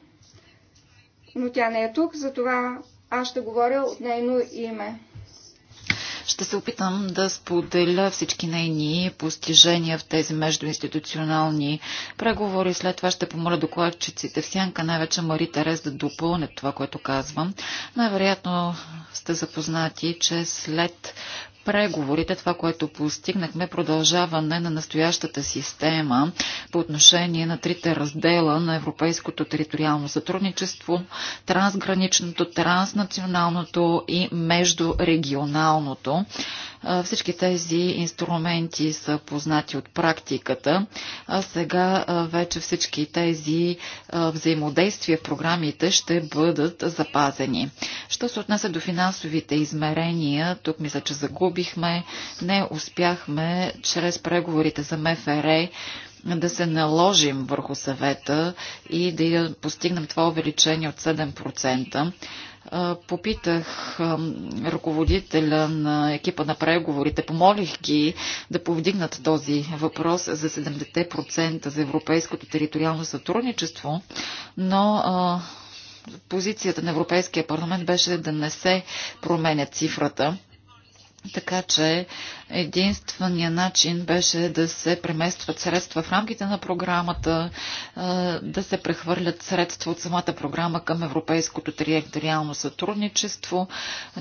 но тя не е тук, затова аз ще говоря от нейно име. Ще се опитам да споделя всички нейни постижения в тези междуинституционални преговори. След това ще помоля докладчиците в сянка, най-вече Мари Терез, да допълнят това, което казвам. Най-вероятно сте запознати, че след преговорите, това, което постигнахме, продължаване на настоящата система по отношение на трите раздела на европейското териториално сътрудничество, трансграничното, транснационалното и междурегионалното. Всички тези инструменти са познати от практиката, а сега вече всички тези взаимодействия в програмите ще бъдат запазени. Що се отнася до финансовите измерения, тук мисля, че загубихме, не успяхме чрез преговорите за МФР да се наложим върху съвета и да постигнем това увеличение от 7% попитах ръководителя на екипа на преговорите, помолих ги да повдигнат този въпрос за 70% за европейското териториално сътрудничество, но позицията на Европейския парламент беше да не се променя цифрата. Така че единствения начин беше да се преместват средства в рамките на програмата, да се прехвърлят средства от самата програма към Европейското териториално сътрудничество.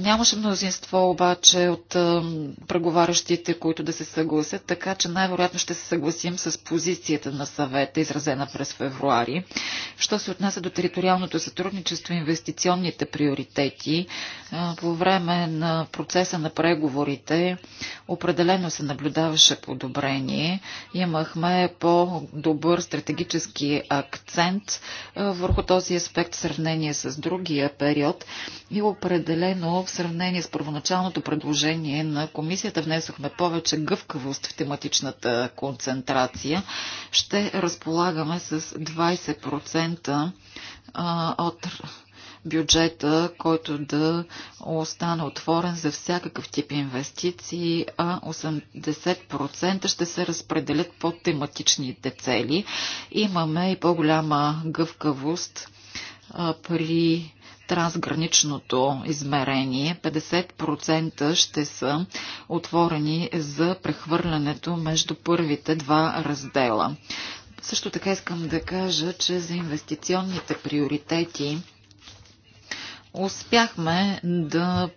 Нямаше мнозинство обаче от преговарящите, които да се съгласят, така че най-вероятно ще се съгласим с позицията на съвета, изразена през февруари. Що се отнася до териториалното сътрудничество и инвестиционните приоритети, по време на процеса на преговорите, определено се наблюдаваше подобрение. Имахме по-добър стратегически акцент върху този аспект в сравнение с другия период и определено в сравнение с първоначалното предложение на комисията внесохме повече гъвкавост в тематичната концентрация. Ще разполагаме с 20% от бюджета, който да остане отворен за всякакъв тип инвестиции, а 80% ще се разпределят по тематичните цели. Имаме и по-голяма гъвкавост при трансграничното измерение. 50% ще са отворени за прехвърлянето между първите два раздела. Също така искам да кажа, че за инвестиционните приоритети Успяхме да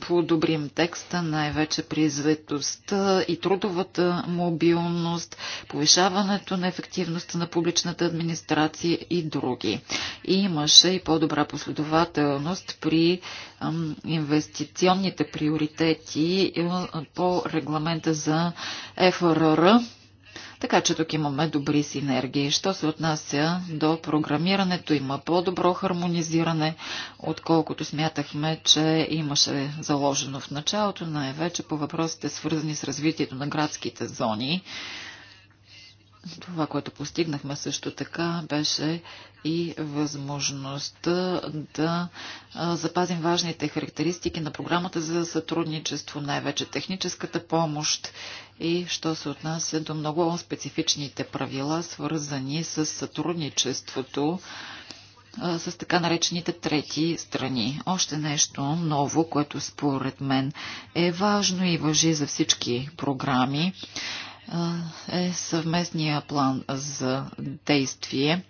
подобрим текста, най-вече при заедостта и трудовата мобилност, повишаването на ефективността на публичната администрация и други. И имаше и по-добра последователност при инвестиционните приоритети по регламента за ФРР така че тук имаме добри синергии. Що се отнася до програмирането, има по-добро хармонизиране, отколкото смятахме, че имаше заложено в началото, най-вече по въпросите свързани с развитието на градските зони това, което постигнахме също така, беше и възможността да запазим важните характеристики на програмата за сътрудничество, най-вече техническата помощ и що се отнася до много специфичните правила, свързани с сътрудничеството с така наречените трети страни. Още нещо ново, което според мен е важно и въжи за всички програми, е съвместния план за действие,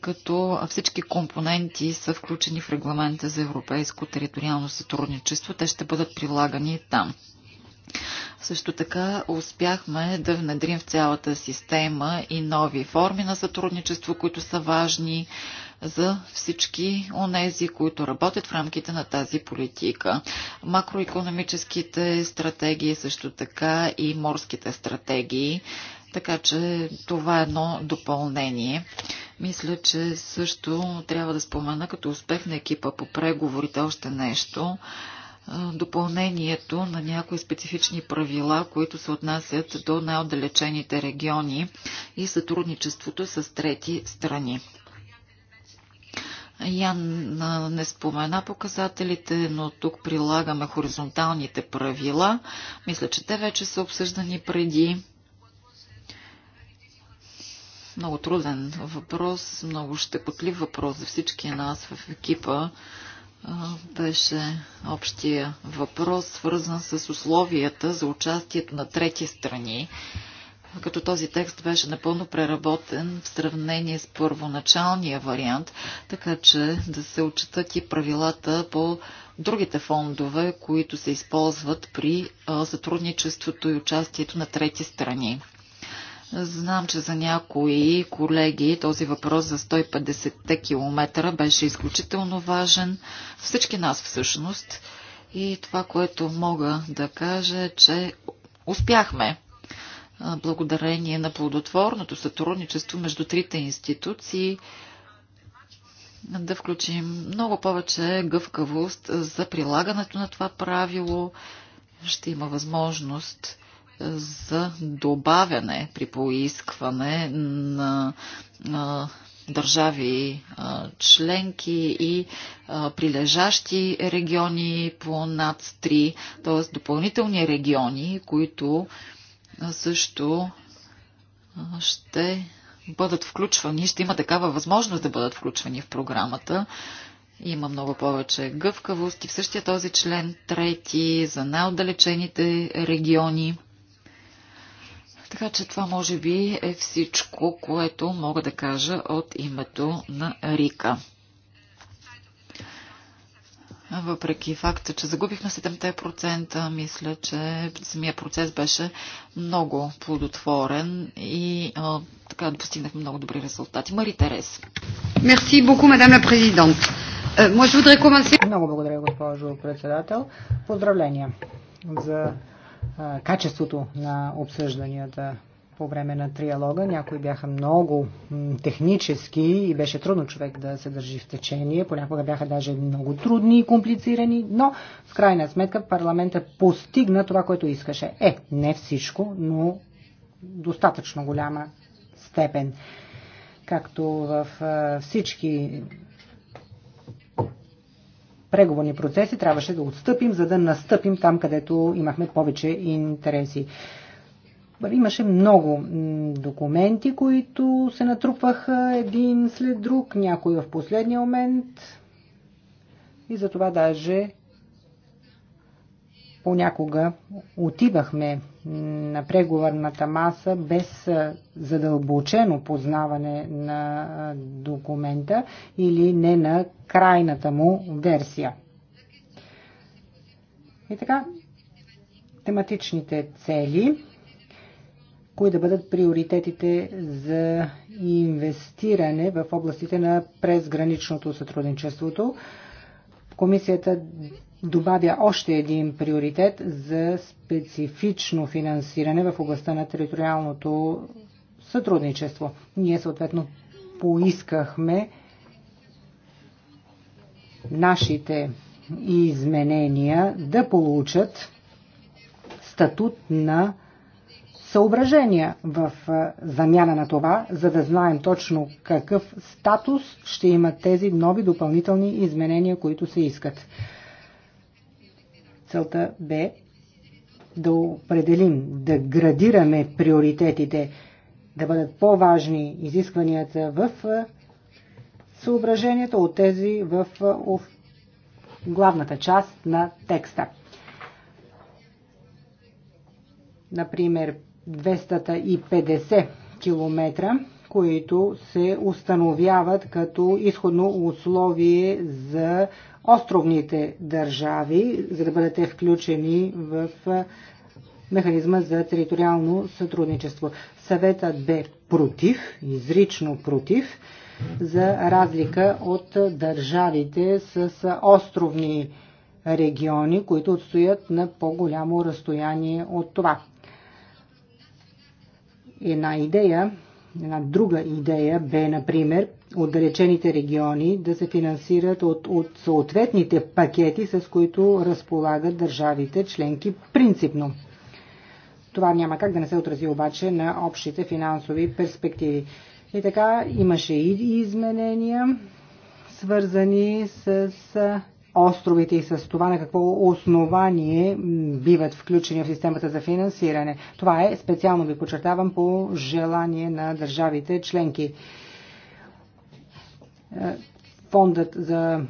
като всички компоненти са включени в регламента за европейско териториално сътрудничество. Те ще бъдат прилагани там. Също така успяхме да внедрим в цялата система и нови форми на сътрудничество, които са важни за всички онези, които работят в рамките на тази политика. Макроекономическите стратегии също така и морските стратегии. Така че това е едно допълнение. Мисля, че също трябва да спомена като успех на екипа по преговорите още нещо допълнението на някои специфични правила, които се отнасят до най-отдалечените региони и сътрудничеството с трети страни. Ян не спомена показателите, но тук прилагаме хоризонталните правила. Мисля, че те вече са обсъждани преди. Много труден въпрос, много щекотлив въпрос за всички нас в екипа. Беше общия въпрос, свързан с условията за участието на трети страни като този текст беше напълно преработен в сравнение с първоначалния вариант, така че да се отчитат и правилата по другите фондове, които се използват при сътрудничеството и участието на трети страни. Знам, че за някои колеги този въпрос за 150 км беше изключително важен. Всички нас всъщност. И това, което мога да кажа, е, че успяхме благодарение на плодотворното сътрудничество между трите институции да включим много повече гъвкавост за прилагането на това правило. Ще има възможност за добавяне при поискване на, държави членки и прилежащи региони по над 3, т.е. допълнителни региони, които също ще бъдат включвани, ще има такава възможност да бъдат включвани в програмата. Има много повече гъвкавост и в същия този член трети за най-отдалечените региони. Така че това може би е всичко, което мога да кажа от името на Рика. Въпреки факта, че загубихме 7%, мисля, че самия процес беше много плодотворен и а, така постигнахме много добри резултати. Мари Терес. Мерси боку, мадам ла президент. Много благодаря, госпожо председател. Поздравления за а, качеството на обсъжданията по време на триалога. Някои бяха много технически и беше трудно човек да се държи в течение. Понякога бяха даже много трудни и комплицирани, но в крайна сметка парламентът постигна това, което искаше. Е, не всичко, но достатъчно голяма степен. Както в всички преговорни процеси трябваше да отстъпим, за да настъпим там, където имахме повече интереси. Имаше много документи, които се натрупваха един след друг, някой в последния момент. И за това даже понякога отивахме на преговорната маса без задълбочено познаване на документа или не на крайната му версия. И така, тематичните цели кои да бъдат приоритетите за инвестиране в областите на презграничното сътрудничеството. Комисията добавя още един приоритет за специфично финансиране в областта на териториалното сътрудничество. Ние съответно поискахме нашите изменения да получат статут на съображения в замяна на това, за да знаем точно какъв статус ще имат тези нови допълнителни изменения, които се искат. Целта бе да определим, да градираме приоритетите, да бъдат по-важни изискванията в съображенията от тези в главната част на текста. Например, 250 км, които се установяват като изходно условие за островните държави, за да бъдете включени в механизма за териториално сътрудничество. Съветът бе против, изрично против, за разлика от държавите с островни региони, които отстоят на по-голямо разстояние от това. Една идея, една друга идея бе, например, отдалечените региони да се финансират от, от съответните пакети, с които разполагат държавите членки принципно. Това няма как да не се отрази обаче на общите финансови перспективи. И така имаше и изменения, свързани с островите и с това на какво основание биват включени в системата за финансиране. Това е специално ви подчертавам по желание на държавите членки. Е, фондът за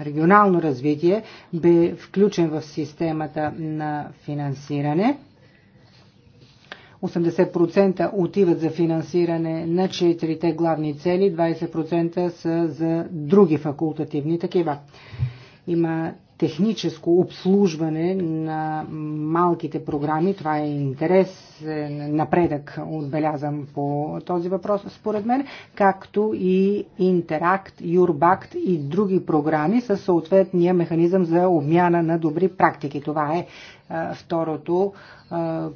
регионално развитие бе включен в системата на финансиране 80% отиват за финансиране на четирите главни цели, 20% са за други факултативни такива. Има техническо обслужване на малките програми. Това е интерес, напредък отбелязам по този въпрос, според мен, както и Интеракт, Юрбакт и други програми с съответния механизъм за обмяна на добри практики. Това е второто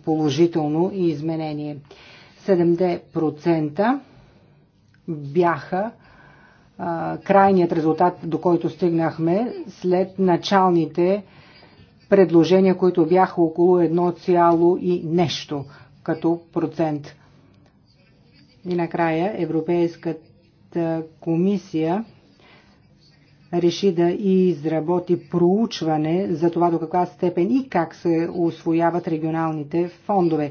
положително изменение. 7% бяха крайният резултат, до който стигнахме след началните предложения, които бяха около едно цяло и нещо като процент. И накрая Европейската комисия реши да изработи проучване за това до каква степен и как се освояват регионалните фондове.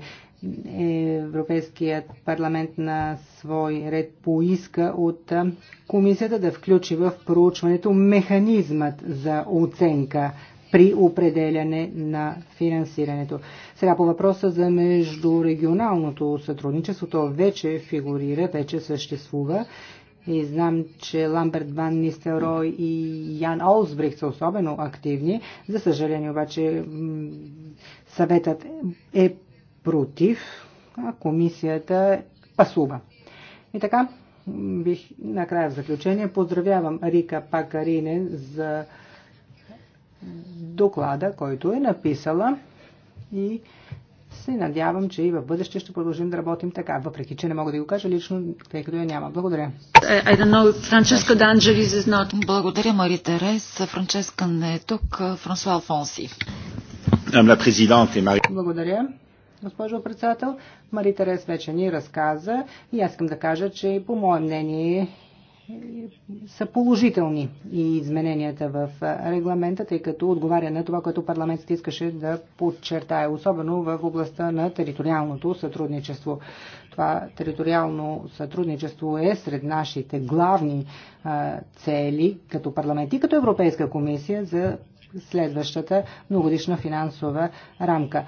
Европейският парламент на свой ред поиска от комисията да включи в проучването механизмът за оценка при определяне на финансирането. Сега по въпроса за междурегионалното сътрудничество, то вече фигурира, вече съществува и знам, че Ламберт Ван Нистелрой и Ян Олсбрих са особено активни. За съжаление обаче съветът е против, а комисията пасува. И така, бих накрая в заключение поздравявам Рика Пакарине за доклада, който е написала и се надявам, че и в бъдеще ще продължим да работим така, въпреки че не мога да го кажа лично, тъй като я няма. Благодаря. I don't know, is not... Благодаря, Мари Терес. Франческа не е тук. Франсуа Алфонси. Благодаря госпожо председател. Мари Терес вече ни разказа и аз искам да кажа, че по мое мнение са положителни и измененията в регламента, тъй като отговаря на това, което парламентът искаше да подчертае, особено в областта на териториалното сътрудничество. Това териториално сътрудничество е сред нашите главни цели като парламент и като Европейска комисия за следващата многодишна финансова рамка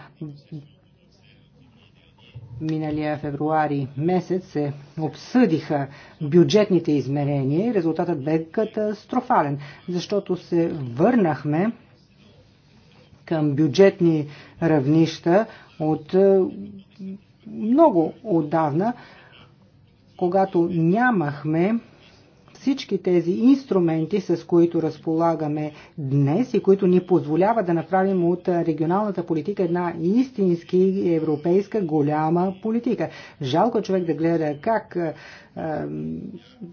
миналия февруари месец се обсъдиха бюджетните измерения и резултатът бе катастрофален, защото се върнахме към бюджетни равнища от е, много отдавна, когато нямахме всички тези инструменти, с които разполагаме днес и които ни позволява да направим от регионалната политика една истински европейска голяма политика. Жалко човек да гледа как е,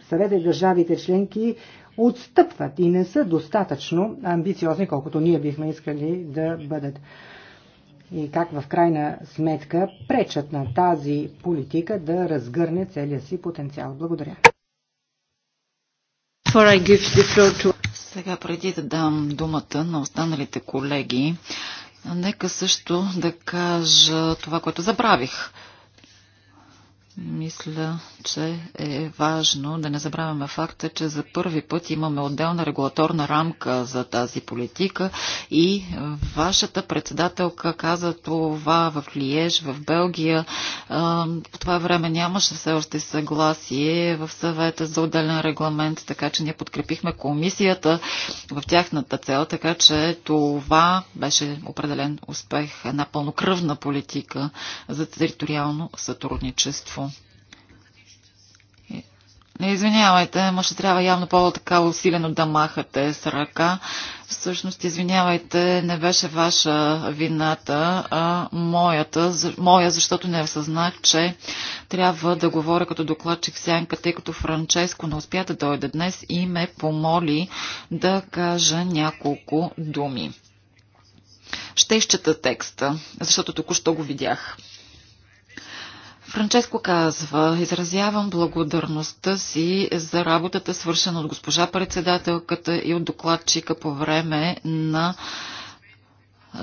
съвета и държавите членки отстъпват и не са достатъчно амбициозни, колкото ние бихме искали да бъдат и как в крайна сметка пречат на тази политика да разгърне целия си потенциал. Благодаря. To... Сега преди да дам думата на останалите колеги, нека също да кажа това, което забравих мисля, че е важно да не забравяме факта, че за първи път имаме отделна регулаторна рамка за тази политика и вашата председателка каза това в Лиеж, в Белгия. По това време нямаше все още съгласие в съвета за отделен регламент, така че ние подкрепихме комисията в тяхната цел, така че това беше определен успех, една пълнокръвна политика за териториално сътрудничество. Не Извинявайте, ама ще трябва явно по-така усилено да махате с ръка. Всъщност, извинявайте, не беше ваша вината, а моята, моя, защото не осъзнах, че трябва да говоря като докладчик сянка, тъй като Франческо не успя да дойде днес и ме помоли да кажа няколко думи. Ще изчета текста, защото току-що го видях. Франческо казва, изразявам благодарността си за работата, свършена от госпожа председателката и от докладчика по време на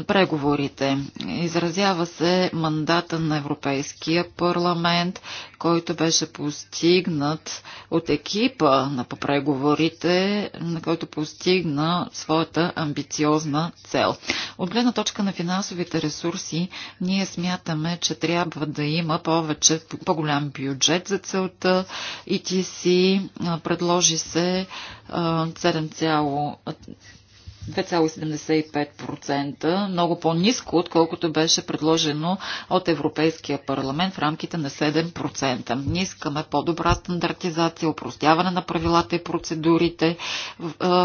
преговорите. Изразява се мандата на Европейския парламент, който беше постигнат от екипа на преговорите, на който постигна своята амбициозна цел. От гледна точка на финансовите ресурси, ние смятаме, че трябва да има повече, по-голям бюджет за целта. и ти си, предложи се 7, 2,75%, много по-низко, отколкото беше предложено от Европейския парламент в рамките на 7%. Ние искаме по-добра стандартизация, упростяване на правилата и процедурите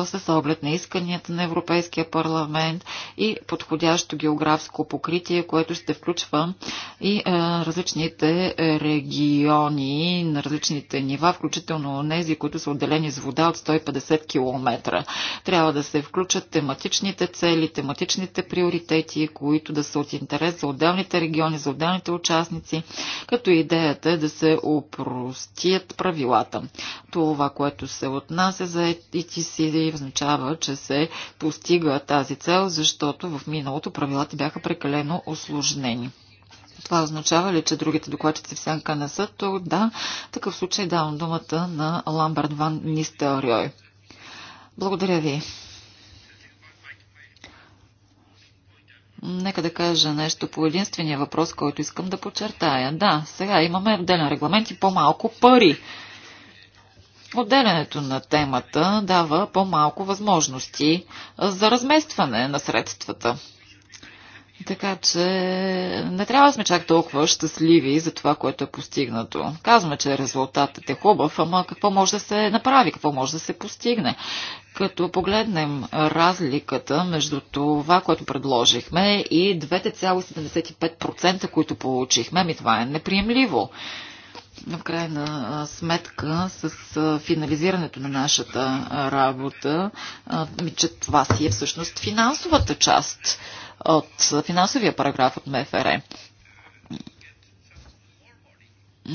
с оглед на исканията на Европейския парламент и подходящо географско покритие, което ще включва и различните региони на различните нива, включително тези, които са отделени с вода от 150 км. Трябва да се включат тематичните цели, тематичните приоритети, които да са от интерес за отделните региони, за отделните участници, като идеята е да се опростият правилата. Това, което се отнася за ETC, означава, че се постига тази цел, защото в миналото правилата бяха прекалено осложнени. Това означава ли, че другите докладчици в сянка не са? То да. В такъв случай давам думата на Ламбард Ван Нистерой. Благодаря ви. Нека да кажа нещо по единствения въпрос, който искам да подчертая. Да, сега имаме отделен регламент и по-малко пари. Отделянето на темата дава по-малко възможности за разместване на средствата. Така че не трябва да сме чак толкова щастливи за това, което е постигнато. Казваме, че резултатът е хубав, ама какво може да се направи, какво може да се постигне. Като погледнем разликата между това, което предложихме и 2,75%, които получихме, ми това е неприемливо. В крайна сметка, с финализирането на нашата работа, че това си е всъщност финансовата част от финансовия параграф от МФР.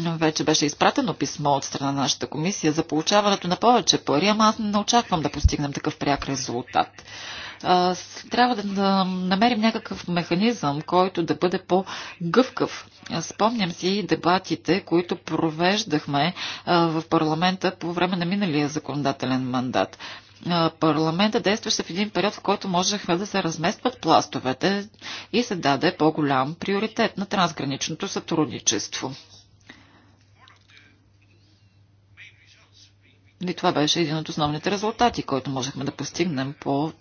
Вече беше изпратено писмо от страна на нашата комисия за получаването на повече пари, ама аз не очаквам да постигнем такъв пряк резултат. Трябва да намерим някакъв механизъм, който да бъде по-гъвкав. Спомням си и дебатите, които провеждахме в парламента по време на миналия законодателен мандат парламента действаше в един период, в който можеха да се разместват пластовете и се даде по-голям приоритет на трансграничното сътрудничество. И това беше един от основните резултати, който можехме да постигнем по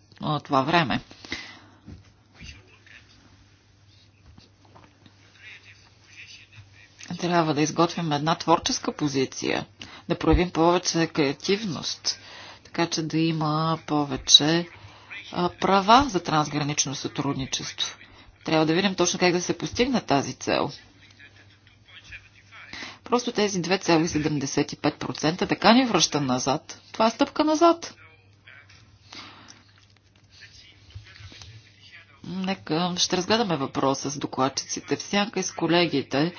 това време. Трябва да изготвим една творческа позиция, да проявим повече креативност така че да има повече права за трансгранично сътрудничество. Трябва да видим точно как да се постигне тази цел. Просто тези 2,75% така ни връща назад. Това е стъпка назад. Нека ще разгледаме въпроса с докладчиците, всяка и с колегите,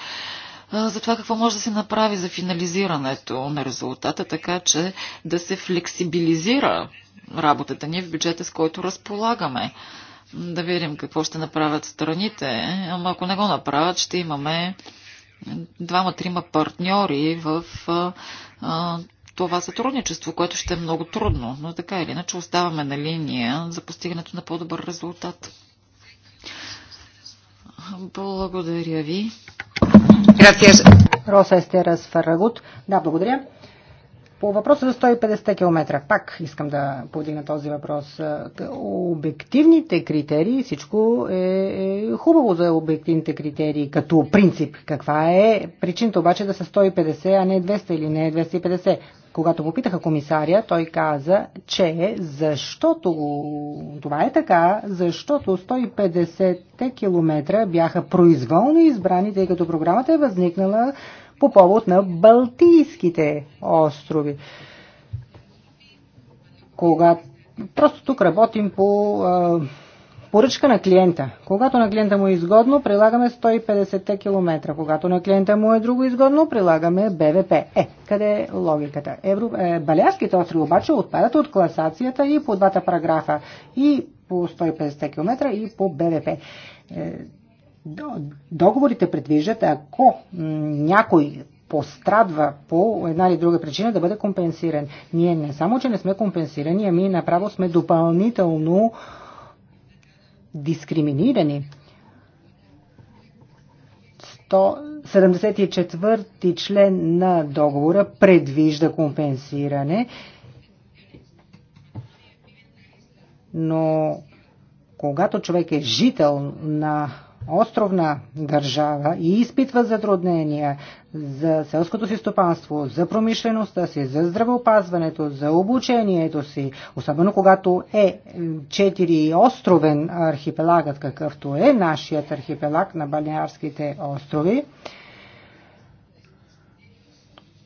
за това какво може да се направи за финализирането на резултата, така че да се флексибилизира работата ни в бюджета, с който разполагаме. Да видим какво ще направят страните. Ама ако не го направят, ще имаме двама-трима партньори в а, това сътрудничество, което ще е много трудно. Но така или иначе оставаме на линия за постигането на по-добър резултат. Благодаря ви. Gracias. Роса Естерас Фарагут. Да, благодаря. По въпроса за 150 км, пак искам да подигна този въпрос. Е, обективните критерии, всичко е, е хубаво за обективните критерии като принцип. Каква е причината обаче да са 150, а не 200 или не 250? Когато го питаха комисаря, той каза, че защото това е така, защото 150 км бяха произволно избрани, тъй като програмата е възникнала по повод на Балтийските острови. Кога... Просто тук работим по а, поръчка на клиента. Когато на клиента му е изгодно, прилагаме 150 км. Когато на клиента му е друго изгодно, прилагаме БВП. Е, къде е логиката? Евро... Е, Балярските острови обаче отпадат от класацията и по двата параграфа. И по 150 км и по БВП. Е, договорите предвиждат, ако някой пострадва по една или друга причина да бъде компенсиран. Ние не само, че не сме компенсирани, ами направо сме допълнително дискриминирани. 74 член на договора предвижда компенсиране, но когато човек е жител на островна държава и изпитва затруднения за селското си стопанство, за промишлеността си, за здравеопазването, за обучението си, особено когато е четири островен архипелагът, какъвто е нашият архипелаг на Балиарските острови,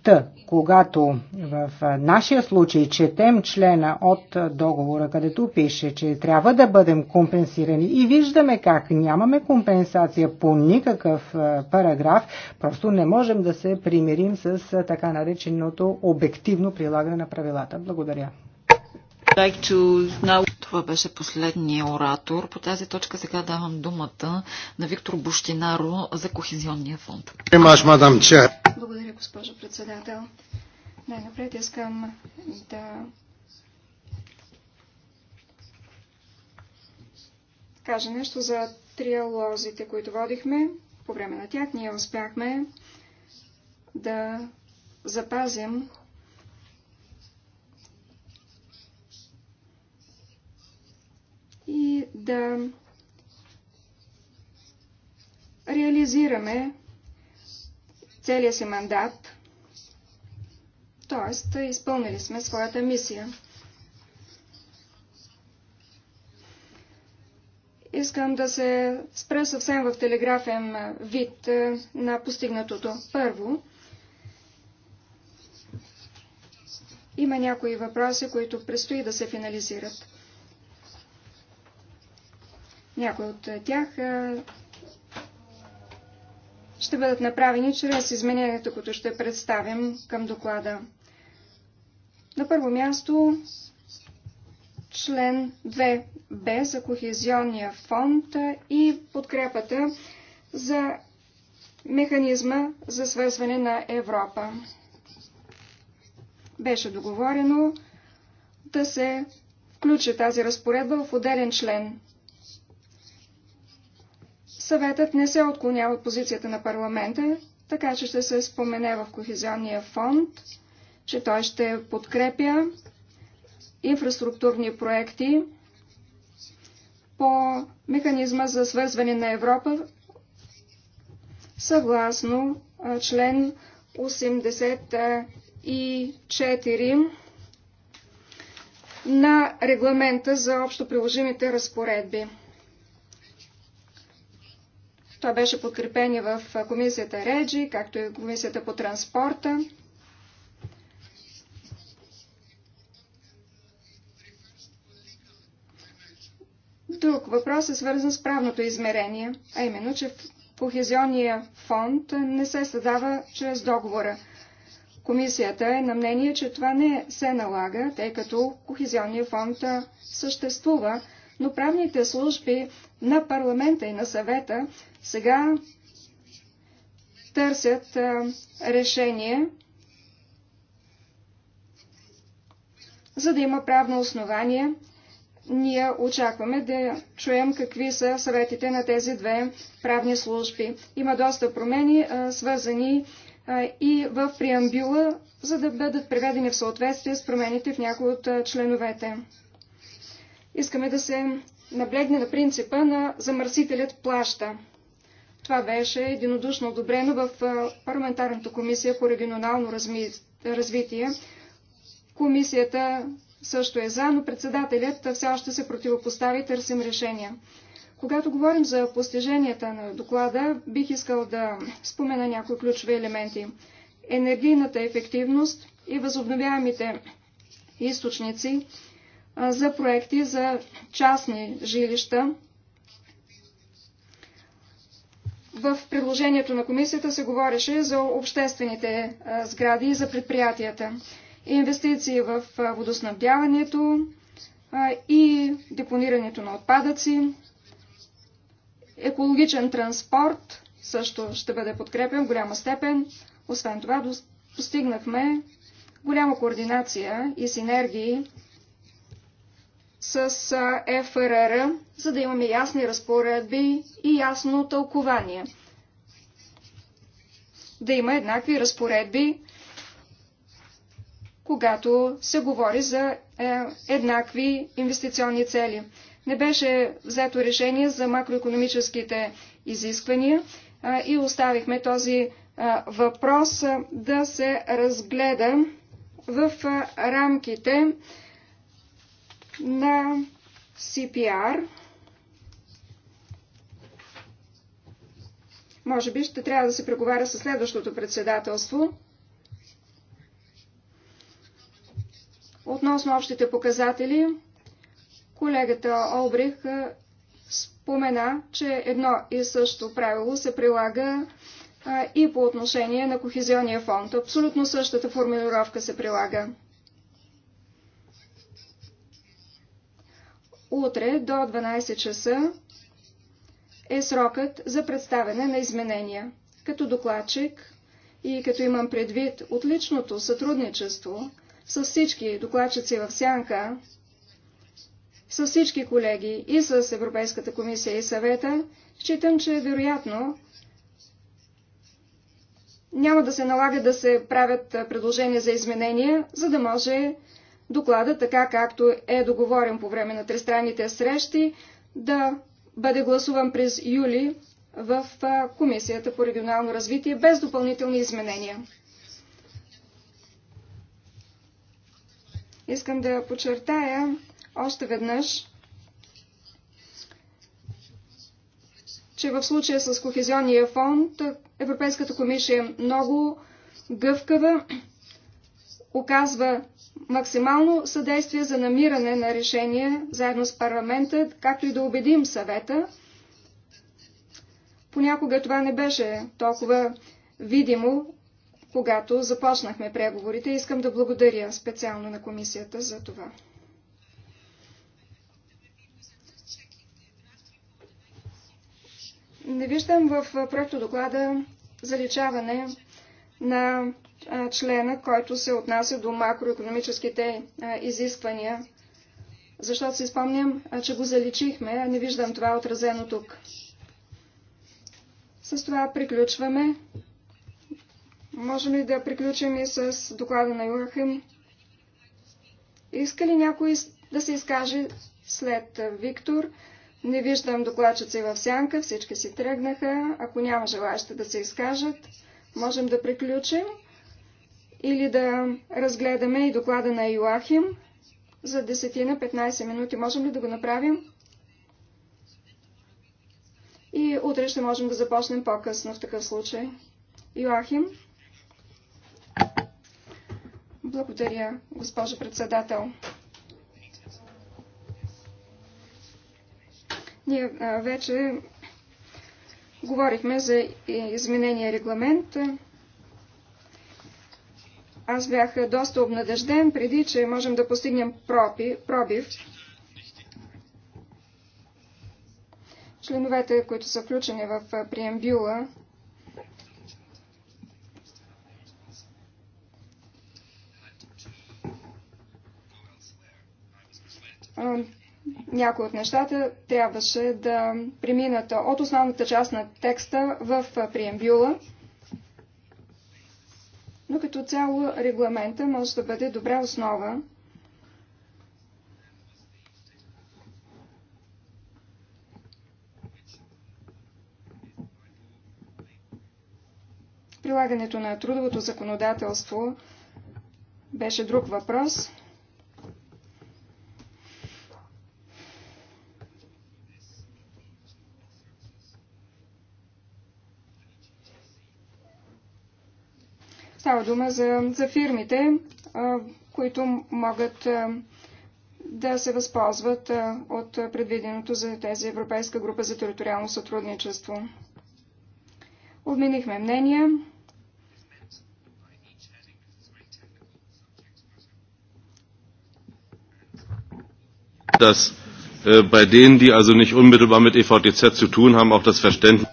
Та, когато в нашия случай четем члена от договора, където пише, че трябва да бъдем компенсирани и виждаме как нямаме компенсация по никакъв параграф, просто не можем да се примирим с така нареченото обективно прилагане на правилата. Благодаря. Кирков беше последния оратор. По тази точка сега давам думата на Виктор Буштинаро за Кохезионния фонд. Имаш, мадам Че. Благодаря, госпожо председател. Най-напред искам да кажа нещо за триалозите, които водихме. По време на тях ние успяхме да запазим и да реализираме целия си мандат, т.е. изпълнили сме своята мисия. Искам да се спра съвсем в телеграфен вид е, на постигнатото. Първо, има някои въпроси, които предстои да се финализират. Някои от е, тях е, ще бъдат направени чрез измененията, които ще представим към доклада. На първо място член 2б за Кохезионния фонд е, и подкрепата за механизма за свързване на Европа. Беше договорено да се включи тази разпоредба в отделен член. Съветът не се отклонява от позицията на парламента, така че ще се спомене в Кохезионния фонд, че той ще подкрепя инфраструктурни проекти по механизма за свързване на Европа съгласно член 84 на регламента за общо приложимите разпоредби. Той беше подкрепен в комисията Реджи, както и комисията по транспорта. Друг въпрос е свързан с правното измерение, а именно, че Кохезионния фонд не се създава чрез договора. Комисията е на мнение, че това не се налага, тъй като Кохезионния фонд съществува, но правните служби на парламента и на съвета сега търсят решение, за да има правно основание. Ние очакваме да чуем какви са съветите на тези две правни служби. Има доста промени, свързани и в преамбюла, за да бъдат преведени в съответствие с промените в някои от членовете. Искаме да се наблегне на принципа на замърсителят плаща. Това беше единодушно одобрено в парламентарната комисия по регионално развитие. Комисията също е за, но председателят все още се противопостави и търсим решения. Когато говорим за постиженията на доклада, бих искал да спомена някои ключови елементи. Енергийната ефективност и възобновяемите източници за проекти за частни жилища. В предложението на комисията се говореше за обществените сгради и за предприятията. Инвестиции в водоснабдяването и депонирането на отпадъци. Екологичен транспорт също ще бъде подкрепен в голяма степен. Освен това, достигнахме голяма координация и синергии с ФРР, за да имаме ясни разпоредби и ясно тълкование. Да има еднакви разпоредби, когато се говори за е, еднакви инвестиционни цели. Не беше взето решение за макроекономическите изисквания и оставихме този въпрос да се разгледа в рамките на на CPR. Може би ще трябва да се преговаря с следващото председателство. Относно общите показатели, колегата Олбрих спомена, че едно и също правило се прилага и по отношение на Кохезионния фонд. Абсолютно същата формулировка се прилага. Утре до 12 часа е срокът за представяне на изменения. Като докладчик и като имам предвид отличното сътрудничество с всички докладчици в Сянка, с всички колеги и с Европейската комисия и съвета, считам, че вероятно няма да се налага да се правят предложения за изменения, за да може доклада, така както е договорен по време на тристранните срещи, да бъде гласуван през юли в Комисията по регионално развитие без допълнителни изменения. Искам да подчертая още веднъж, че в случая с Кохезионния фонд Европейската комисия е много гъвкава оказва максимално съдействие за намиране на решение заедно с парламента, както и да убедим съвета. Понякога това не беше толкова видимо, когато започнахме преговорите. Искам да благодаря специално на комисията за това. Не виждам в проекто доклада заличаване на члена, който се отнася до макроекономическите изисквания, защото си спомням, че го заличихме, а не виждам това отразено тук. С това приключваме. Можем ли да приключим и с доклада на Юрахим? Иска ли някой да се изкаже след Виктор? Не виждам докладчици в сянка, всички си тръгнаха. Ако няма желаящи да се изкажат, можем да приключим или да разгледаме и доклада на Йоахим за 10-15 минути. Можем ли да го направим? И утре ще можем да започнем по-късно в такъв случай. Йоахим. Благодаря, госпожо председател. Ние вече говорихме за изменения регламент. Аз бях доста обнадежден преди, че можем да постигнем проби, пробив. Членовете, които са включени в приембюла, някои от нещата трябваше да преминат от основната част на текста в приембюла но като цяло регламента може да бъде добра основа Прилагането на трудовото законодателство беше друг въпрос. Става дума за, за фирмите, а, които могат а, да се възползват а, от предвиденото за тези Европейска група за териториално сътрудничество. Обменихме мнения. dass äh, bei denen, die also nicht unmittelbar mit EVTZ zu tun haben, auch das Verständnis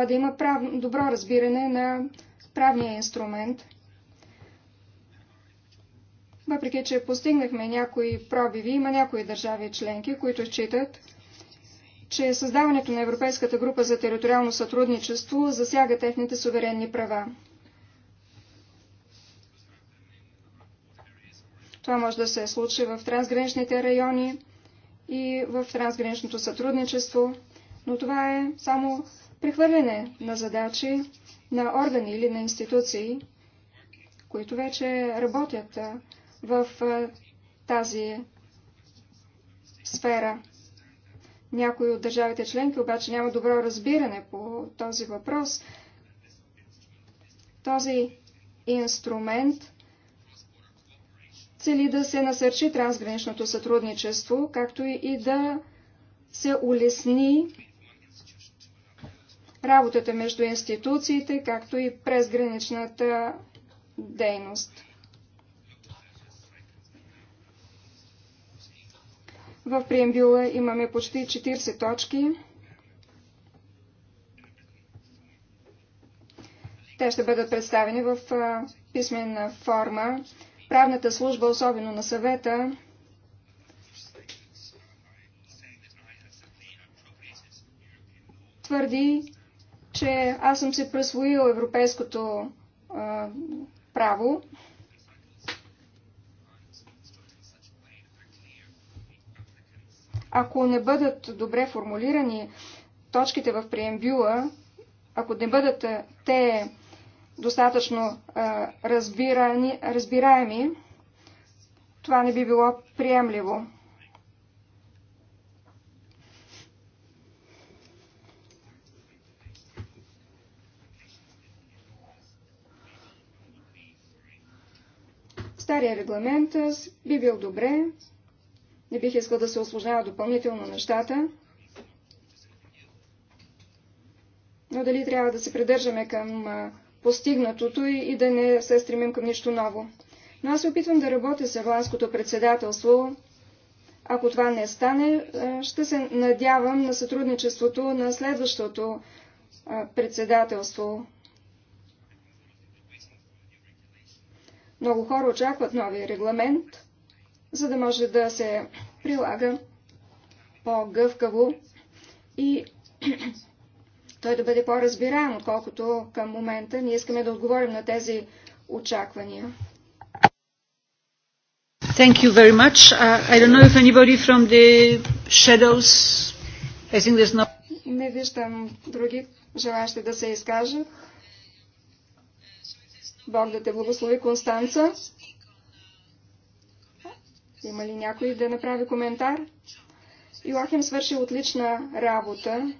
Трябва да има прав... добро разбиране на правния инструмент. Въпреки, че постигнахме някои пробиви, има някои държави членки, които считат, че създаването на Европейската група за териториално сътрудничество засяга техните суверенни права. Това може да се случи в трансграничните райони и в трансграничното сътрудничество, но това е само прехвърляне на задачи на органи или на институции, които вече работят в тази сфера. Някои от държавите членки обаче няма добро разбиране по този въпрос. Този инструмент цели да се насърчи трансграничното сътрудничество, както и да се улесни работата между институциите, както и презграничната дейност. В преембюла имаме почти 40 точки. Те ще бъдат представени в писмена форма. Правната служба, особено на съвета, твърди, че аз съм се присвоил европейското а, право. Ако не бъдат добре формулирани точките в преембюла, ако не бъдат те достатъчно а, разбирани, разбираеми, това не би било приемливо. Стария регламент би бил добре. Не бих искал да се осложнява допълнително нещата. Но дали трябва да се придържаме към постигнатото и да не се стремим към нищо ново. Но аз се опитвам да работя с ирландското председателство. Ако това не стане, ще се надявам на сътрудничеството на следващото председателство. Много хора очакват новия регламент, за да може да се прилага по-гъвкаво и <clears throat> той да бъде по-разбираем, отколкото към момента. Ние искаме да отговорим на тези очаквания. Thank you very much. Uh, I don't know if anybody from the shadows... I think there's no... Не виждам други желащи да се изкажат. Бог да те благослови, Констанца. Има ли някой да направи коментар? Йоахим свърши отлична работа.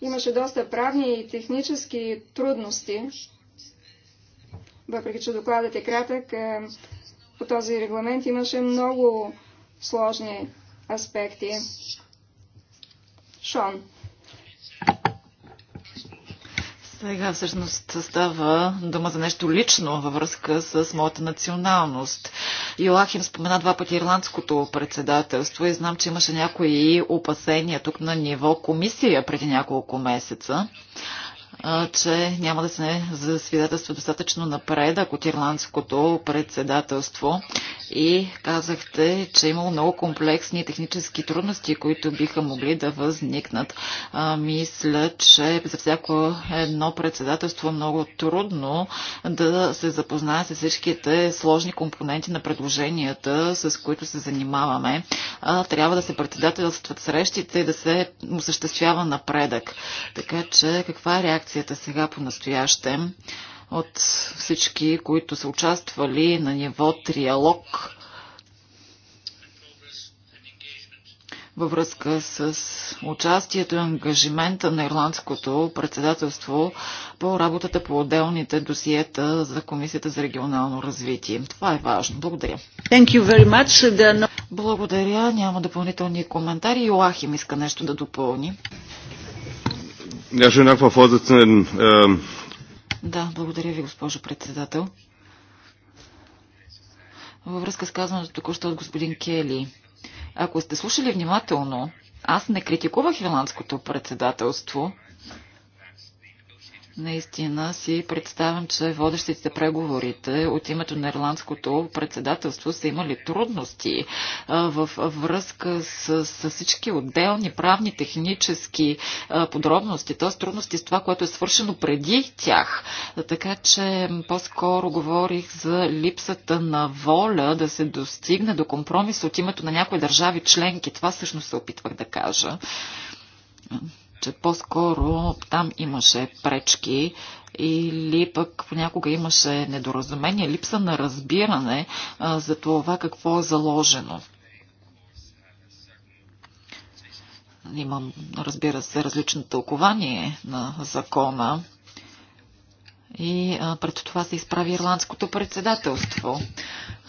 Имаше доста правни и технически трудности. Въпреки, че докладът е кратък, е, по този регламент имаше много сложни аспекти. Шон. Сега всъщност става дума за нещо лично във връзка с моята националност. Йоахим спомена два пъти ирландското председателство и знам, че имаше някои опасения тук на ниво комисия преди няколко месеца че няма да се засвидетелства достатъчно напредък от ирландското председателство и казахте, че е имало много комплексни технически трудности, които биха могли да възникнат. А, мисля, че за всяко едно председателство е много трудно да се запознае с всичките сложни компоненти на предложенията, с които се занимаваме. А, трябва да се председателстват срещите и да се осъществява напредък. Така че каква е реакцията сега по настоящем? от всички, които са участвали на ниво триалог във връзка с участието и ангажимента на ирландското председателство по работата по отделните досиета за Комисията за регионално развитие. Това е важно. Благодаря. Thank you very much. The... Благодаря. Няма допълнителни коментари. Йоахим иска нещо да допълни. Ja, schönen Dank, Frau Vorsitzende. Ähm, да, благодаря ви, госпожо председател. Във връзка с казването току-що от господин Кели, ако сте слушали внимателно, аз не критикувах ирландското председателство, Наистина си представям, че водещите преговорите от името на ирландското председателство са имали трудности в връзка с, с всички отделни правни, технически подробности, т.е. трудности с това, което е свършено преди тях. Така че по-скоро говорих за липсата на воля да се достигне до компромис от името на някои държави членки. Това всъщност се опитвах да кажа че по-скоро там имаше пречки или пък понякога имаше недоразумение, липса на разбиране а, за това какво е заложено. Имам, разбира се, различно тълкование на закона и а, пред това се изправи ирландското председателство.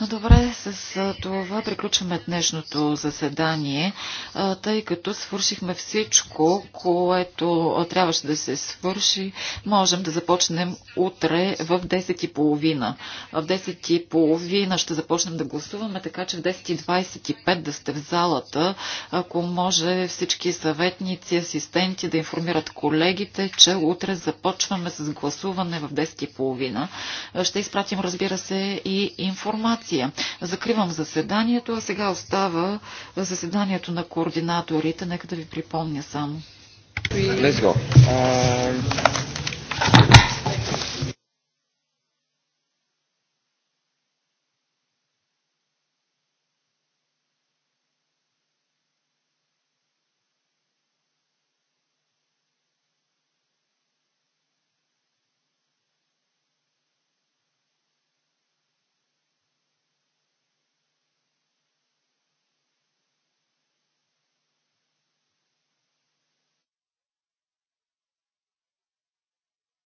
Добре, с това приключваме днешното заседание, а, тъй като свършихме всичко, което трябваше да се свърши. Можем да започнем утре в 10.30. В 10.30 ще започнем да гласуваме, така че в 10.25 да сте в залата, ако може всички съветници, асистенти да информират колегите, че утре започваме с гласуване в 10.30. Ще изпратим, разбира се, и информация. Закривам заседанието, а сега остава заседанието на координаторите. Нека да ви припомня само. Let's go. Uh...